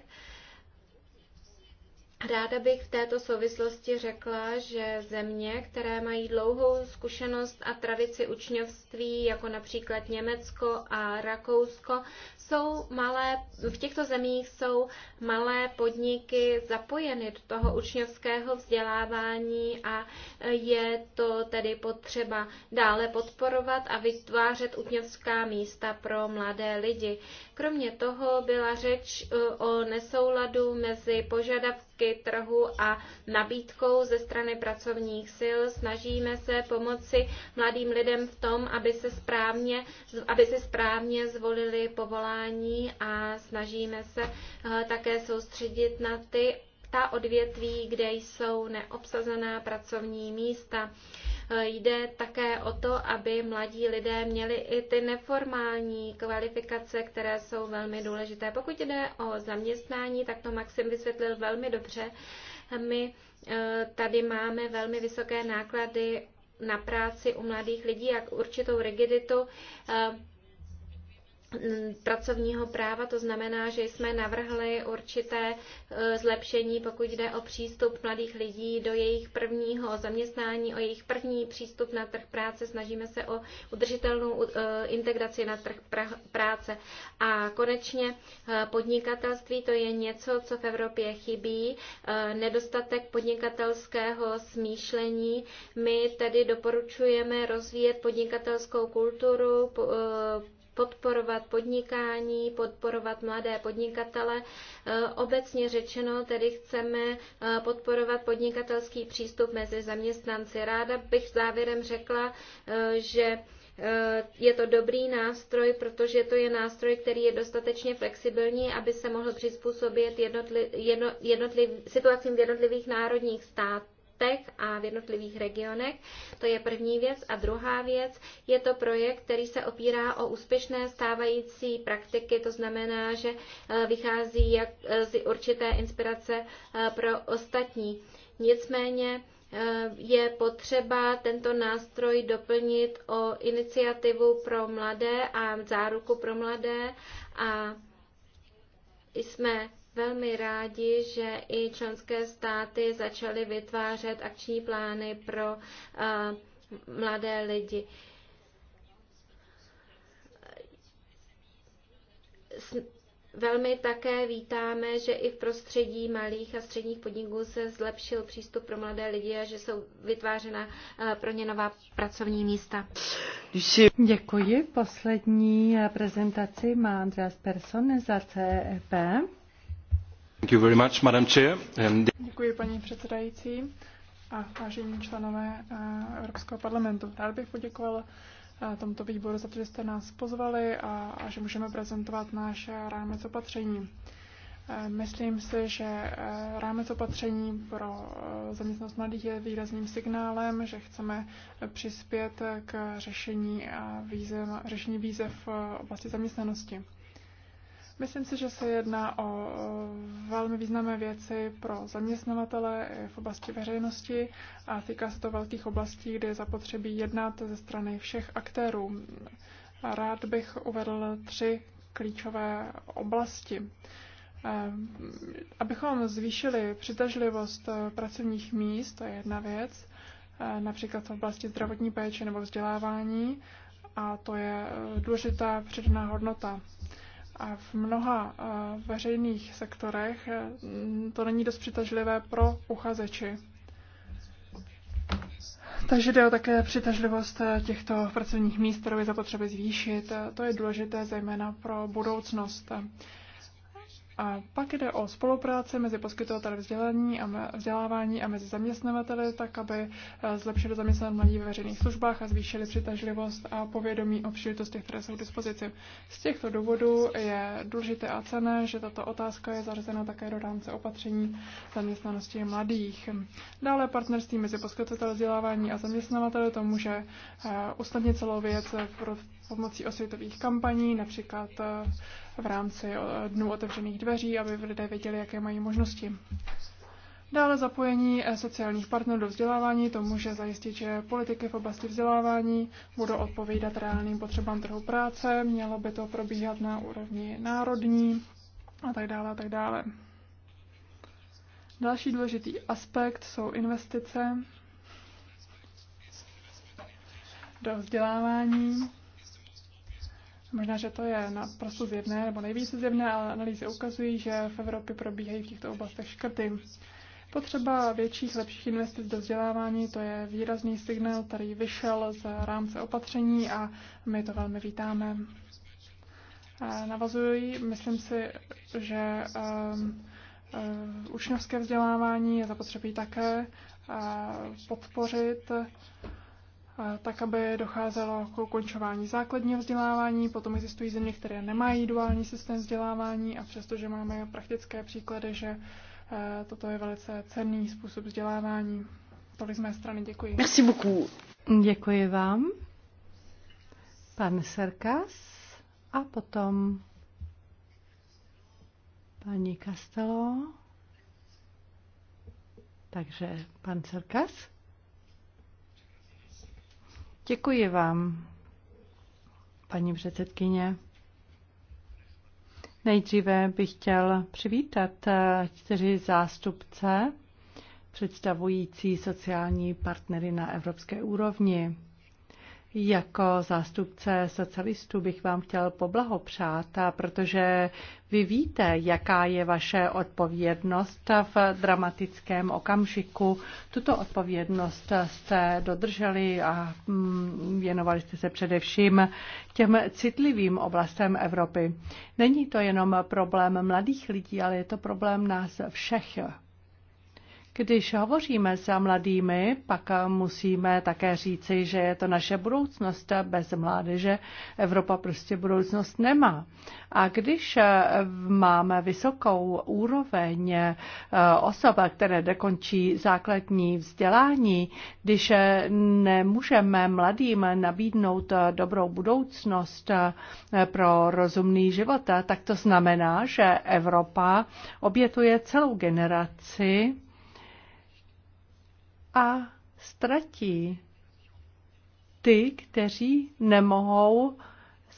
Ráda bych v této souvislosti řekla, že země, které mají dlouhou zkušenost a tradici učňovství, jako například Německo a Rakousko, jsou malé, v těchto zemích jsou malé podniky zapojeny do toho učňovského vzdělávání a je to tedy potřeba dále podporovat a vytvářet učňovská místa pro mladé lidi. Kromě toho byla řeč eh, o nesouladu mezi požadavky trhu a nabídkou ze strany pracovních sil. Snažíme se pomoci mladým lidem v tom, aby, se správně, aby si správně zvolili povolání a snažíme se eh, také soustředit na ty ta odvětví, kde jsou neobsazená pracovní místa. Eh, jde také o to, aby mladí lidé měli i ty neformální kvalifikace, které jsou velmi důležité. Pokud jde o zaměstnání, tak to Maxim vysvětlil velmi dobře. My eh, tady máme velmi vysoké náklady na práci u mladých lidí, jak určitou rigiditu eh, Mm, pracovního práva, to znamená, že jsme navrhli určité e, zlepšení, pokud jde o přístup mladých lidí do jejich prvního zaměstnání, o jejich první přístup na trh práce. Snažíme se o udržitelnou e, integraci na trh práce. A konečně e, podnikatelství, to je něco, co v Evropě chybí, nedostatek podnikatelského smýšlení. My tedy doporučujeme rozvíjet podnikatelskou kulturu, podporovat podnikání, podporovat mladé podnikatele. Eh, obecně řečeno tedy chceme eh, podporovat podnikatelský přístup mezi zaměstnanci. Ráda bych závěrem řekla, eh, že je to dobrý nástroj, protože to je nástroj, který je dostatečně flexibilní, aby se mohl přizpůsobit jednotli, jedno, jednotliv, situacím v jednotlivých národních států městech a v jednotlivých regionech. To je první věc. A druhá věc, je to projekt, který se opírá o úspěšné stávající praktiky, to znamená, že eh, vychází jak eh, z určité inspirace eh, pro ostatní. Nicméně je potřeba tento nástroj doplnit o iniciativu pro mladé a záruku pro mladé a jsme velmi rádi, že i členské státy začaly vytvářet akční plány pro eh, mladé lidi. Velmi také vítáme, že i v prostředí malých a středních podniků se zlepšil přístup pro mladé lidi a že jsou vytvářena eh, pro ně nová pracovní místa. Děkuji. Poslední eh, prezentaci má Andreas Person za CEP paní předsedající a vážení členové eh, Evropského parlamentu. Rád bych poděkoval eh, tomto výboru za to, že jste nás pozvali a, a že můžeme prezentovat náš rámec opatření. Eh, myslím si, že rámec opatření pro zaměstnanost mladých je výrazným signálem, že chceme přispět k řešení, výzev, řešení výzev v oblasti zaměstnanosti. Myslím si, že se jedná o velmi významné věci pro zaměstnavatele v oblasti veřejnosti a týká se to velkých oblastí, kde je zapotřebí jednat ze strany všech aktérů. Rád bych uvedl tři klíčové oblasti. Abychom zvýšili přitažlivost pracovních míst, to je jedna věc, například v oblasti zdravotní péče nebo vzdělávání, a to je důležitá přidaná hodnota. A v mnoha eh, veřejných sektorech eh, to není dost přitažlivé pro uchazeči. Takže jde o také přitažlivost eh, těchto pracovních míst, kterou je zapotřebí zvýšit. To je důležité zejména pro budoucnost. A pak jde o spolupráci mezi poskytovateli vzdělání a vzdělávání a mezi zaměstnavateli, tak aby eh, zlepšili zaměstnanost mladí ve veřejných službách a zvýšili přitažlivost a povědomí o příležitostech, které jsou k dispozici. Z těchto důvodů je důležité a cené, že tato otázka je zařazena také do rámce opatření zaměstnanosti mladých. Dále partnerství mezi poskytovateli vzdělávání a zaměstnavateli to může eh, usnadnit celou věc pomocí osvětových kampaní, například eh, v rámci eh, dnů otevřených dveří, aby lidé věděli, jaké mají možnosti. Dále zapojení eh, sociálních partnerů do vzdělávání to může zajistit, že politiky v oblasti vzdělávání budou odpovídat reálným potřebám trhu práce, mělo by to probíhat na úrovni národní a tak dále a tak dále. Další důležitý aspekt jsou investice do vzdělávání Možná, že to je naprosto zjevné, nebo nejvíce zjevné, ale analýzy ukazují, že v Evropě probíhají v těchto oblastech škrty. Potřeba větších, lepších investic do vzdělávání, to je výrazný signál, který vyšel z rámce opatření a my to velmi vítáme. Navazují, myslím si, že um, uh, učňovské vzdělávání je zapotřebí také uh, podpořit tak aby docházelo k ukončování základního vzdělávání. Potom existují země, které nemají duální systém vzdělávání a přestože máme praktické příklady, že eh, toto je velice cenný způsob vzdělávání. Tolik z mé strany, děkuji. Merci beaucoup. Děkuji vám. Pan Serkas a potom paní Castelo. Takže pan Serkas. Děkuji vám, paní předsedkyně. Nejdříve bych chtěl přivítat eh, čtyři zástupce představující sociální partnery na evropské úrovni. Jako zástupce socialistů bych vám chtěl poblahopřát, protože vy víte, jaká je vaše odpovědnost v dramatickém okamžiku. Tuto odpovědnost jste dodrželi a mm, věnovali jste se především těm citlivým oblastem Evropy. Není to jenom problém mladých lidí, ale je to problém nás všech. Když hovoříme s mladými, pak musíme také říci, že je to naše budoucnost. Bez mládeže Evropa prostě budoucnost nemá. A když eh, máme vysokou úroveň eh, osob, které dokončí základní vzdělání, když eh, nemůžeme mladým nabídnout dobrou budoucnost pro rozumný život, tak to znamená, že Evropa obětuje celou generaci a ztratí ty, kteří nemohou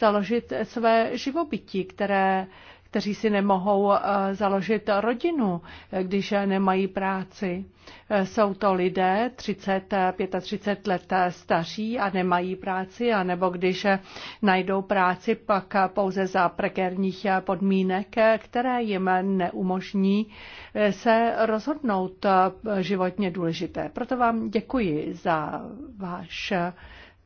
založit své živobytí, které kteří si nemohou eh, založit rodinu, eh, když nemají práci. Eh, jsou to lidé 30, 35 let staří a nemají práci, anebo když najdou práci pak pouze za prekérních podmínek, které jim neumožní se rozhodnout životně důležité. Proto vám děkuji za váš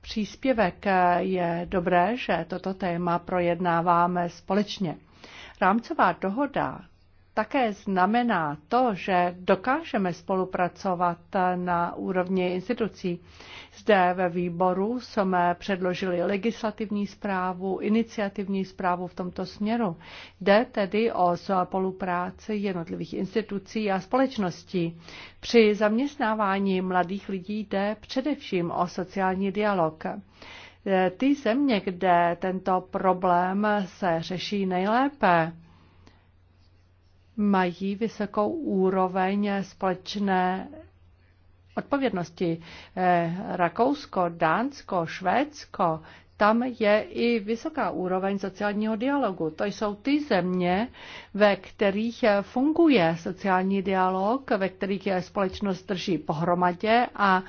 příspěvek. Je dobré, že toto téma projednáváme společně. Rámcová dohoda také znamená to, že dokážeme spolupracovat na úrovni institucí. Zde ve výboru jsme předložili legislativní zprávu, iniciativní zprávu v tomto směru. Jde tedy o spolupráci jednotlivých institucí a společností. Při zaměstnávání mladých lidí jde především o sociální dialog. Eh, ty země, kde tento problém se řeší nejlépe, mají vysokou úroveň společné odpovědnosti. Eh, Rakousko, Dánsko, Švédsko, tam je i vysoká úroveň sociálního dialogu. To jsou ty země, ve kterých funguje sociální dialog, ve kterých je společnost drží pohromadě a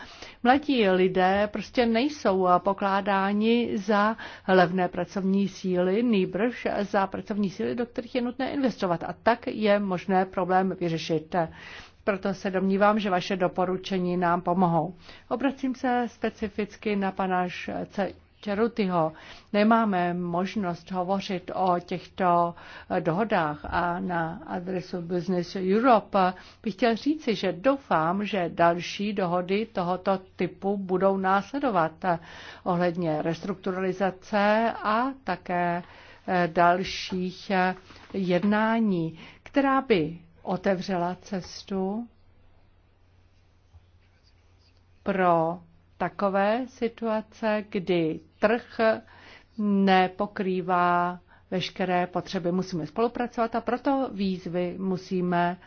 mladí lidé prostě nejsou pokládáni za levné pracovní síly, nýbrž za pracovní síly, do kterých je nutné investovat. A tak je možné problém vyřešit proto se domnívám, že vaše doporučení nám pomohou. Obracím se specificky na pana Čerutyho. Nemáme možnost hovořit o těchto eh, dohodách a na adresu Business Europe bych chtěl říci, že doufám, že další dohody tohoto typu budou následovat eh, ohledně restrukturalizace a také eh, dalších jednání, která by otevřela cestu pro takové situace, kdy trh nepokrývá veškeré potřeby. Musíme spolupracovat a proto výzvy musíme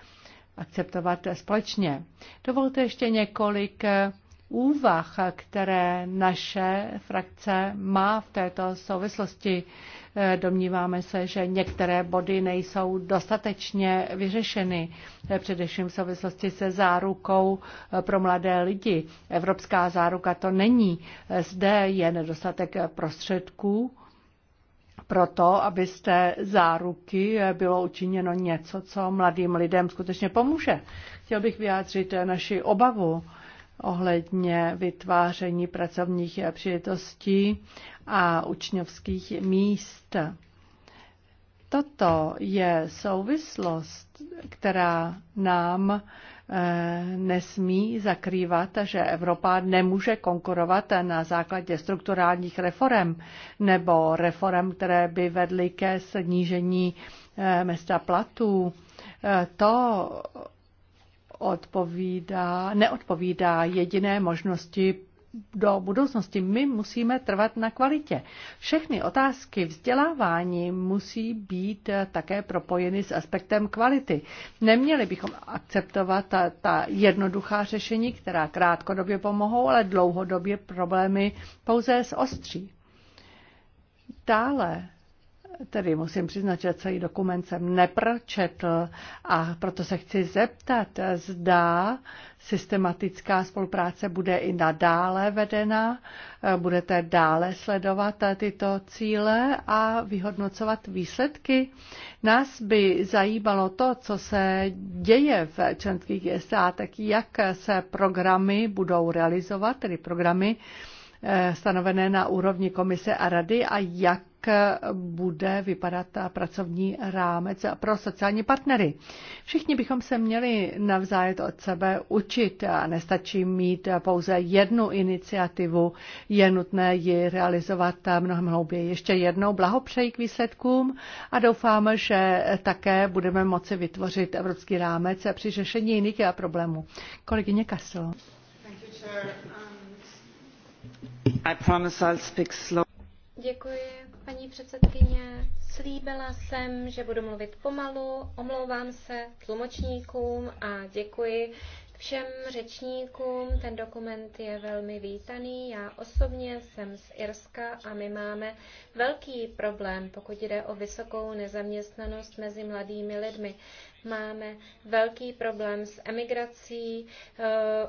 akceptovat společně. Dovolte ještě několik úvah, které naše frakce má v této souvislosti. Domníváme se, že některé body nejsou dostatečně vyřešeny, především v souvislosti se zárukou pro mladé lidi. Evropská záruka to není. Zde je nedostatek prostředků proto, aby z té záruky bylo učiněno něco, co mladým lidem skutečně pomůže. Chtěl bych vyjádřit naši obavu ohledně vytváření pracovních příležitostí a učňovských míst. Toto je souvislost, která nám eh, nesmí zakrývat, že Evropa nemůže konkurovat na základě strukturálních reform nebo reform, které by vedly ke snížení eh, mesta platů. Eh, to odpovídá, neodpovídá jediné možnosti do budoucnosti. My musíme trvat na kvalitě. Všechny otázky vzdělávání musí být také propojeny s aspektem kvality. Neměli bychom akceptovat ta, ta jednoduchá řešení, která krátkodobě pomohou, ale dlouhodobě problémy pouze zostří. Dále tedy musím přiznat, že celý dokument jsem nepročetl a proto se chci zeptat, zda systematická spolupráce bude i nadále vedena, budete dále sledovat tyto cíle a vyhodnocovat výsledky. Nás by zajímalo to, co se děje v členských státech, jak se programy budou realizovat, tedy programy eh, stanovené na úrovni komise a rady a jak jak bude vypadat ta pracovní rámec pro sociální partnery. Všichni bychom se měli navzájem od sebe učit a nestačí mít pouze jednu iniciativu, je nutné ji realizovat mnohem hlouběji. Ještě jednou blahopřeji k výsledkům a doufám, že také budeme moci vytvořit evropský rámec při řešení jiných problémů. Kolegyně Kasel. I promise I'll speak slow. Děkuji, paní předsedkyně. Slíbila jsem, že budu mluvit pomalu, omlouvám se tlumočníkům a děkuji všem řečníkům. Ten dokument je velmi vítaný. Já osobně jsem z Irska a my máme velký problém, pokud jde o vysokou nezaměstnanost mezi mladými lidmi. Máme velký problém s emigrací, eh,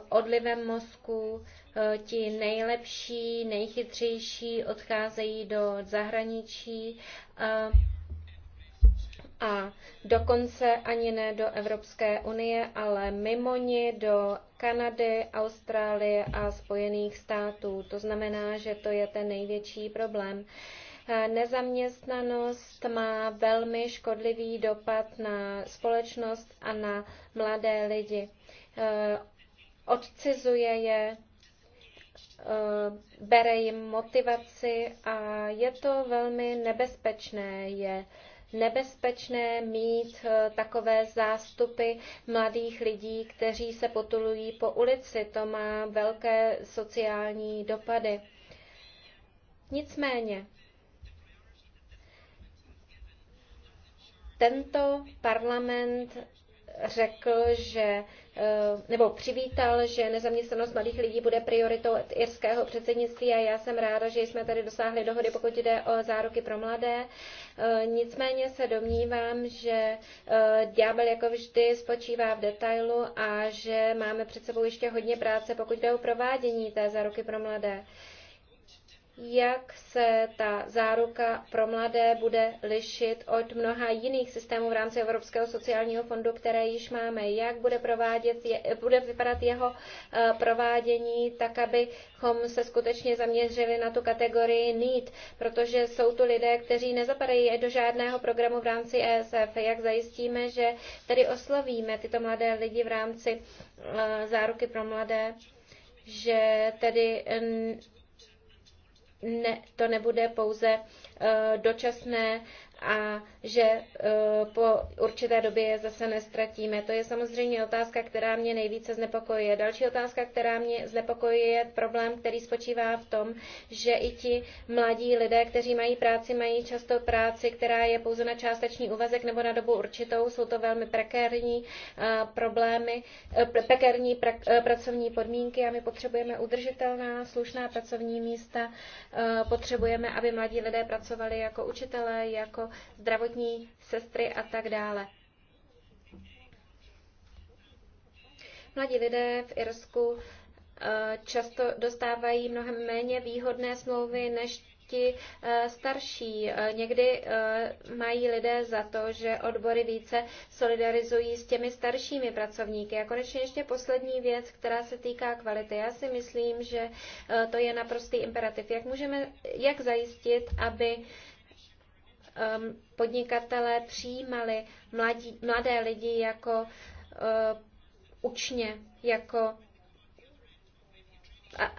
odlivem mozku. Eh, ti nejlepší, nejchytřejší odcházejí do zahraničí eh, a dokonce ani ne do Evropské unie, ale mimo ně do Kanady, Austrálie a Spojených států. To znamená, že to je ten největší problém. Uh, Nezaměstnanost má velmi škodlivý dopad na společnost a na mladé lidi. Eh, odcizuje je, eh, bere jim motivaci a je to velmi nebezpečné. Je nebezpečné mít eh, takové zástupy mladých lidí, kteří se potulují po ulici. To má velké sociální dopady. Nicméně, tento parlament řekl, že, eh, nebo přivítal, že nezaměstnanost mladých lidí bude prioritou irského předsednictví a já jsem ráda, že jsme tady dosáhli dohody, pokud jde o záruky pro mladé. Eh, nicméně se domnívám, že eh, ďábel jako vždy spočívá v detailu a že máme před sebou ještě hodně práce, pokud jde o provádění té záruky pro mladé jak se ta záruka pro mladé bude lišit od mnoha jiných systémů v rámci Evropského sociálního fondu, které již máme, jak bude, provádět, bude vypadat jeho eh, provádění, tak abychom se skutečně zaměřili na tu kategorii need, protože jsou tu lidé, kteří nezapadají do žádného programu v rámci ESF. Jak zajistíme, že tedy oslovíme tyto mladé lidi v rámci eh, záruky pro mladé, že tedy ne, to nebude pouze eh, dočasné a že e, po určité době je zase nestratíme. To je samozřejmě otázka, která mě nejvíce znepokojuje. Další otázka, která mě znepokojuje, je problém, který spočívá v tom, že i ti mladí lidé, kteří mají práci, mají často práci, která je pouze na částečný úvazek nebo na dobu určitou. Jsou to velmi prekérní e, problémy, e, prekérní pracovní podmínky a my potřebujeme udržitelná, slušná pracovní místa. Potřebujeme, aby mladí lidé pracovali jako učitelé, jako zdravotní sestry a tak dále. Mladí lidé v Irsku eh, často dostávají mnohem méně výhodné smlouvy než ti eh, starší. Eh, někdy mají lidé za to, že odbory více solidarizují s těmi staršími pracovníky. A konečně ještě poslední věc, která se týká kvality. Já si myslím, že to je naprostý imperativ. Jak můžeme, jak zajistit, aby Um, podnikatelé přijímali mladí, mladé lidi jako uh, učně, jako uh,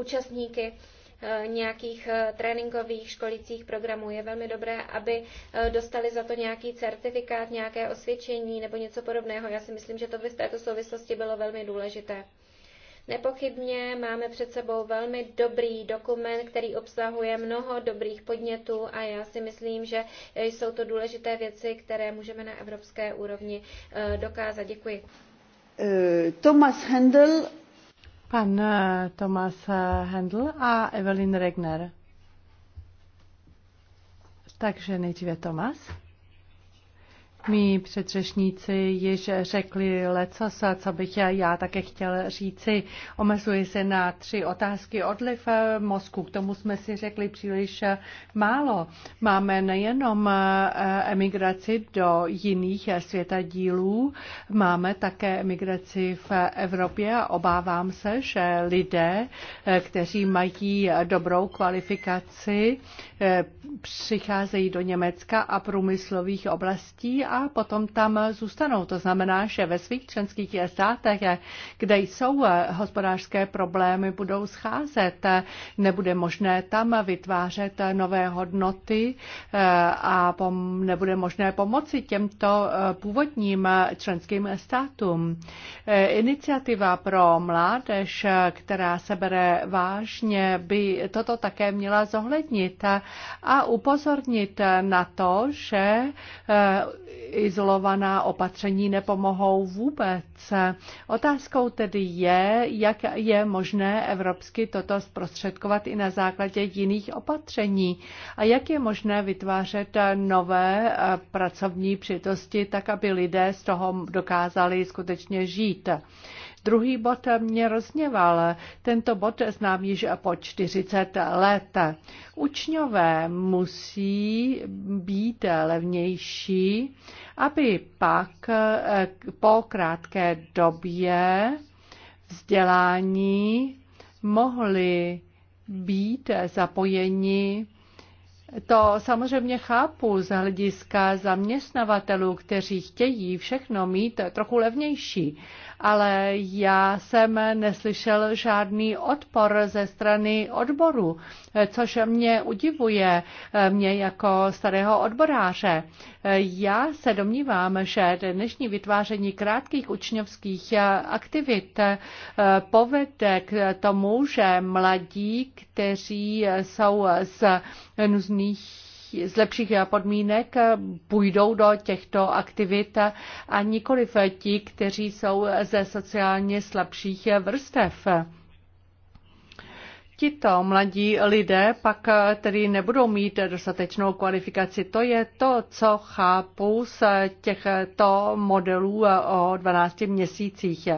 účastníky nějakých uh, tréninkových školicích programů. Je velmi dobré, aby uh, dostali za to nějaký certifikát, nějaké osvědčení nebo něco podobného. Já si myslím, že to by v této souvislosti bylo velmi důležité. Nepochybně máme před sebou velmi dobrý dokument, který obsahuje mnoho dobrých podnětů a já si myslím, že jsou to důležité věci, které můžeme na evropské úrovni eh, dokázat. Děkuji. Eh, Thomas Handel. Pan eh, Thomas Handel a Evelyn Regner. Takže nejdříve Tomas. Mí předřešníci již řekli lecos, co bych já také chtěl říci. Omezuji se na tři otázky. Odliv mozku, k tomu jsme si řekli příliš málo. Máme nejenom eh, emigraci do jiných světa dílů, máme také emigraci v Evropě a obávám se, že lidé, eh, kteří mají dobrou kvalifikaci, eh, přicházejí do Německa a průmyslových oblastí a potom tam zůstanou. To znamená, že ve svých členských státech, kde jsou hospodářské problémy, budou scházet. Nebude možné tam vytvářet nové hodnoty eh, a nebude možné pomoci těmto eh, původním členským státům. Eh, iniciativa pro mládež, která se bere vážně, by toto také měla zohlednit a upozornit na to, že izolovaná opatření nepomohou vůbec. Otázkou tedy je, jak je možné evropsky toto zprostředkovat i na základě jiných opatření a jak je možné vytvářet nové eh, pracovní přitosti, tak aby lidé z toho dokázali skutečně žít. Druhý bod mě rozněval. Tento bod znám již po 40 let. Učňové musí být levnější, aby pak eh, po krátké době vzdělání mohli být zapojeni to samozřejmě chápu z hlediska zaměstnavatelů, kteří chtějí všechno mít trochu levnější, ale já jsem neslyšel žádný odpor ze strany odboru, což mě udivuje, eh, mě jako starého odboráře. Eh, já se domnívám, že dnešní vytváření krátkých učňovských eh, aktivit povede k tomu, že mladí, kteří jsou z různých z lepších podmínek půjdou do těchto aktivit a nikoliv ti, kteří jsou ze sociálně slabších vrstev. Tito mladí lidé pak eh, tedy nebudou mít dostatečnou kvalifikaci. To je to, co chápu z těchto modelů eh, o 12 měsících.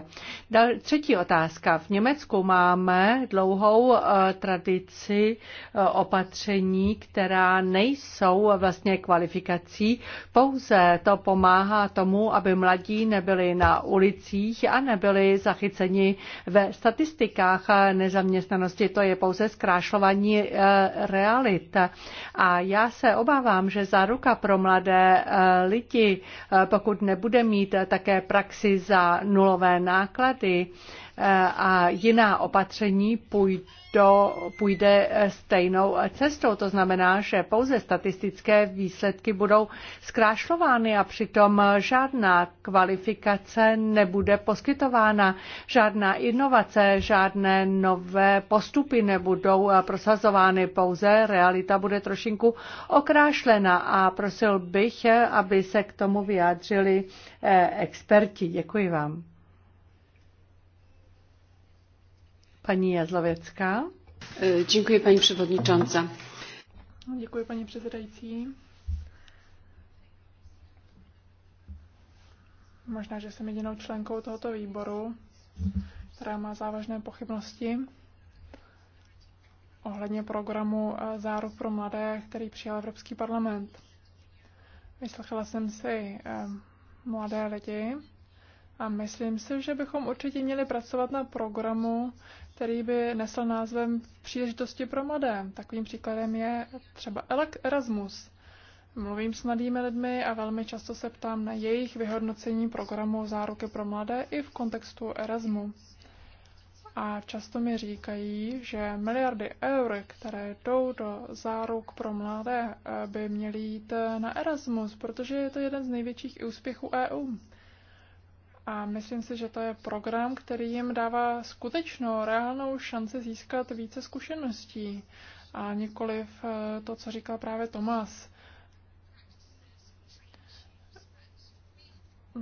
Třetí otázka. V Německu máme dlouhou eh, tradici opatření, která nejsou vlastně kvalifikací. Pouze to pomáhá tomu, aby mladí nebyli na ulicích a nebyli zachyceni ve statistikách nezaměstnanosti. To je je pouze zkrášlování eh, realit. A já se obávám, že záruka pro mladé eh, lidi, eh, pokud nebude mít také praxi za nulové náklady, Eh, a jiná opatření půjde eh, stejnou eh, cestou. To znamená, že pouze statistické výsledky budou zkrášlovány a přitom žádná kvalifikace nebude poskytována, žádná inovace, žádné nové postupy nebudou prosazovány, pouze realita bude trošinku okrášlena a prosil bych, aby se k tomu vyjádřili experti. Děkuji vám. Paní Jazlověcká. E, děkuji, paní předsedající. No, děkuji, paní předsedající. Možná, že jsem jedinou členkou tohoto výboru, která má závažné pochybnosti ohledně programu e, Záruk pro mladé, který přijal Evropský parlament. Vyslechla jsem si e, mladé lidi, a myslím si, že bychom určitě měli pracovat na programu, který by nesl názvem Příležitosti pro mladé. Takovým příkladem je třeba Erasmus. Mluvím s mladými lidmi a velmi často se ptám na jejich vyhodnocení programu Záruky pro mladé i v kontextu Erasmu. A často mi říkají, že miliardy eur, které jdou do záruk pro mladé, by měly jít na Erasmus, protože je to jeden z největších úspěchů EU. A myslím si, že to je program, který jim dává skutečnou, reálnou šanci získat více zkušeností a nikoliv eh, to, co říkal právě Tomas.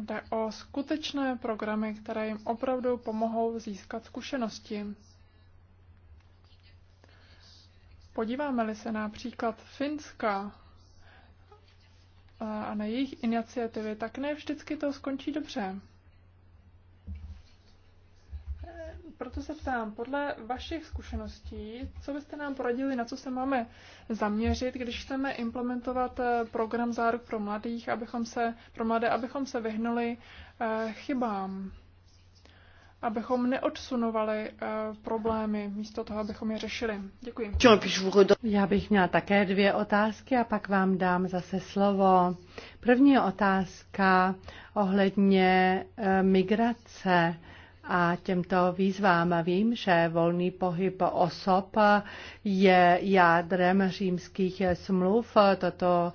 Jde o skutečné programy, které jim opravdu pomohou získat zkušenosti. Podíváme-li se například Finska eh, a na jejich iniciativy, tak ne vždycky to skončí dobře. Proto se ptám, podle vašich zkušeností, co byste nám poradili, na co se máme zaměřit, když chceme implementovat eh, program záruk pro mladých, abychom se, pro mladé, abychom se vyhnuli eh, chybám, abychom neodsunovali eh, problémy místo toho, abychom je řešili. Děkuji. Já bych měla také dvě otázky a pak vám dám zase slovo. První otázka ohledně migrace a těmto výzvám. Vím, že volný pohyb osob je jádrem římských smluv. Tato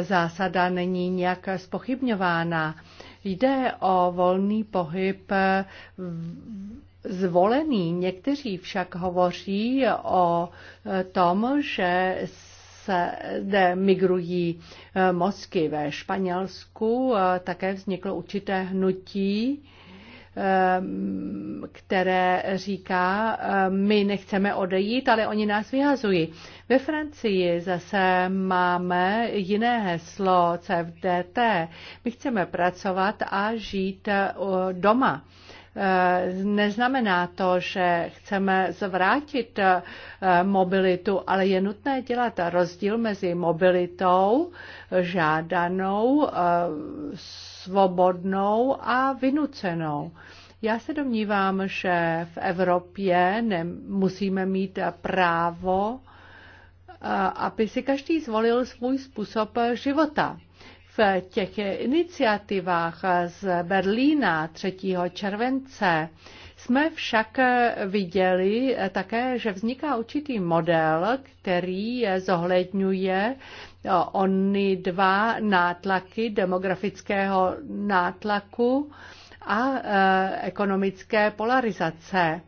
zásada není nějak spochybňována. Jde o volný pohyb zvolený. Někteří však hovoří o tom, že se migrují mozky. Ve Španělsku také vzniklo určité hnutí, Eh, které říká, eh, my nechceme odejít, ale oni nás vyhazují. Ve Francii zase máme jiné heslo CFDT. My chceme pracovat a žít eh, doma. Neznamená to, že chceme zvrátit mobilitu, ale je nutné dělat rozdíl mezi mobilitou žádanou svobodnou a vynucenou. Já se domnívám, že v Evropě musíme mít právo, eh, aby si každý zvolil svůj způsob života. V těch iniciativách z Berlína 3. července jsme však viděli také, že vzniká určitý model, který zohledňuje ony dva nátlaky demografického nátlaku a e, ekonomické polarizace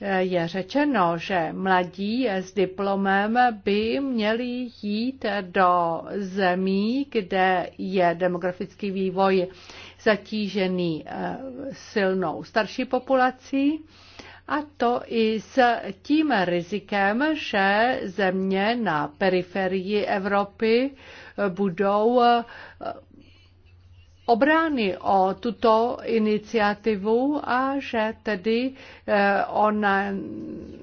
e, je řečeno, že mladí s diplomem by měli jít do zemí, kde je demografický vývoj zatížený e, silnou starší populací a to i s tím rizikem, že země na periferii Evropy eh, budou eh, obrány o tuto iniciativu a že tedy eh, ona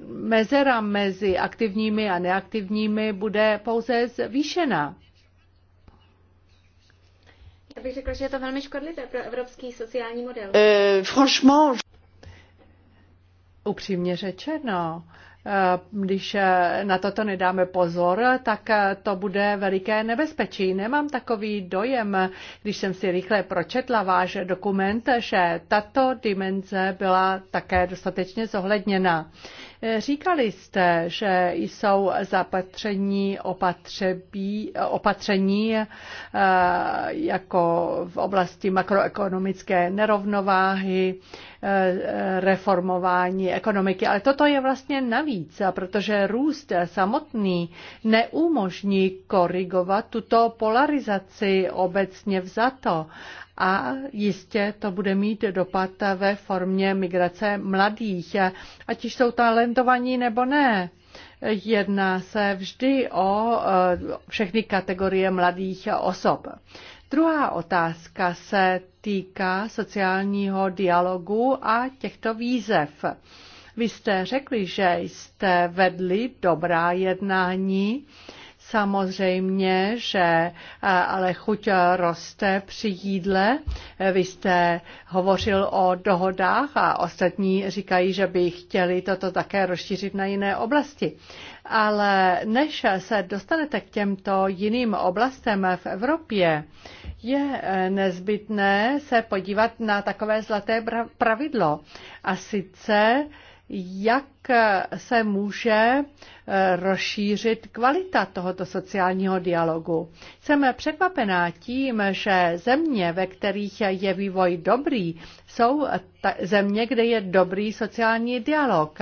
mezera mezi aktivními a neaktivními bude pouze zvýšena. Já bych řekla, že je to velmi škodlivé pro evropský sociální model. Uh, franchement... Upřímně řečeno, eh, když eh, na toto nedáme pozor, tak eh, to bude veliké nebezpečí. Nemám takový dojem, když jsem si rychle pročetla váš dokument, že tato dimenze byla také dostatečně zohledněna. Říkali jste, že jsou zapatření opatřebí, opatření eh, jako v oblasti makroekonomické nerovnováhy, eh, reformování ekonomiky, ale toto je vlastně navíc, protože růst samotný neumožní korigovat tuto polarizaci obecně vzato a jistě to bude mít dopad ve formě migrace mladých, ať už jsou talentovaní nebo ne. Jedná se vždy o e, všechny kategorie mladých osob. Druhá otázka se týká sociálního dialogu a těchto výzev. Vy jste řekli, že jste vedli dobrá jednání Samozřejmě, že eh, ale chuť eh, roste při jídle. Eh, vy jste hovořil o dohodách a ostatní říkají, že by chtěli toto také rozšířit na jiné oblasti. Ale než se dostanete k těmto jiným oblastem v Evropě, je nezbytné se podívat na takové zlaté pravidlo. A sice jak se může eh, rozšířit kvalita tohoto sociálního dialogu. Jsem překvapená tím, že země, ve kterých je vývoj dobrý, jsou země, kde je dobrý sociální dialog.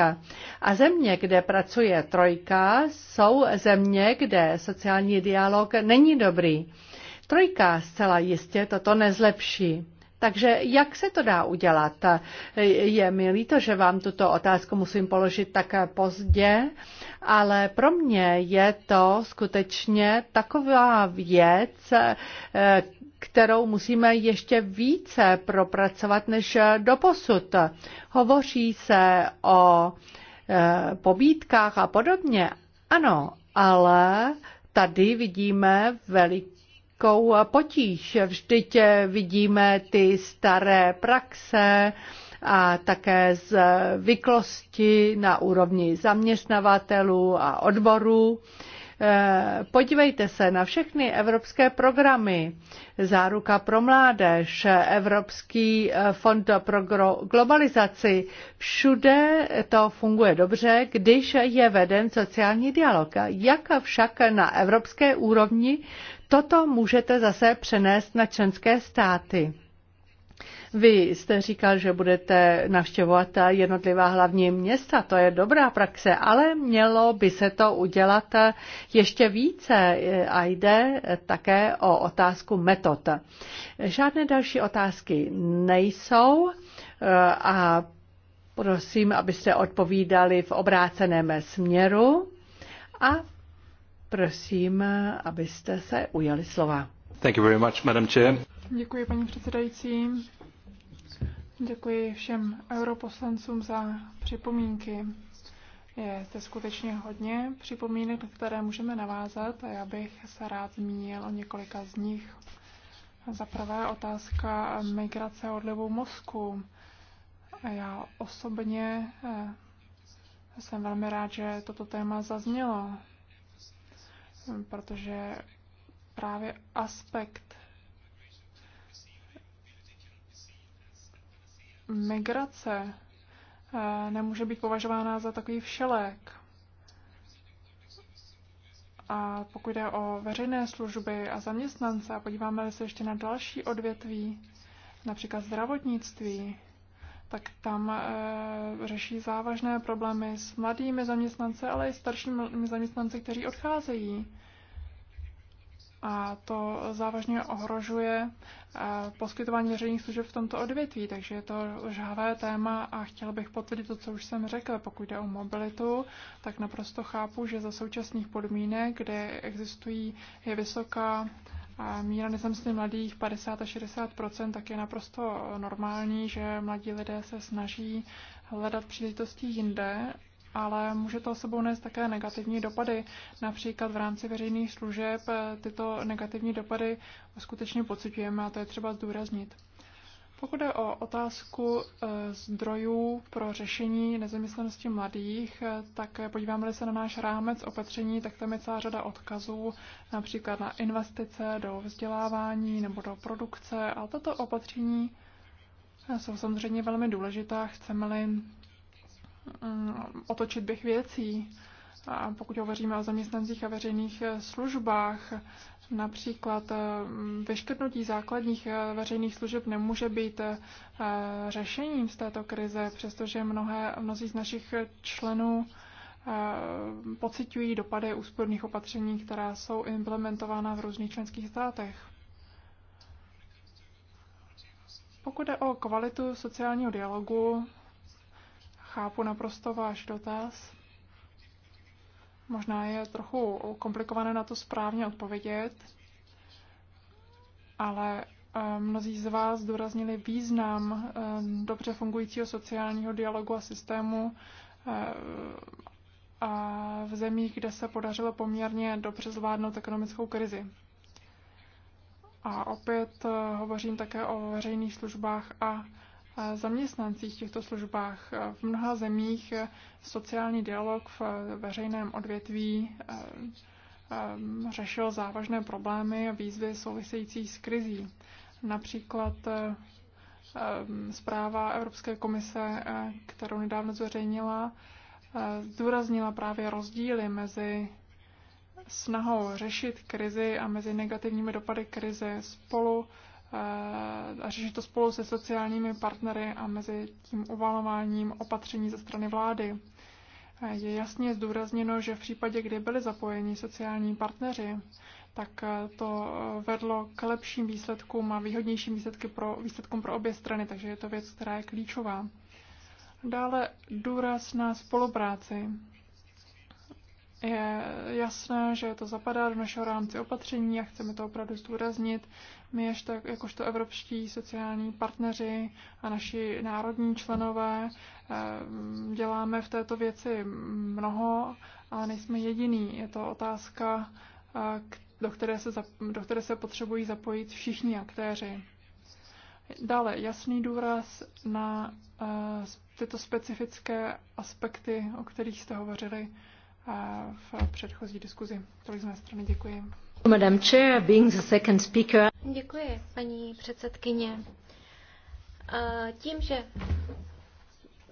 A země, kde pracuje trojka, jsou země, kde sociální dialog není dobrý. Trojka zcela jistě toto nezlepší. Takže jak se to dá udělat? Je mi líto, že vám tuto otázku musím položit tak pozdě, ale pro mě je to skutečně taková věc, kterou musíme ještě více propracovat než doposud. Hovoří se o e, pobídkách a podobně. Ano, ale tady vidíme velik velikou potíž. Vždyť vidíme ty staré praxe, a také z vyklosti na úrovni zaměstnavatelů a odborů. Eh, podívejte se na všechny evropské programy. Záruka pro mládež, Evropský eh, fond pro globalizaci. Všude to funguje dobře, když je veden sociální dialog. Jak však na evropské úrovni Toto můžete zase přenést na členské státy. Vy jste říkal, že budete navštěvovat jednotlivá hlavní města, to je dobrá praxe, ale mělo by se to udělat ještě více a jde také o otázku metod. Žádné další otázky nejsou a prosím, abyste odpovídali v obráceném směru a Prosím, abyste se ujali slova. Thank you very much, Madam Chair. Děkuji, paní předsedající. Děkuji všem europoslancům za připomínky. Je zde skutečně hodně připomínek, které můžeme navázat a já bych se rád zmínil o několika z nich. Za prvé otázka migrace odlivu mozku. Já osobně eh, jsem velmi rád, že toto téma zaznělo protože právě aspekt migrace eh, nemůže být považována za takový všelék. A pokud jde o veřejné služby a zaměstnance, a podíváme se ještě na další odvětví, například zdravotnictví, tak tam e, řeší závažné problémy s mladými zaměstnanci, ale i staršími zaměstnanci, kteří odcházejí. A to závažně ohrožuje eh, poskytování veřejných služeb v tomto odvětví, takže je to žhavé téma a chtěla bych potvrdit to, co už jsem řekla. Pokud jde o mobilitu, tak naprosto chápu, že za současných podmínek, kde existují, je vysoká a eh, míra nezaměstnanosti mladých 50 až 60 tak je naprosto normální, že mladí lidé se snaží hledat příležitosti jinde ale může to sebou nést také negativní dopady. Například v rámci veřejných služeb eh, tyto negativní dopady skutečně pocitujeme a to je třeba zdůraznit. Pokud je o otázku eh, zdrojů pro řešení nezaměstnanosti mladých, eh, tak podíváme-li se na náš rámec opatření, tak tam je celá řada odkazů, například na investice do vzdělávání nebo do produkce. A tato opatření jsou samozřejmě velmi důležitá, chceme-li Eh, otočit bych věcí. A pokud hovoříme o zaměstnancích a veřejných eh, službách, například eh, vyškrtnutí základních veřejných služeb nemůže být řešením z této krize, přestože mnohé, mnozí z našich členů pocitují dopady úsporných opatření, která jsou implementována v různých členských státech. Pokud jde o kvalitu sociálního dialogu, chápu naprosto váš dotaz. Možná je trochu komplikované na to správně odpovědět, ale eh, mnozí z vás zdůraznili význam eh, dobře fungujícího sociálního dialogu a systému eh, a v zemích, kde se podařilo poměrně dobře zvládnout ekonomickou krizi. A opět hovořím také o veřejných službách a zaměstnancích v těchto službách. V mnoha zemích sociální dialog v veřejném odvětví e, e, řešil závažné problémy a výzvy související s krizí. Například e, zpráva Evropské komise, kterou nedávno zveřejnila, zdůraznila právě rozdíly mezi snahou řešit krizi a mezi negativními dopady krize spolu Eh, a řešit to spolu se sociálními partnery a mezi tím uvalováním opatření ze strany vlády. Eh, je jasně zdůrazněno, že v případě, kdy byly zapojeni sociální partneři, tak eh, to vedlo k lepším výsledkům a výhodnějším výsledky pro, výsledkům pro obě strany, takže je to věc, která je klíčová. Dále důraz na spolupráci je jasné, že to zapadá do našeho rámci opatření a chceme to opravdu zdůraznit. My ještě, jakožto evropští sociální partneři a naši národní členové eh, děláme v této věci mnoho, ale nejsme jediný. Je to otázka, eh, do které se, do které se potřebují zapojit všichni aktéři. Dále jasný důraz na eh, tyto specifické aspekty, o kterých jste hovořili, v předchozí diskuzi. Tolik z mé strany děkuji. Madam Chair, being the second speaker. Děkuji, paní předsedkyně. Tím, že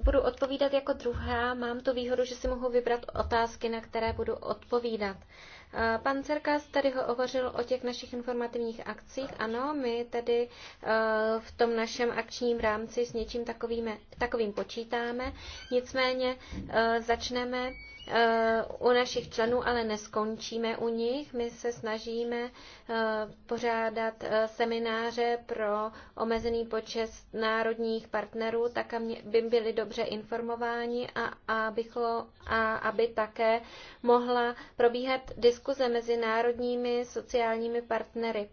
budu odpovídat jako druhá, mám tu výhodu, že si mohu vybrat otázky, na které budu odpovídat. Pan Cerkas tady hovořil o těch našich informativních akcích. Ano, my tedy e, v tom našem akčním rámci s něčím takovým, takovým počítáme. Nicméně e, začneme u našich členů, ale neskončíme u nich. My se snažíme eh, pořádat eh, semináře pro omezený počet národních partnerů, tak aby byli dobře informováni a, abychlo, a aby také mohla probíhat diskuze mezi národními sociálními partnery.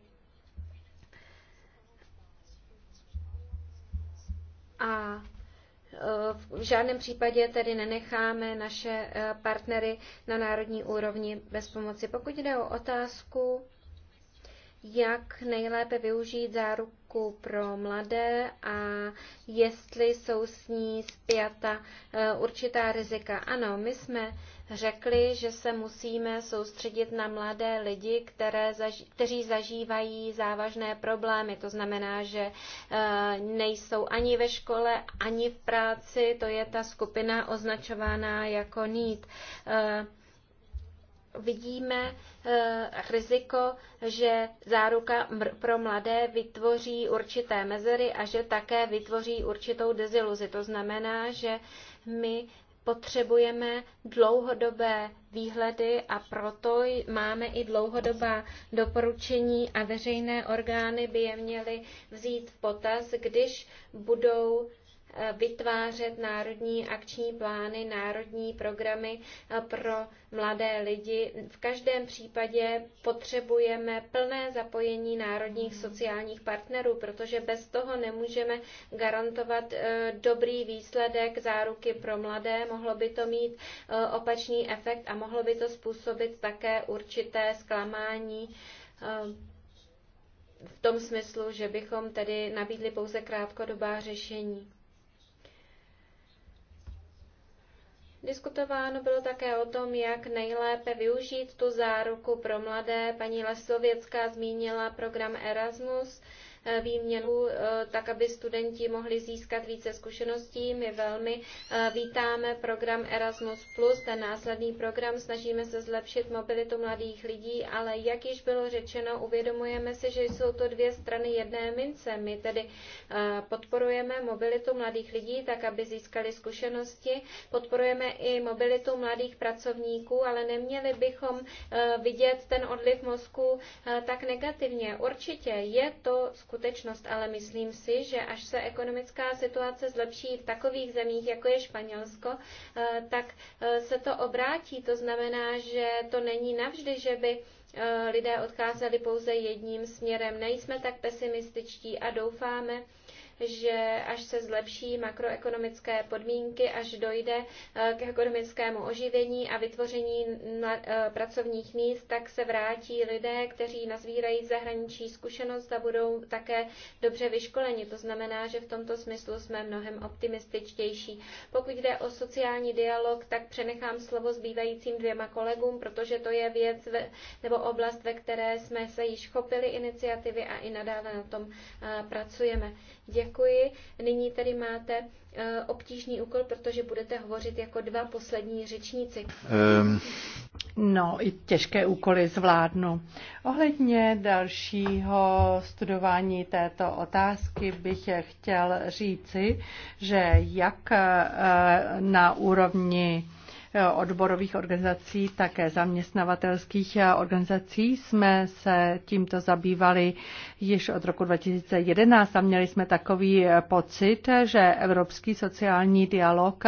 A Eh, v žádném případě tedy nenecháme naše eh, partnery na národní úrovni bez pomoci. Pokud jde o otázku, jak nejlépe využít záruku pro mladé a jestli jsou s ní zpěta eh, určitá rizika. Ano, my jsme řekli, že se musíme soustředit na mladé lidi, které kteří zažívají závažné problémy. To znamená, že eh, nejsou ani ve škole, ani v práci. To je ta skupina označovaná jako need eh, vidíme eh, riziko, že záruka pro mladé vytvoří určité mezery a že také vytvoří určitou deziluzi. To znamená, že my potřebujeme dlouhodobé výhledy a proto máme i dlouhodobá doporučení a veřejné orgány by je měly vzít v potaz, když budou vytvářet národní akční plány, národní programy eh, pro mladé lidi. V každém případě potřebujeme plné zapojení národních sociálních partnerů, protože bez toho nemůžeme garantovat eh, dobrý výsledek záruky pro mladé. Mohlo by to mít eh, opačný efekt a mohlo by to způsobit také určité zklamání v tom smyslu, že bychom tedy nabídli pouze krátkodobá řešení. Diskutováno bylo také o tom, jak nejlépe využít tu záruku pro mladé. Paní Lesověcká zmínila program Erasmus. Eh, výměnu, eh, tak aby studenti mohli získat více zkušeností. My velmi eh, vítáme program Erasmus+, ten následný program. Snažíme se zlepšit mobilitu mladých lidí, ale jak již bylo řečeno, uvědomujeme si, že jsou to dvě strany jedné mince. My tedy podporujeme mobilitu mladých lidí, tak aby získali zkušenosti. Podporujeme i mobilitu mladých pracovníků, ale neměli bychom vidět ten odliv mozku tak negativně. Určitě je to skutečně skutečnost, ale myslím si, že až se ekonomická situace zlepší v takových zemích, jako je Španělsko, eh, tak eh, se to obrátí. To znamená, že to není navždy, že by eh, lidé odcházeli pouze jedním směrem. Nejsme tak pesimističtí a doufáme, že až se zlepší makroekonomické podmínky, až dojde eh, k ekonomickému oživení a vytvoření eh, pracovních míst, tak se vrátí lidé, kteří nazvírají zahraničí zkušenost a budou také dobře vyškoleni. To znamená, že v tomto smyslu jsme mnohem optimističtější. Pokud jde o sociální dialog, tak přenechám slovo zbývajícím dvěma kolegům, protože to je věc ve, nebo oblast, ve které jsme se již chopili iniciativy a i nadále na tom eh, pracujeme. Děkuji. Nyní tady máte eh, obtížný úkol, protože budete hovořit jako dva poslední řečníci. Um. No, i těžké úkoly zvládnu. Ohledně dalšího studování této otázky bych chtěl říci, že jak eh, na úrovni odborových organizací, také zaměstnavatelských organizací. Jsme se tímto zabývali již od roku 2011 a měli jsme takový pocit, že evropský sociální dialog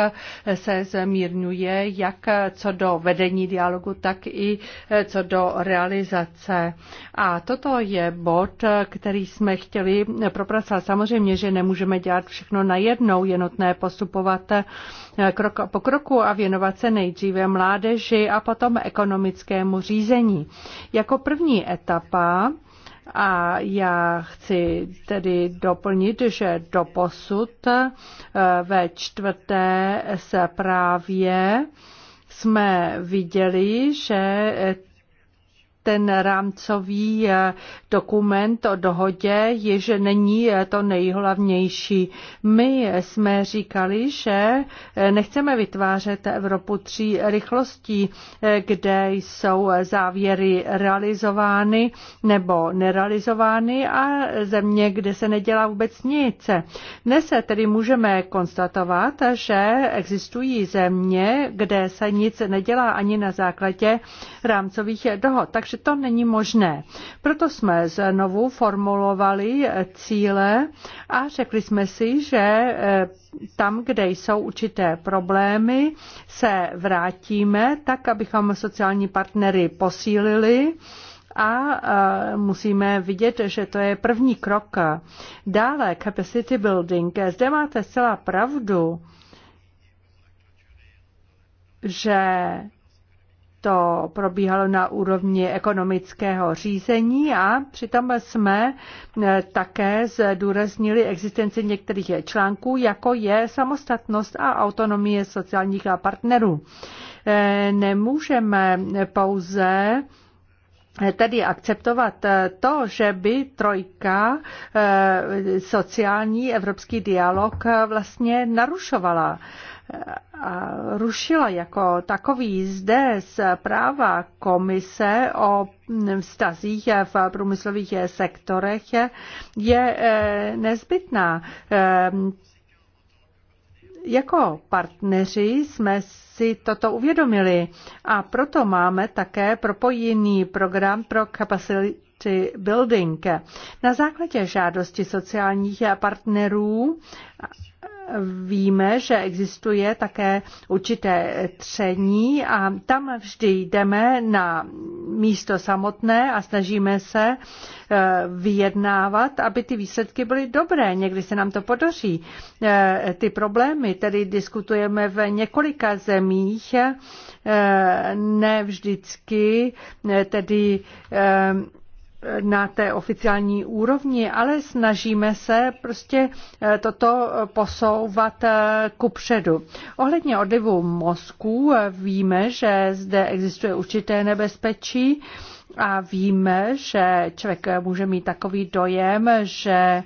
se zmírňuje jak co do vedení dialogu, tak i co do realizace. A toto je bod, který jsme chtěli propracovat. Samozřejmě, že nemůžeme dělat všechno najednou, je nutné postupovat Eh, krok po kroku a věnovat se nejdříve mládeži a potom ekonomickému řízení. Jako první etapa a já chci tedy doplnit, že doposud eh, ve čtvrté se právě jsme viděli, že ten rámcový eh, dokument o dohodě že není eh, to nejhlavnější. My jsme říkali, že eh, nechceme vytvářet Evropu tří rychlostí, kde jsou závěry realizovány nebo nerealizovány a země, kde se nedělá vůbec nic. Dnes tedy můžeme konstatovat, že existují země, kde se nic nedělá ani na základě rámcových dohod. Takže už to není možné. Proto jsme znovu formulovali cíle a řekli jsme si, že e, tam, kde jsou určité problémy, se vrátíme tak, abychom sociální partnery posílili a e, musíme vidět, že to je první krok. Dále capacity building. Zde máte zcela pravdu, že to probíhalo na úrovni ekonomického řízení a přitom jsme eh, také zdůraznili existenci některých článků, jako je samostatnost a autonomie sociálních partnerů. Eh, nemůžeme pouze eh, tedy akceptovat to, že by trojka sociální evropský dialog vlastně narušovala rušila jako takový zde z práva komise o vztazích v průmyslových sektorech je e, nezbytná. E, jako partneři jsme si toto uvědomili a proto máme také propojený program pro kapacity Building. Na základě žádosti sociálních partnerů víme, že existuje také určité tření a tam vždy jdeme na místo samotné a snažíme se eh, vyjednávat, aby ty výsledky byly dobré. Někdy se nám to podaří. Eh, ty problémy tedy diskutujeme v několika zemích, eh, ne vždycky tedy na té oficiální úrovni, ale snažíme se prostě eh, toto posouvat eh, ku předu. Ohledně odlivu mozků eh, víme, že zde existuje určité nebezpečí a víme, že člověk může mít takový dojem, že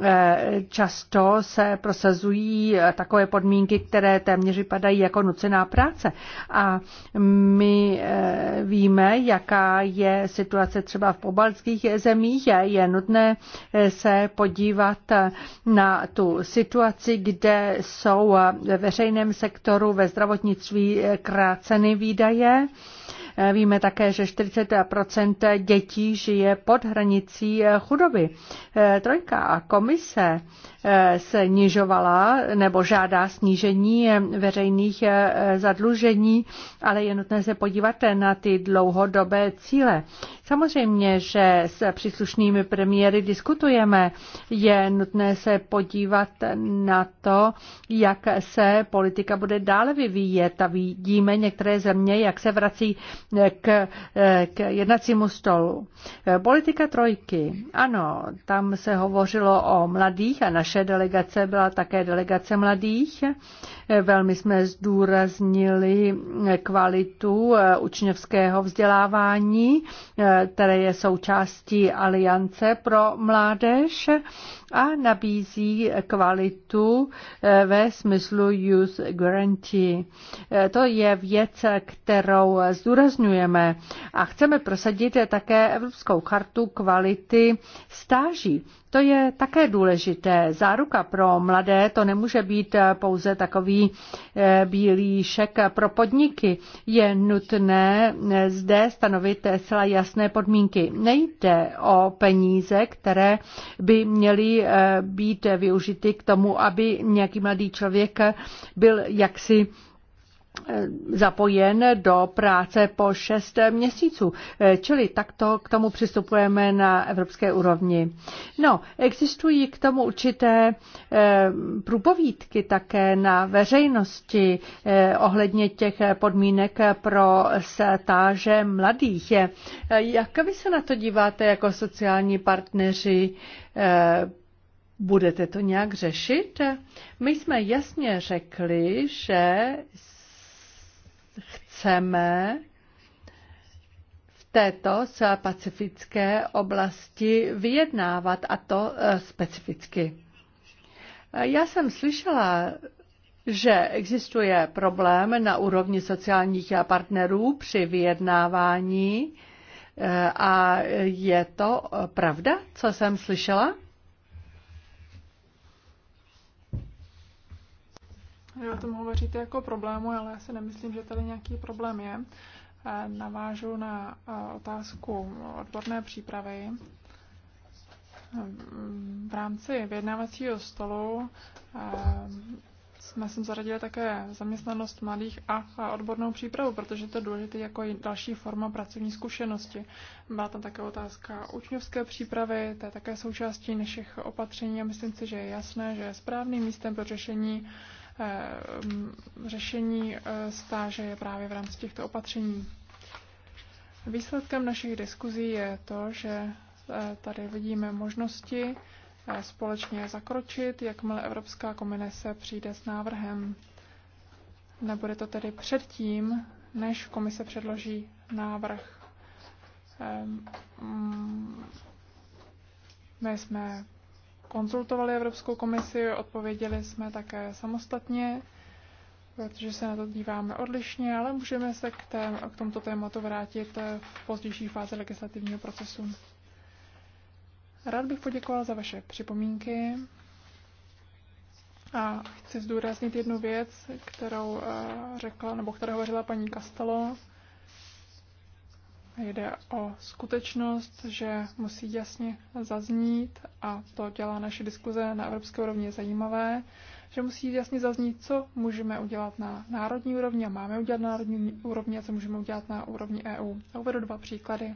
Eh, často se prosazují eh, takové podmínky, které téměř vypadají jako nucená práce. A my eh, víme, jaká je situace třeba v pobaltských zemích. Je nutné se podívat na tu situaci, kde jsou ve veřejném sektoru ve zdravotnictví kráceny výdaje Víme také, že 40 dětí žije pod hranicí eh, chudoby. Eh, trojka a komise se eh, snižovala nebo žádá snížení veřejných zadlužení, ale je nutné se podívat na ty dlouhodobé cíle. Samozřejmě, že s příslušnými premiéry diskutujeme. Je nutné se podívat na to, jak se politika bude dále vyvíjet a vidíme některé země, jak se vrací k, k jednacímu stolu. Politika trojky. Ano, tam se hovořilo o mladých a naše delegace byla také delegace mladých. Velmi jsme zdůraznili kvalitu učňovského vzdělávání, které je součástí Aliance pro mládež a nabízí kvalitu eh, ve smyslu use guarantee. Eh, to je věc, kterou zdůrazňujeme a chceme prosadit také Evropskou chartu kvality stáží. To je také důležité. Záruka pro mladé to nemůže být pouze takový eh, bílý šek pro podniky. Je nutné eh, zde stanovit zcela jasné podmínky. Nejde o peníze, které by měly eh, být využity k tomu, aby nějaký mladý člověk byl jaksi Eh, zapojen do práce po šest měsíců. Eh, čili takto k tomu přistupujeme na evropské úrovni. No, existují k tomu určité eh, průpovídky také na veřejnosti ohledně těch podmínek pro stáže mladých. Jak vy se na to díváte jako sociální partneři? Budete to nějak řešit? My jsme jasně řekli, že chceme v této z pacifické oblasti vyjednávat a to eh, specificky. Já jsem slyšela že existuje problém na úrovni sociálních partnerů při vyjednávání eh, a je to pravda, co jsem slyšela? Vy o tom hovoříte jako problému, ale já si nemyslím, že tady nějaký problém je. Navážu na otázku odborné přípravy. V rámci vyjednávacího stolu jsme sem zaradili také zaměstnanost mladých a odbornou přípravu, protože to je důležité jako další forma pracovní zkušenosti. Byla tam také otázka učňovské přípravy, to je také součástí našich opatření a myslím si, že je jasné, že je správným místem pro řešení uh, Eh, řešení eh, stáže je právě v rámci těchto opatření. Výsledkem našich diskuzí je to, že eh, tady vidíme možnosti společně zakročit, jakmile Evropská komise přijde s návrhem. Nebude to tedy předtím, než komise předloží návrh. My jsme konzultovali Evropskou komisi, odpověděli jsme také samostatně, protože se na to díváme odlišně, ale můžeme se k, tém, k tomuto tématu vrátit v pozdější fázi legislativního procesu. Rád bych poděkoval za vaše připomínky a chci zdůraznit jednu věc, kterou eh, řekla, nebo kterou hovořila paní Castelo Jde o skutečnost, že musí jasně zaznít, a to dělá naše diskuze na evropské úrovni zajímavé, že musí jasně zaznít, co můžeme udělat na národní úrovni a máme udělat na národní úrovni a co můžeme udělat na úrovni EU. Já uvedu dva příklady.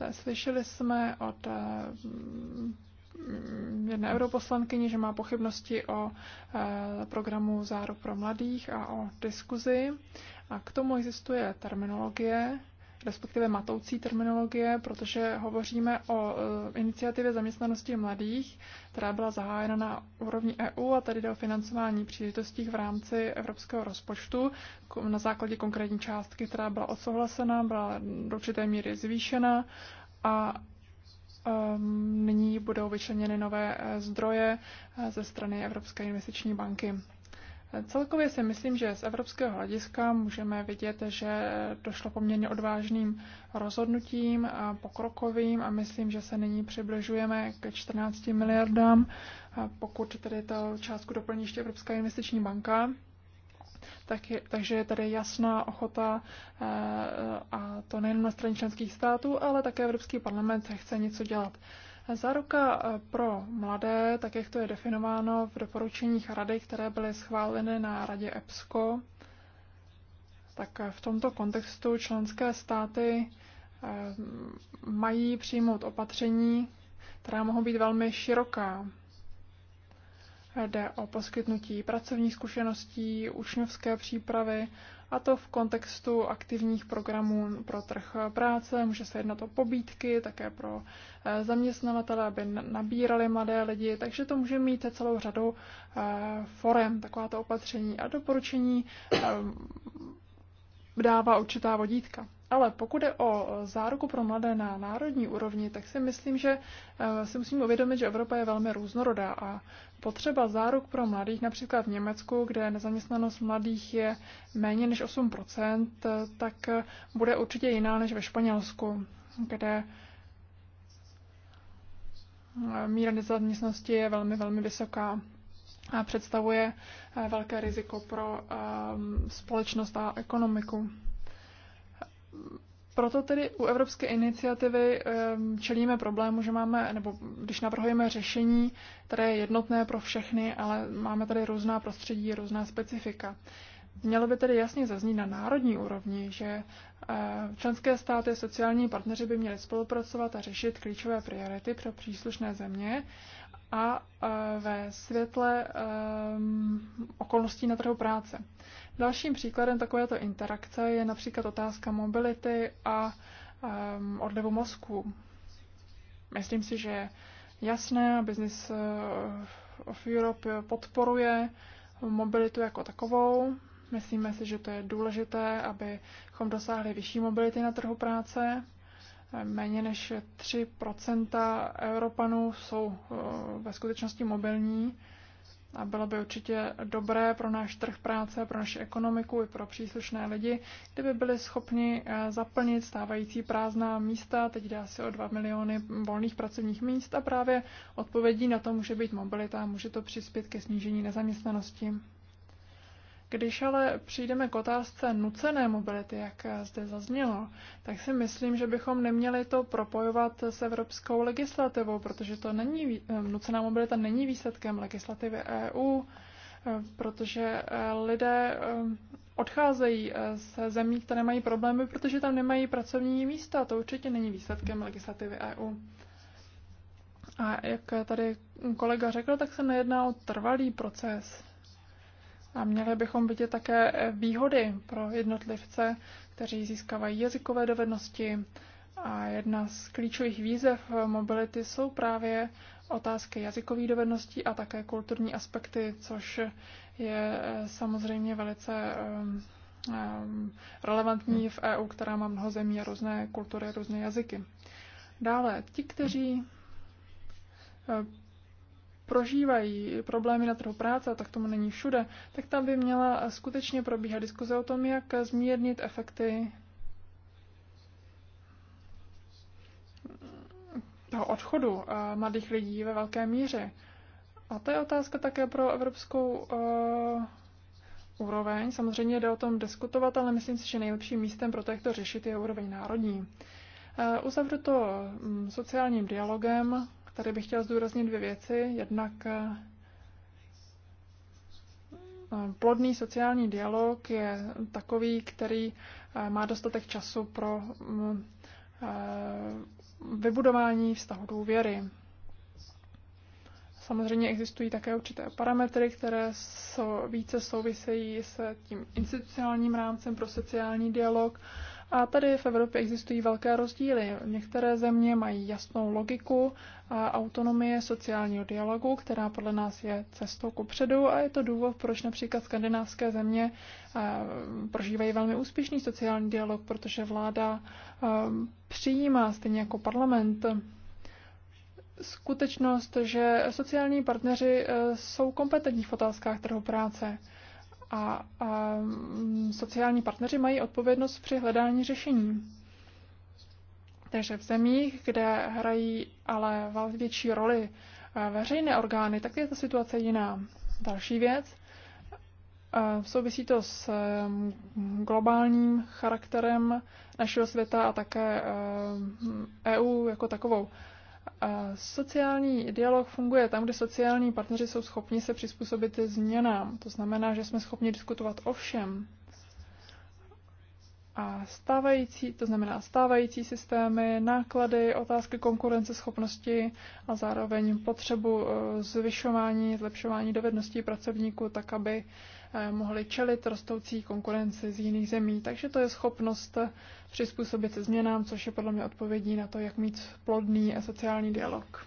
Eh, slyšeli jsme od eh, mm, jedné europoslankyně, že má pochybnosti o eh, programu Záru pro mladých a o diskuzi. A k tomu existuje terminologie, respektive matoucí terminologie, protože hovoříme o e, iniciativě zaměstnanosti mladých, která byla zahájena na úrovni EU a tady jde o financování příležitostí v rámci evropského rozpočtu na základě konkrétní částky, která byla odsouhlasena, byla do určité míry zvýšena a nyní budou vyčleněny nové e, zdroje e, ze strany Evropské investiční banky. Celkově si myslím, že z evropského hlediska můžeme vidět, že došlo poměrně odvážným rozhodnutím a pokrokovým a myslím, že se nyní přibližujeme ke 14 miliardám, pokud tedy to částku doplní ještě Evropská investiční banka. Tak je, takže je tady jasná ochota eh, a to nejen na straně členských států, ale také Evropský parlament chce něco dělat. Záruka eh, pro mladé, tak jak to je definováno v doporučeních rady, které byly schváleny na radě EPSCO, tak eh, v tomto kontextu členské státy eh, mají přijmout opatření, která mohou být velmi široká. Jde o poskytnutí pracovních zkušeností, učňovské přípravy, a to v kontextu aktivních programů pro trh práce. Může se jednat o pobídky, také pro eh, zaměstnavatele, aby nabírali mladé lidi, takže to může mít celou řadu eh, forem, takováto opatření a doporučení eh, dává určitá vodítka. Ale pokud je o eh, záruku pro mladé na národní úrovni, tak si myslím, že eh, si musíme uvědomit, že Evropa je velmi různorodá a potřeba záruk pro mladých, například v Německu, kde nezaměstnanost mladých je méně než 8%, eh, tak bude určitě jiná než ve Španělsku, kde míra nezaměstnanosti je velmi, velmi vysoká a představuje velké riziko pro společnost a ekonomiku proto tedy u Evropské iniciativy čelíme problému, že máme, nebo když navrhujeme řešení, které je jednotné pro všechny, ale máme tady různá prostředí, různá specifika. Mělo by tedy jasně zaznít na národní úrovni, že eh, členské státy, sociální partneři by měli spolupracovat a řešit klíčové priority pro příslušné země a ve světle ehm, okolností na trhu práce. Dalším příkladem takovéto interakce je například otázka mobility a ehm, odlivu mozku. Myslím si, že jasné a Business eh, of Europe podporuje mobilitu jako takovou. Myslíme si, že to je důležité, abychom dosáhli vyšší mobility na trhu práce Méně než 3 Evropanů jsou eh, ve skutečnosti mobilní a bylo by určitě dobré pro náš trh práce, pro naši ekonomiku i pro příslušné lidi, kdyby byli schopni eh, zaplnit stávající prázdná místa, teď jde asi o 2 miliony volných pracovních míst a právě odpovědí na to může být mobilita, může to přispět ke snížení nezaměstnanosti. Když ale přijdeme k otázce nucené mobility, jak zde zaznělo, tak si myslím, že bychom neměli to propojovat s evropskou legislativou, protože to není, eh, nucená mobilita není výsledkem legislativy EU, eh, protože eh, lidé odcházejí ze zemí, které mají problémy, protože tam nemají pracovní místa. To určitě není výsledkem legislativy EU. A jak tady kolega řekl, tak se nejedná o trvalý proces. A měli bychom vidět také výhody pro jednotlivce, kteří získávají jazykové dovednosti. A jedna z klíčových výzev mobility jsou právě otázky jazykových dovedností a také kulturní aspekty, což je eh, samozřejmě velice ehm, ehm, relevantní v EU, která má mnoho zemí a různé kultury, různé jazyky. Dále, ti, kteří eh, prožívají problémy na trhu práce, a tak tomu není všude, tak tam by měla skutečně probíhat diskuze o tom, jak zmírnit efekty toho odchodu eh, mladých lidí ve velké míře. A to je otázka také pro evropskou uh, úroveň. Samozřejmě jde o tom diskutovat, ale myslím si, že nejlepším místem pro to, jak to řešit, je úroveň národní. Uh, uzavřu to um, sociálním dialogem, Tady bych chtěl zdůraznit dvě věci. Jednak eh, plodný sociální dialog je takový, který eh, má dostatek času pro mm, eh, vybudování vztahu důvěry. Samozřejmě existují také určité parametry, které více souvisejí s tím institucionálním rámcem pro sociální dialog a tady v Evropě existují velké rozdíly. Některé země mají jasnou logiku a autonomie sociálního dialogu, která podle nás je cestou kupředu a je to důvod, proč například skandinávské země eh, prožívají velmi úspěšný sociální dialog, protože vláda eh, přijímá, stejně jako parlament, skutečnost, že sociální partneři eh, jsou kompetentní v otázkách trhu práce a, a mm, sociální partneři mají odpovědnost při hledání řešení. Takže v zemích, kde hrají ale větší roli e, veřejné orgány, tak je ta situace jiná. Další věc. E, souvisí to s mm, globálním charakterem našeho světa a také EU e jako takovou. Sociální dialog funguje tam, kde sociální partneři jsou schopni se přizpůsobit změnám. To znamená, že jsme schopni diskutovat o všem. A stávající, to znamená stávající systémy, náklady, otázky konkurenceschopnosti a zároveň potřebu e, zvyšování, zlepšování dovedností pracovníků, tak aby e, mohli čelit rostoucí konkurenci z jiných zemí. Takže to je schopnost přizpůsobit se změnám, což je podle mě odpovědí na to, jak mít plodný a sociální dialog.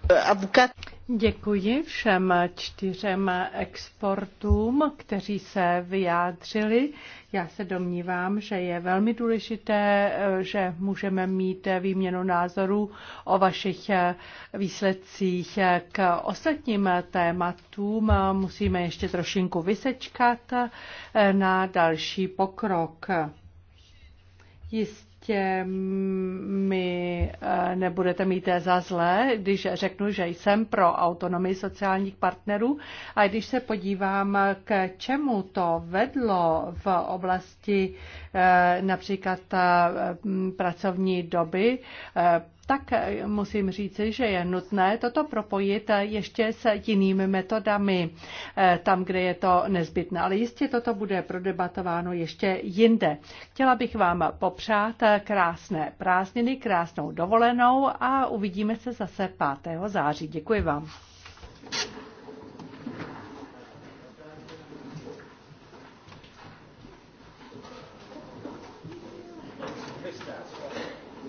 Děkuji všem čtyřem exportům, kteří se vyjádřili. Já se domnívám, že je velmi důležité, že můžeme mít výměnu názorů o vašich výsledcích. K ostatním tématům musíme ještě trošinku vysečkat na další pokrok. Jistě určitě mi eh, nebudete mít za zlé, když řeknu, že jsem pro autonomii sociálních partnerů. A když se podívám, k čemu to vedlo v oblasti eh, například eh, pracovní doby, tak eh, musím říci, že je nutné toto propojit eh, ještě s jinými metodami, eh, tam, kde je to nezbytné. Ale jistě toto bude prodebatováno ještě jinde. Chtěla bych vám popřát krásné prázdniny, krásnou dovolenou a uvidíme se zase 5. září. Děkuji vám.